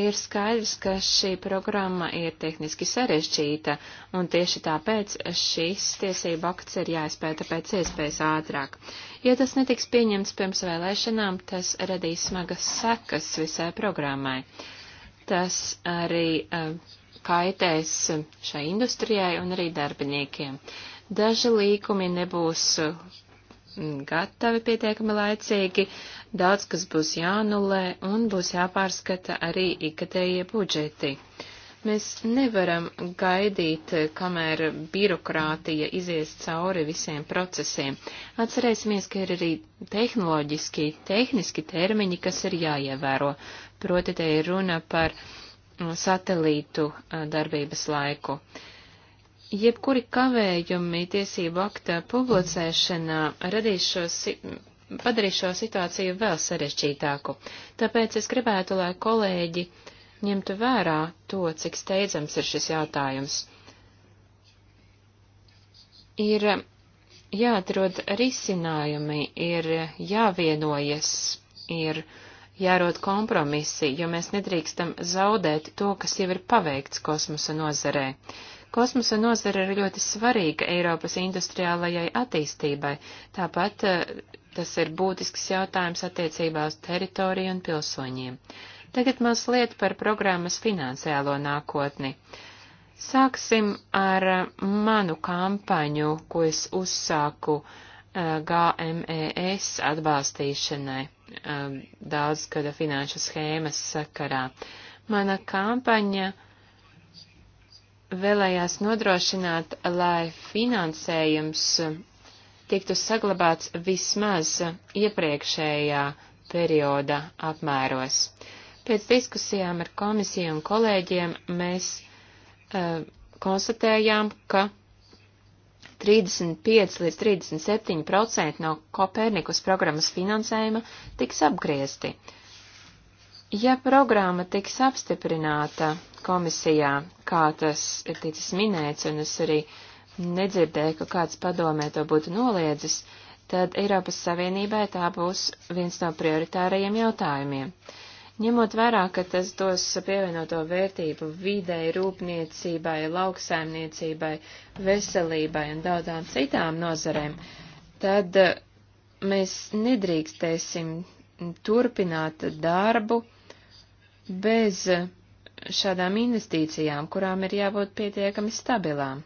Ir skaidrs, ka šī programma ir tehniski sarežģīta, un tieši tāpēc šīs tiesība akts ir jāizpēta pēc iespējas ātrāk. Ja tas netiks pieņemts pirms vēlēšanām, tas radīs smagas sekas visai programmai. Tas arī uh, kaitēs šai industrijai un arī darbiniekiem. Daži līkumi nebūs mm, gatavi pietiekami laicīgi, daudz kas būs jānulē un būs jāpārskata arī ikgadējie budžeti. Mēs nevaram gaidīt, kamēr birokrātija izies cauri visiem procesiem. Atcerēsimies, ka ir arī tehnoloģiski, tehniski termiņi, kas ir jāievēro. Proti, te ir runa par mm, satelītu darbības laiku. Uh, jebkuri kavējumi tiesību akta publicēšanā radīs šo si padarīs šo situāciju vēl sarežģītāku. Tāpēc es gribētu, lai kolēģi ņemtu vērā to, cik steidzams ir šis jautājums. Ir jāatrod risinājumi, ir jāvienojas, ir jārod kompromisi, jo mēs nedrīkstam zaudēt to, kas jau ir paveikts kosmosa nozarē. Kosmosa nozara ir ļoti svarīga Eiropas industriālajai attīstībai, tāpat eh, tas ir būtisks jautājums attiecībā uz teritoriju un pilsoņiem. Tagad mazliet par programmas finansiālo nākotni. Sāksim ar eh, manu kampaņu, ko es uzsāku eh, GMES atbalstīšanai daudzgada finanšu schēmas sakarā. Mana kampaņa uh, vēlējās nodrošināt, lai finansējums tiktu saglabāts vismaz iepriekšējā perioda apmēros. Pēc diskusijām ar komisiju un kolēģiem mēs uh, konstatējām, ka 35 līdz 37% no Kopernikus programmas finansējuma tiks apgriezti. Uh, Ja programma tiks apstiprināta komisijā, kā tas ir ticis minēts, un es arī nedzirdēju, ka kāds padomē to būtu noliedzis, tad Eiropas Savienībai tā būs viens no prioritārajiem jautājumiem. Ņemot vērā, ka tas dos pievienoto vērtību videi, rūpniecībai, lauksaimniecībai, veselībai un daudzām citām nozarēm, tad eh, mēs nedrīkstēsim turpināt darbu, bez šādām investīcijām, kurām ir jābūt pietiekami stabilām.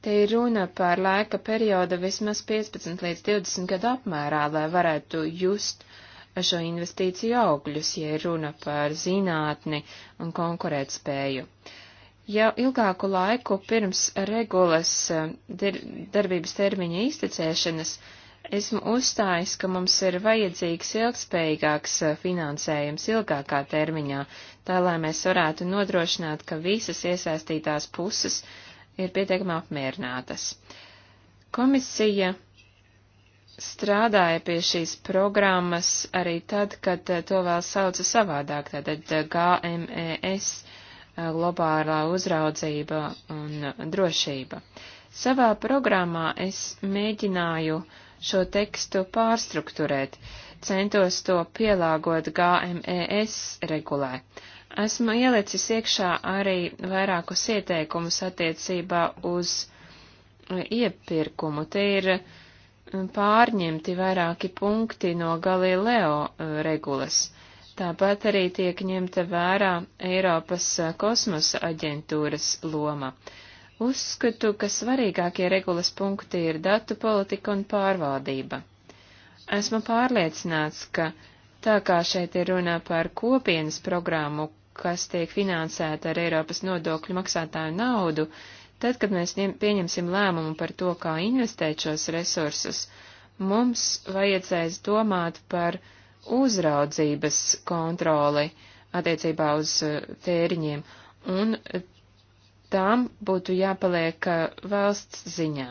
Te ir runa par laika perioda vismaz 15 līdz 20 gadu apmērā, lai varētu just šo investīciju augļus, ja ir runa par zinātni un konkurētspēju. Jau ilgāku laiku pirms regulas eh, darbības termiņa izticēšanas uh, Esmu uzstājis, ka mums ir vajadzīgs ilgspējīgāks eh, finansējums ilgākā termiņā, tā lai mēs varētu nodrošināt, ka visas iesaistītās puses ir pietiekami apmierinātas. Komisija strādāja pie šīs programmas arī tad, kad eh, to vēl sauca savādāk, tātad eh, GMES globālā uzraudzība un drošība. Savā programmā es mēģināju uh, šo tekstu pārstruktūrēt, centos to pielāgot GMES regulē. Esmu ielicis iekšā arī vairākus ieteikumus attiecībā uz iepirkumu. Te ir pārņemti vairāki punkti no Galileo e, regulas. Tāpat arī tiek ņemta vērā Eiropas kosmosa aģentūras loma. Uh, Uzskatu, ka svarīgākie regulas punkti ir datu politika un pārvaldība. Esmu pārliecināts, ka tā kā šeit ir runa par kopienas programmu, kas tiek finansēta ar Eiropas nodokļu maksātāju naudu, tad, kad mēs pieņemsim lēmumu par to, kā investēt šos resursus, mums vajadzēs domāt par uzraudzības kontroli attiecībā uz eh, tēriņiem un tām būtu jāpaliek uh, valsts ziņā.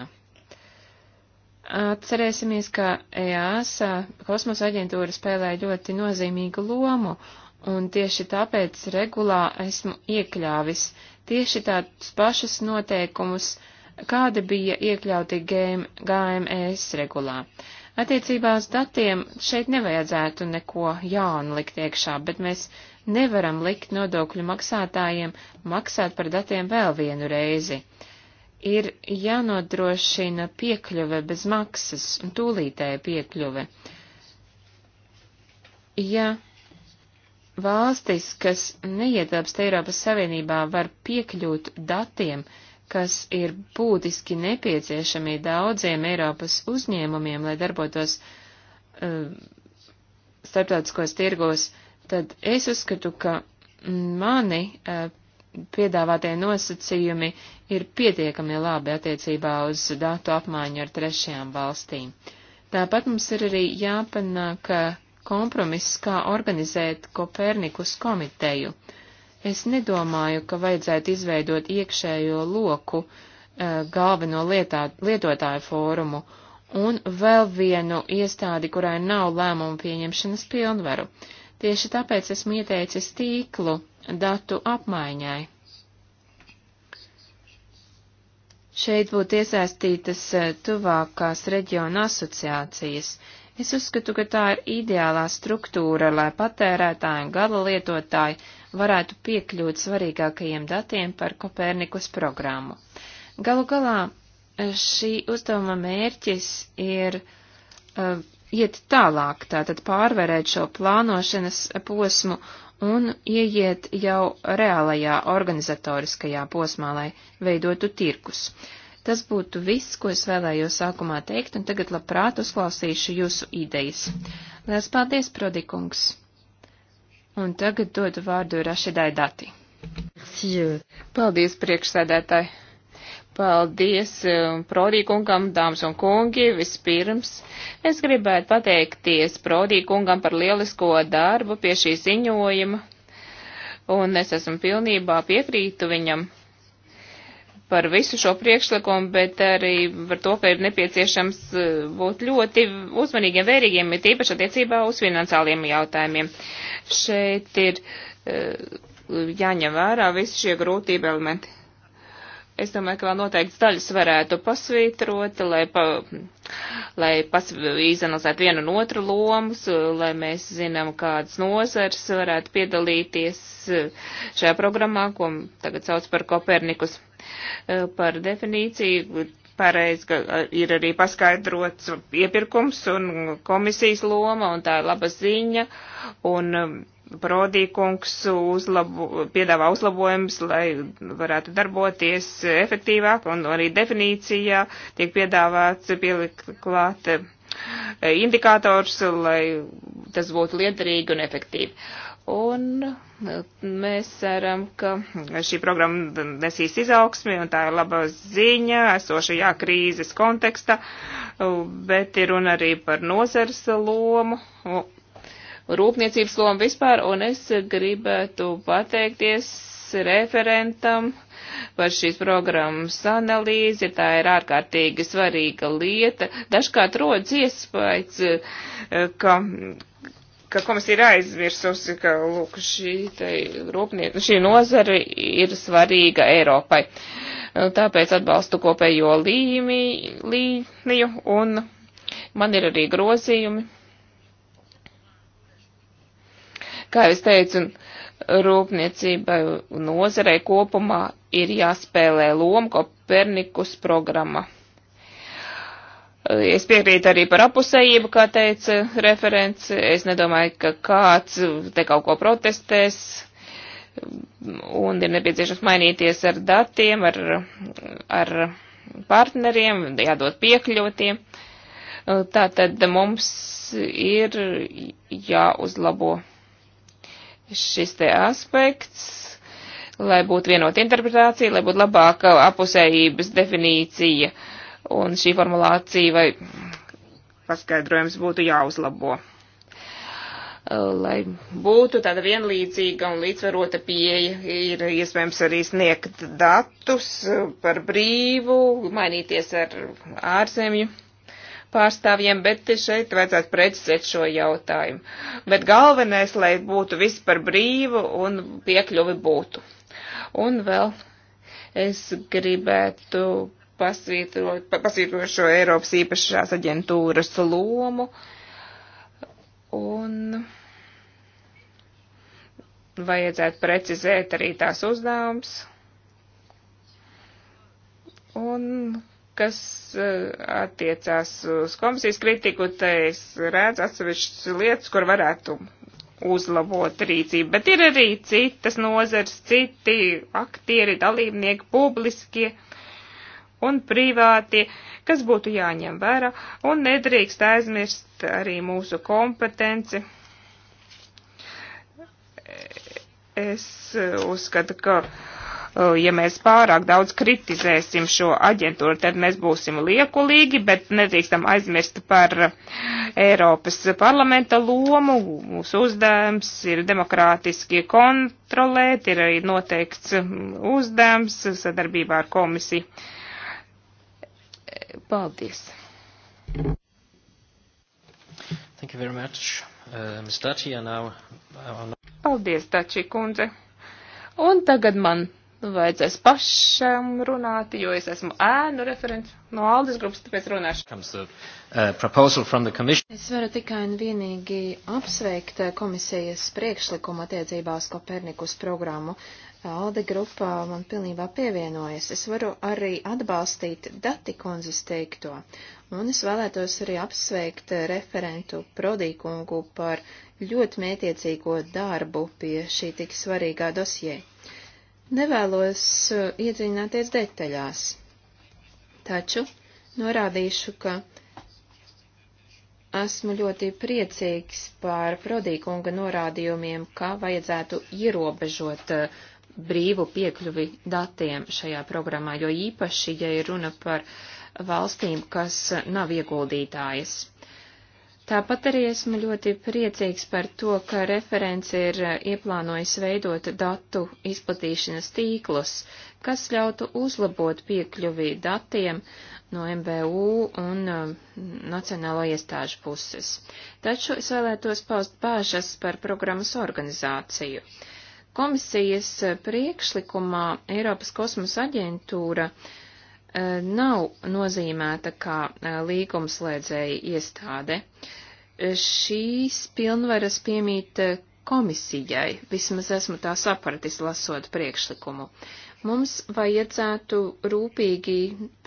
Atcerēsimies, ka EASA kosmosa aģentūra spēlē ļoti nozīmīgu lomu, un tieši tāpēc regulā esmu iekļāvis tieši tādus pašus noteikumus, kādi bija iekļauti GMS e regulā. Attiecībā uz datiem šeit nevajadzētu neko jaunu likt iekšā, bet mēs nevaram likt nodokļu maksātājiem maksāt par datiem vēl vienu reizi. Ir jānodrošina piekļuve bez maksas un tūlītēja piekļuve. Ja valstis, kas neietilpst Eiropas Savienībā, var piekļūt datiem, kas ir būtiski nepieciešami daudziem Eiropas uzņēmumiem, lai darbotos uh, starptautiskos tirgos, tad es uzskatu, ka mani e, piedāvātie nosacījumi ir pietiekami labi attiecībā uz datu apmaiņu ar trešajām valstīm. Tāpat mums ir arī jāpanāk e, kompromiss, kā organizēt Kopernikus komiteju. Es nedomāju, ka vajadzētu izveidot iekšējo loku e, galveno lietā, lietotāju fórumu un vēl vienu iestādi, kurai nav lēmumu pieņemšanas pilnvaru. Uh, Tieši tāpēc esmu ieteicis tīklu datu apmaiņai. Šeit būtu iesaistītas eh, tuvākās reģiona asociācijas. Es uzskatu, ka tā ir ideālā struktūra, lai patērētāji un gala lietotāji varētu piekļūt svarīgākajiem datiem par Kopernikus programmu. Galu galā eh, šī uzdevuma mērķis ir uh, iet tālāk, tātad pārvarēt šo plānošanas posmu un ieiet jau reālajā organizatoriskajā posmā, lai veidotu tirkus. Tas būtu viss, ko es vēlējos sākumā teikt, un tagad labprāt uzklausīšu jūsu idejas. Lielas paldies, Prodikungs! Un tagad dodu vārdu Rašidai Dati. Euh. Paldies, priekšsēdētāji! Paldies um, Prodīkungam, dāmas un kungi. Vispirms es gribētu pateikties Prodīkungam par lielisko darbu pie šī ziņojuma, un es esmu pilnībā piekrītu viņam par visu šo priekšlikumu, bet arī par to, ka ir nepieciešams uh, būt ļoti uzmanīgiem, vērīgiem, ir tīpaši attiecībā uz finansiāliem jautājumiem. Šeit ir uh, jāņem vērā visi šie grūtība elementi. Es domāju, ka vēl noteikts daļas varētu pasvītrot, lai, pa, lai pas, izanalizētu vienu un otru lomus, lai mēs zinām, kādas nozars varētu piedalīties šajā programmā, ko tagad sauc par Kopernikus. Par definīciju pareizi, ka ir arī paskaidrots iepirkums un komisijas loma, un tā ir laba ziņa. Un, Prodīkungs uzlabo, piedāvā uzlabojumus, lai varētu darboties efektīvāk, un arī definīcijā tiek piedāvāts pielikt klāt eh, indikators, lai tas būtu liederīgi un efektīvi. Un eh, mēs ceram, ka šī programma nesīs izaugsmi, un tā ir laba ziņa esošajā krīzes kontekstā, bet ir runa arī par nozars lomu rūpniecības lomu vispār, un es gribētu pateikties referentam par šīs programmas analīzi. Tā ir ārkārtīgi svarīga lieta. Dažkārt rodas iespējas, eh, ka ka komisija ir aizvirsusi, ka lūk, šī, rūpnie, šī nozara ir svarīga Eiropai. Tāpēc atbalstu kopējo līmi, līniju un man ir arī grozījumi Kā jau es teicu, rūpniecībai un nozarei kopumā ir jāspēlē loma Kopernikus programma. Es piekrītu arī par apusējību, kā teica referents. Es nedomāju, ka kāds te kaut ko protestēs un ir nepieciešams mainīties ar datiem, ar, ar partneriem, jādod piekļūtiem. Tātad mums ir jāuzlabo. Ja šis te aspekts, lai būtu vienota interpretācija, lai būtu labāka apusējības definīcija un šī formulācija vai paskaidrojums būtu jāuzlabo. Lai būtu tāda vienlīdzīga un līdzvarota pieeja, ir iespējams arī sniegt datus par brīvu, mainīties ar ārzemju pārstāvjiem, bet šeit vajadzētu precizēt šo jautājumu. Bet galvenais, lai būtu viss par brīvu un piekļuvi būtu. Un vēl es gribētu pasvītrot, pasvītrot šo Eiropas īpašās aģentūras lomu. Un vajadzētu precizēt arī tās uzdevums. Un kas eh, attiecās uz komisijas kritiku, te es redzu atsevišķas lietas, kur varētu uzlabot rīcību, bet ir arī citas nozars, citi aktieri, dalībnieki, publiskie un privātie, kas būtu jāņem vērā, un nedrīkst aizmirst arī mūsu kompetenci. Es uzskatu, ka uh, Uh, ja mēs pārāk daudz kritizēsim šo aģentūru, tad mēs būsim liekulīgi, bet nedrīkstam aizmirst par Eiropas parlamenta lomu. Mūsu uzdevums ir demokrātiski kontrolēt, ir arī noteikts uzdevums sadarbībā ar komisiju. Paldies! Thank you very much, uh, Ms. Daci, and now... Uh, Paldies, Daci kundze. Un tagad man vajadzēs pašam runāt, jo es esmu ēnu referents no Aldis grupas, tāpēc runāšu. Uh, es varu tikai un vienīgi apsveikt uh, komisijas priekšlikumu attiecībā uz Kopernikus programmu. Alde grupā man pilnībā pievienojas. Es varu arī atbalstīt dati konzes teikto. Un es vēlētos arī apsveikt uh, referentu Prodīkungu par ļoti mētiecīgo darbu pie šī tik svarīgā dosjē. Nevēlos eh, iedziļināties detaļās, taču norādīšu, ka esmu ļoti priecīgs par Prodīkunga norādījumiem, ka vajadzētu ierobežot eh, brīvu piekļuvi datiem šajā programmā, jo īpaši, ja ir runa par valstīm, kas eh, nav ieguldītājas. Tāpat arī esmu ļoti priecīgs par to, ka referents ir eh, ieplānojis veidot datu izplatīšanas tīklus, kas ļautu uzlabot piekļuvi datiem no MBU un uh, nacionālo iestāžu puses. Taču es vēlētos paust bāžas par programmas organizāciju. Komisijas eh, priekšlikumā Eiropas kosmosa aģentūra uh, Eh, nav nozīmēta kā eh, līgumslēdzēja iestāde. Eh, šīs pilnvaras piemīt komisijai, vismaz esmu tā sapratis lasot priekšlikumu. Mums vajadzētu rūpīgi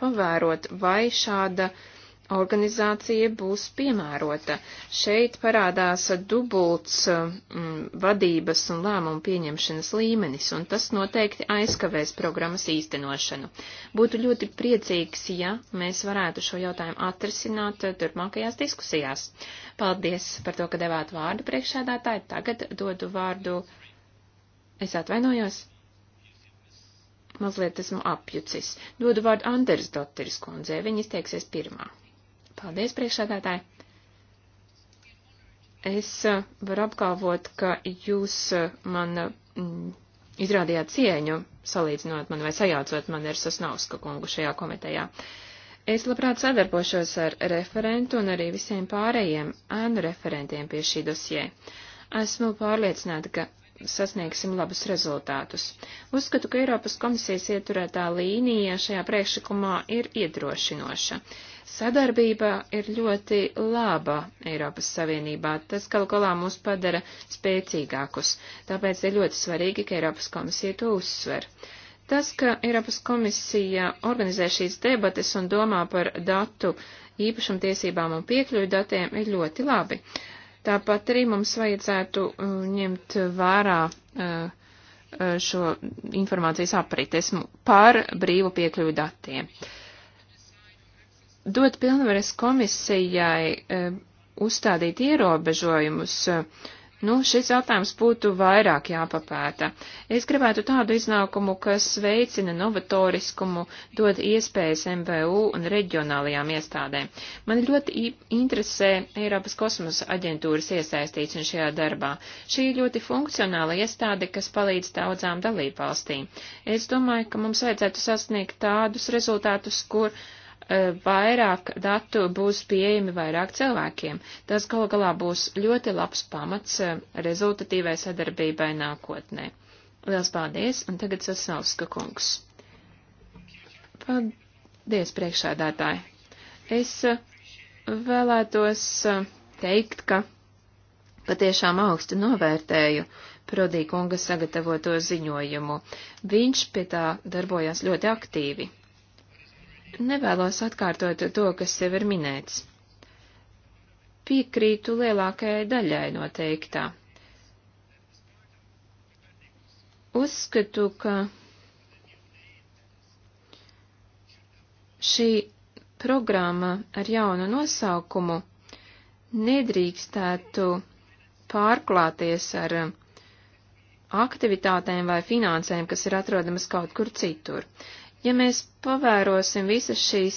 pavērot, vai šāda uh, organizācija būs piemērota. Šeit parādās dubults mm, vadības un lēmumu pieņemšanas līmenis, un tas noteikti aizkavēs programmas īstenošanu. Būtu ļoti priecīgs, ja mēs varētu šo jautājumu atrisināt eh, turpmākajās diskusijās. Paldies par to, ka devāt vārdu priekšēdātāji. Tagad dodu vārdu. Es atvainojos. Mazliet esmu apjucis. Dodu vārdu Anders Dotteris kundzei. Viņa izteiksies pirmā. Paldies, priekšsādātāji! Es eh, varu apgalvot, ka jūs eh, man mm, izrādījāt cieņu, salīdzinot mani vai sajaucot mani ar Sasnauska kungu šajā komitejā. Es labprāt sadarbošos ar referentu un arī visiem pārējiem ēnu referentiem pie šī dosie. Esmu pārliecināta, ka sasniegsim labus rezultātus. Uzskatu, ka Eiropas komisijas ieturētā līnija šajā priekšlikumā ir iedrošinoša. Sadarbība ir ļoti laba Eiropas Savienībā. Tas galu galā mūs padara spēcīgākus, tāpēc ir ļoti svarīgi, ka Eiropas komisija to uzsver. Tas, ka Eiropas komisija organizē šīs debates un domā par datu īpašumtiesībām un piekļuvi datiem, ir ļoti labi. Uh, Tāpat arī mums vajadzētu uh, ņemt vērā uh, uh, šo informācijas apriti. Esmu par brīvu piekļuvi datiem. Dot pilnvaras komisijai uzstādīt ierobežojumus Nu, šis jautājums būtu vairāk jāpapēta. Es gribētu tādu iznākumu, kas veicina novatoriskumu, dod iespējas MVU un reģionālajām iestādēm. Man ļoti interesē Eiropas kosmosa aģentūras iesaistīšana šajā darbā. Šī ir ļoti funkcionāla iestāde, kas palīdz daudzām dalībvalstīm. Es domāju, ka mums vajadzētu sasniegt tādus rezultātus, kur E, vairāk datu būs pieejami vairāk cilvēkiem. Tas gal galā būs ļoti labs pamats e, rezultatīvai sadarbībai nākotnē. Liels paldies, un tagad Sasauska kungs. Paldies, priekšādātāji. Es e, vēlētos teikt, ka patiešām augstu novērtēju Prodī kunga sagatavoto ziņojumu. Viņš pie tā darbojās ļoti aktīvi. Nevēlos atkārtot to, kas jau ir minēts. Piekrītu lielākajai daļai noteiktā. Uzskatu, ka šī programma ar jaunu nosaukumu nedrīkstētu pārklāties ar aktivitātēm vai finansēm, kas ir atrodamas kaut kur citur. Uh, Ja mēs pavērosim visas šīs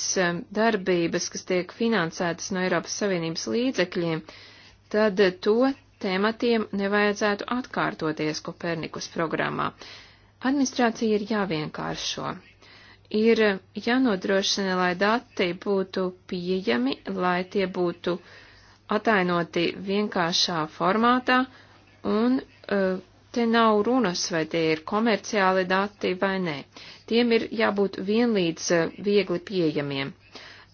darbības, kas tiek finansētas no Eiropas Savienības līdzekļiem, tad eh, to tēmatiem nevajadzētu atkārtoties Kopernikus programmā. Administrācija ir jāvienkāršo. Ir eh, jānodrošina, lai dati būtu pieejami, lai tie būtu atainoti vienkāršā formātā un uh, Te nav runas, vai tie ir komerciāli dati vai nē. Tiem ir jābūt vienlīdz eh, viegli pieejamiem.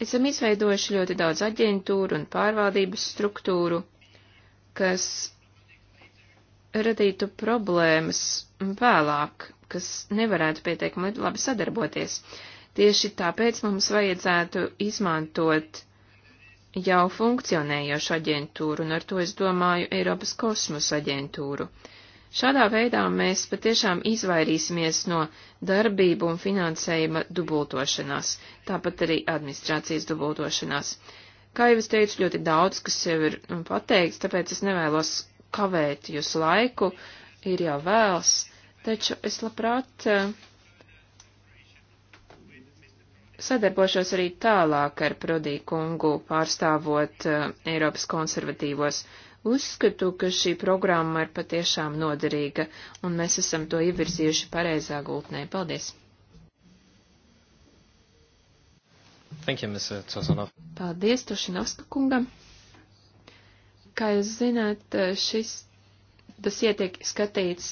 Esam izveidojuši ļoti daudz aģentūru un pārvaldības struktūru, kas radītu problēmas vēlāk, kas nevarētu pietiekami labi sadarboties. Tieši tāpēc mums vajadzētu izmantot jau funkcionējošu aģentūru, un ar to es domāju Eiropas kosmosa aģentūru. Uh, Šādā veidā mēs patiešām izvairīsimies no darbību un finansējuma dubultošanās, tāpat arī administrācijas dubultošanās. Kā jau es teicu, ļoti daudz, kas jau ir nu, pateikts, tāpēc es nevēlos kavēt jūsu laiku, ir jau vēls, taču es labprāt eh, sadarbošos arī tālāk ar Prodī kungu, pārstāvot eh, Eiropas konservatīvos Uzskatu, ka šī programma ir patiešām noderīga, un mēs esam to ievirzījuši pareizā gultnē. Paldies! Thank you, Mr. Tosanov. Paldies, Tošinovska kungam. Kā jūs zināt, šis, tas ietiek skatīts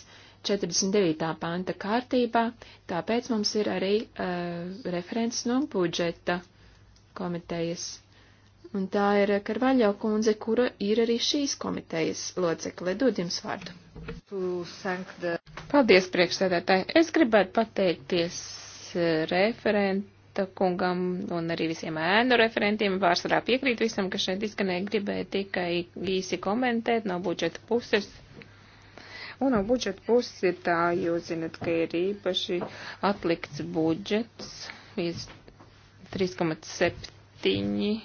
49. panta kārtībā, tāpēc mums ir arī uh, referents no budžeta komitejas un tā ir Karvaļo kundze, kura ir arī šīs komitejas locekle. Dod jums vārdu. Paldies, priekšsēdētāji. Es gribētu pateikties eh, referenta kungam un arī visiem ēnu referentiem. Pārsvarā piekrīt visam, kas šeit izskanēja. Gribēju tikai īsi komentēt no budžeta puses. Un no budžeta puses ir tā, jūs zinat, ka ir īpaši atlikts budžets 3,7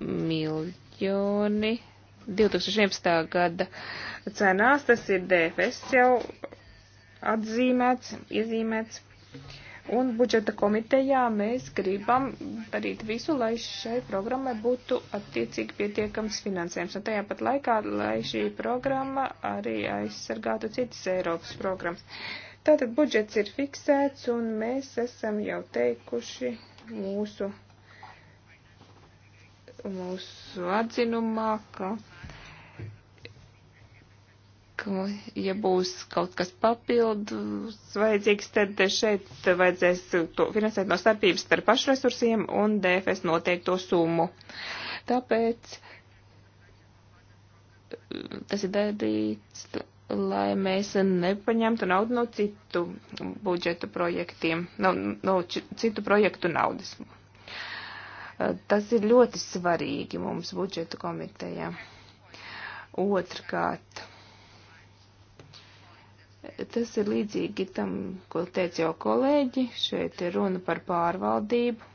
miljoni 2011. gada cenās, tas ir DFS jau atzīmēts, iezīmēts. Un budžeta komitejā mēs gribam darīt visu, lai šai programmai būtu attiecīgi pietiekams finansējums. Un tajā pat laikā, lai šī programma arī aizsargātu citas Eiropas programmas. Tātad budžets ir fiksēts un mēs esam jau teikuši mūsu mūsu atzinumā, ka, ka ja būs kaut kas papildus vajadzīgs, tad šeit vajadzēs to finansēt no starpības starp pašresursiem un DFS noteikto summu. Tāpēc mm, tas ir darīts, lai mēs nepaņemtu naudu no citu budžetu projektiem, no, no citu projektu naudas. Tas ir ļoti svarīgi mums budžetu komitejā. Otrkārt, tas ir līdzīgi tam, ko teica jau kolēģi, šeit ir runa par pārvaldību.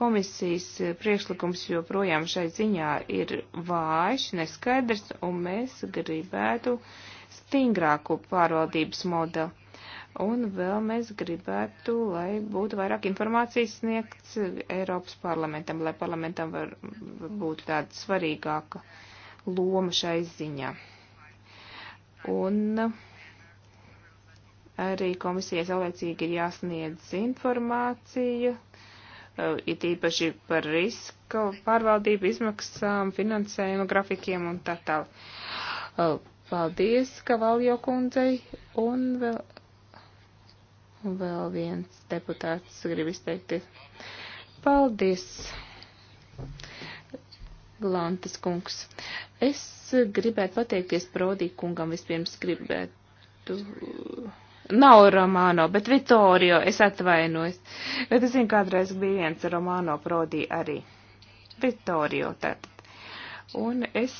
Komisijas priekšlikums joprojām šai ziņā ir vājš, neskaidrs, un mēs gribētu stingrāku pārvaldības modeli. Un vēl mēs gribētu, lai būtu vairāk informācijas sniegts Eiropas parlamentam, lai parlamentam var būt tāda svarīgāka loma šai ziņā. Un arī komisijai saulēcīgi ir jāsniedz informācija, eh, ir tīpaši par riska pārvaldību, izmaksām, finansējumu grafikiem un tā tālāk. Eh, paldies, Kavaljo kundzei, un vēl Un vēl viens deputāts grib izteikties. Paldies, Glantas kungs. Es gribētu pateikties Prodī kungam vispirms gribētu. Nav Romano, bet Vitorio, es atvainojos. Bet es zinu, kādreiz bija viens Romano Prodī arī. Vitorio tātad. Un es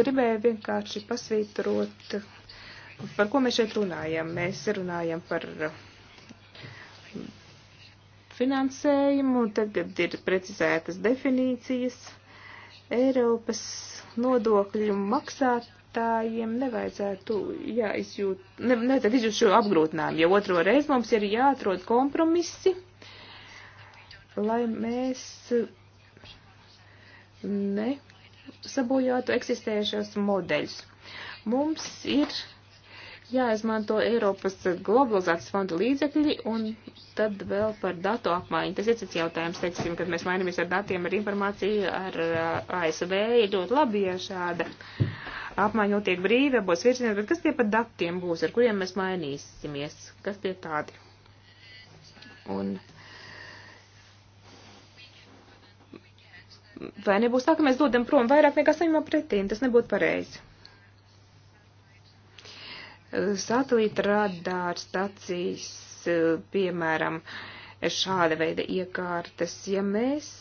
gribēju vienkārši pasvītrot, par ko mēs šeit runājam. Mēs runājam par finansējumu, tagad ir precizētas definīcijas. Eiropas nodokļu maksātājiem nevajadzētu jāizjūt, ne, nevajadzētu izjūt šo apgrūtinājumu, jo otro reizi mums ir jāatrod kompromisi, lai mēs ne sabojātu eksistējušos modeļus. Mums ir jāizmanto Eiropas globalizācijas fonda līdzekļi un tad vēl par datu apmaiņu. Tas ir cits jautājums, teiksim, kad mēs mainamies ar datiem, ar informāciju, ar uh, ASV. Ir ļoti labi, ja šāda apmaiņa notiek brīvi, būs virzienā, bet kas tie par datiem būs, ar kuriem mēs mainīsimies? Kas tie tādi? Un vai nebūs tā, ka mēs dodam prom vairāk nekā saņemam pretī? Tas nebūtu pareizi. Satelīta radāra stacijas, e, piemēram, šāda veida iekārtas, ja mēs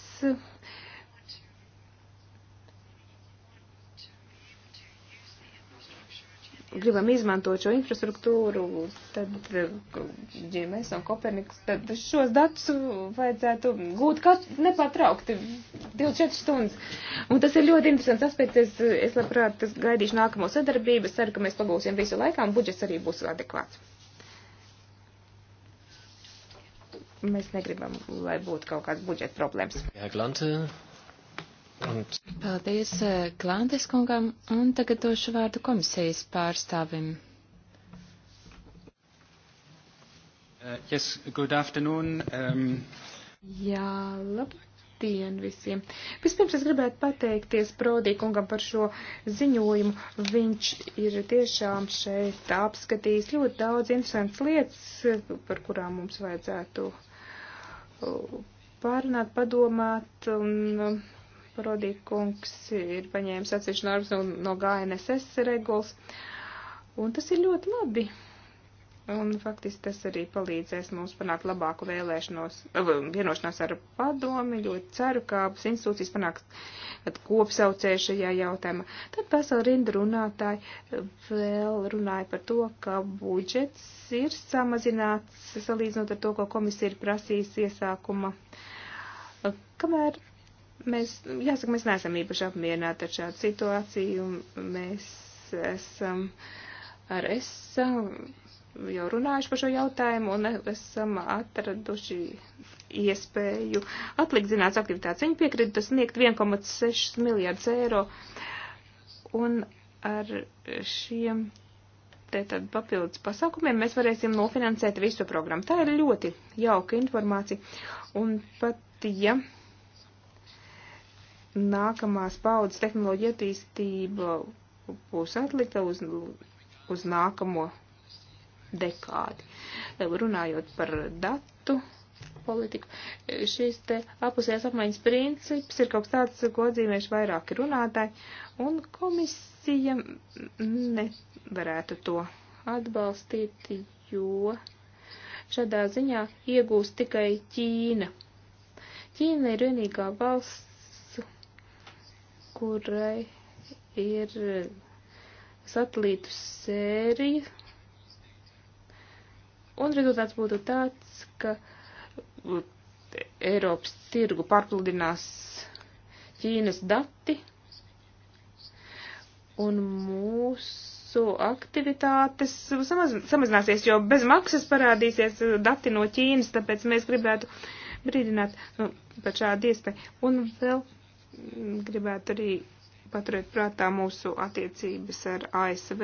gribam izmantot šo infrastruktūru, tad, ja mēs esam Kopernikus, tad šos datus vajadzētu gūt katru nepatraukti 24 stundas. Un tas ir ļoti interesants aspekts. Es, es labprāt gaidīšu nākamo sadarbību. Es ceru, ka mēs pagūsim visu laikā un budžets arī būs adekvāts. Mēs negribam, lai būtu kaut kāds budžeta problēmas. Jā, Glante, Un... Paldies eh, Glandes kungam, un tagad došu vārdu komisijas pārstāvim. Uh, yes, good afternoon. Um... Jā, labdien visiem. Vispirms es gribētu pateikties Prodī kungam par šo ziņojumu. Viņš ir tiešām šeit apskatījis ļoti daudz interesants lietas, par kurām mums vajadzētu uh, pārunāt, padomāt un. Um, Rodīkungs ir paņēmis atsevišķu normas no, no GNSS regulas, un tas ir ļoti labi. Un faktiski tas arī palīdzēs mums panākt labāku vēlēšanos, eh, vienošanos ar padomi. Ļoti ceru, ka abas institūcijas panāks kopsaucēju šajā jautājumā. Tad vesela rinda runātāji eh, vēl runāja par to, ka budžets ir samazināts salīdzinot ar to, ko komisija ir prasījusi iesākuma. Eh, kamēr Mēs, jāsaka, mēs neesam īpaši apmierināti ar šādu situāciju. Mēs esam ar es jau runājuši par šo jautājumu un esam atraduši iespēju atlikt zinātnes aktivitātes. Viņi piekrita sniegt 1,6 miljārdus eiro un ar šiem tātad papildus pasākumiem mēs varēsim nofinansēt visu programmu. Tā ir ļoti jauka informācija un pat, ja nākamās paudzes tehnoloģija attīstība būs atlikta uz, uz nākamo dekādi. Runājot par datu politiku, šīs te apusējās apmaiņas princips ir kaut kas tāds, ko dzīvējuši vairāki runātāji, un komisija nevarētu to atbalstīt, jo šādā ziņā iegūst tikai Ķīna. Ķīna ir vienīgā valsts, kurai ir satelītu sērija. Un rezultāts būtu tāds, ka Eiropas tirgu pārpludinās Ķīnas dati un mūsu aktivitātes samaz, samazināsies, jo bez maksas parādīsies dati no Ķīnas, tāpēc mēs gribētu brīdināt nu, par šādu iespēju. Un vēl gribētu arī paturēt prātā mūsu attiecības ar ASV.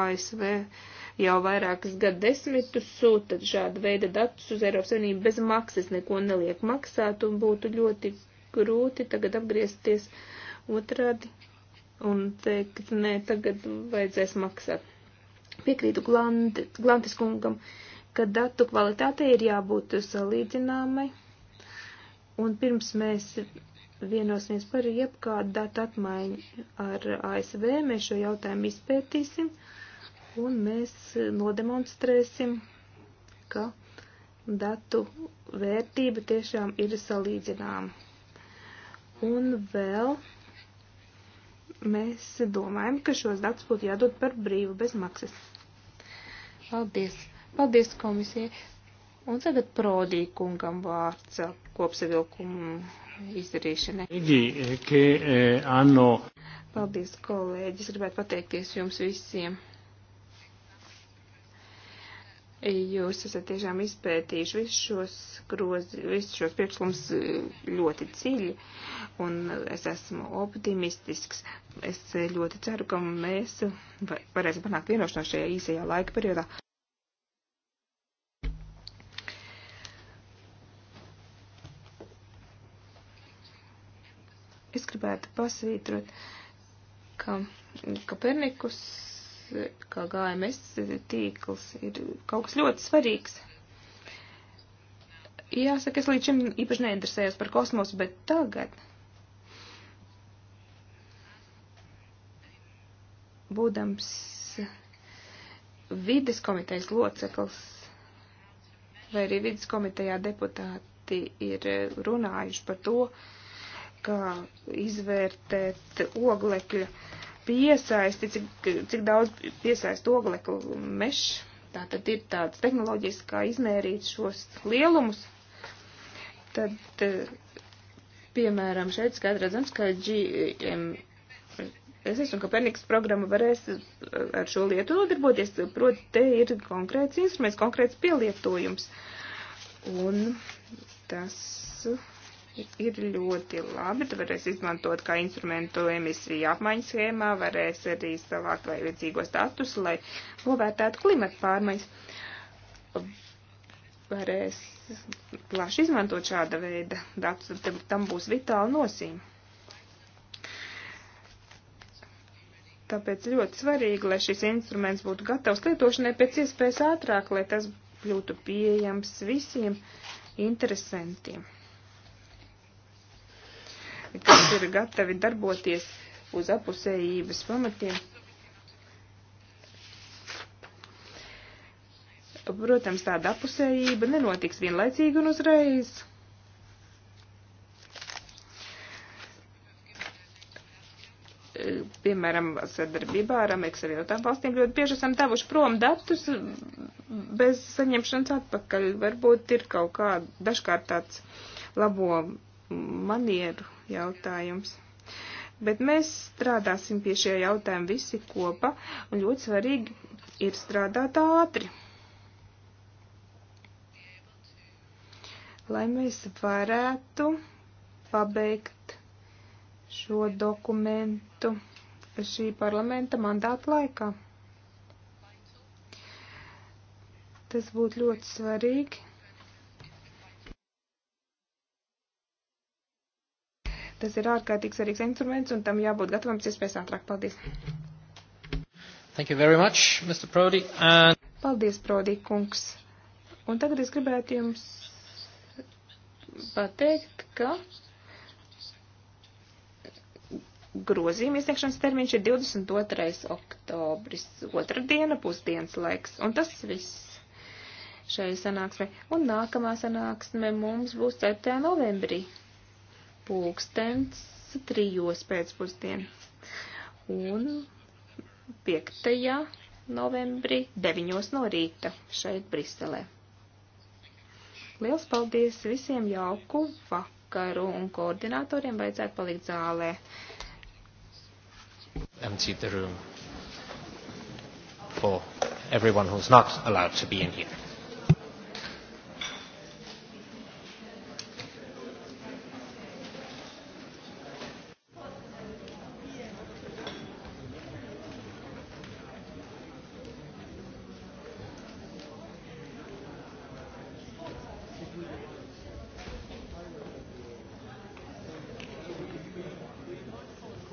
ASV jau vairākas gadsimtus sūta šāda veida datus uz Eiropas Savienību bez maksas, neko neliek maksāt, un būtu ļoti grūti tagad apgriezties otrādi un teikt, nē, tagad vajadzēs maksāt. Piekrītu Glant, Glantis kungam, ka datu kvalitātei ir jābūt salīdzināmai, un pirms mēs vienosimies par jebkādu datu apmaiņu ar ASV. Mēs šo jautājumu izpētīsim un mēs nodemonstrēsim, ka datu vērtība tiešām ir salīdzināma. Un vēl mēs domājam, ka šos datus būtu jādod par brīvu bez maksas. Paldies! Paldies komisijai! Un tagad prodīkungam vārds kopsavilkumu izdarīšanai. Eh, eh, Paldies, kolēģis. Gribētu pateikties jums visiem. Jūs esat tiešām izpētījuši visus šos grozi, visus šos priekšlums eh, ļoti dziļi, un es esmu optimistisks. Es ļoti ceru, ka mēs varēsim panākt vienošanos šajā īsajā laika periodā. gribētu pasvītrot, ka Kopernikus, kā GMS tīkls, ir kaut kas ļoti svarīgs. Jāsaka, es līdz šim īpaši neinteresējos par kosmosu, bet tagad, būdams vides komitejas loceklis, vai arī vidas komitejā deputāti ir runājuši par to, uh, kā izvērtēt oglekļa piesaisti, cik, cik daudz piesaist ogleklu mešs. Tā tad ir tādas tehnoloģijas, kā izmērīt šos lielumus. Tad, piemēram, šeit skaidri redzams, ka GMSS un Kopernikas programma varēs ar šo lietu nodarboties, proti te ir konkrēts instruments, konkrēts pielietojums. Un tas ir ļoti labi. Tu varēsi izmantot kā instrumentu emisiju apmaiņas schēmā, varēs arī savākt vajadzīgos datus, lai novērtētu klimata pārmaiņas. Varēs plaši izmantot šāda veida datus, un tam būs vitāla nosīme. Tāpēc ļoti svarīgi, lai šis instruments būtu gatavs lietošanai pēc iespējas ātrāk, lai tas kļūtu pieejams visiem interesantiem kas ir gatavi darboties uz apusējības pamatiem. Protams, tāda apusējība nenotiks vienlaicīgi un uzreiz. piemēram, sadarbībā ar Amerikas Savienotām valstīm ļoti bieži esam devuši prom datus bez saņemšanas atpakaļ. Varbūt ir kaut kā dažkārt tāds labo manieru jautājums. Bet mēs strādāsim pie šie jautājumi visi kopā, un ļoti svarīgi ir strādāt ātri. Lai mēs varētu pabeigt šo dokumentu šī parlamenta mandāta laikā. Tas būtu ļoti svarīgi Tas ir ārkārtīgi svarīgs instruments, un tam jābūt gatavam pēc iespējas ātrāk. Paldies! Thank you very much, Mr. Prodi. And... Paldies, Prodi kungs. Un tagad es gribētu jums pateikt, ka grozījuma iesniegšanas termiņš ir 22. oktobris, otra diena, pusdienas laiks, un tas viss šai sanāksmē. Un nākamā sanāksme mums būs 4. novembrī pulkstens trijos pēcpusdienu. Un 5. novembrī 9. no rīta šeit Briselē. Liels paldies visiem jauku vakaru un koordinatoriem vajadzētu palikt zālē. Empty the room for everyone who's not allowed to be in here.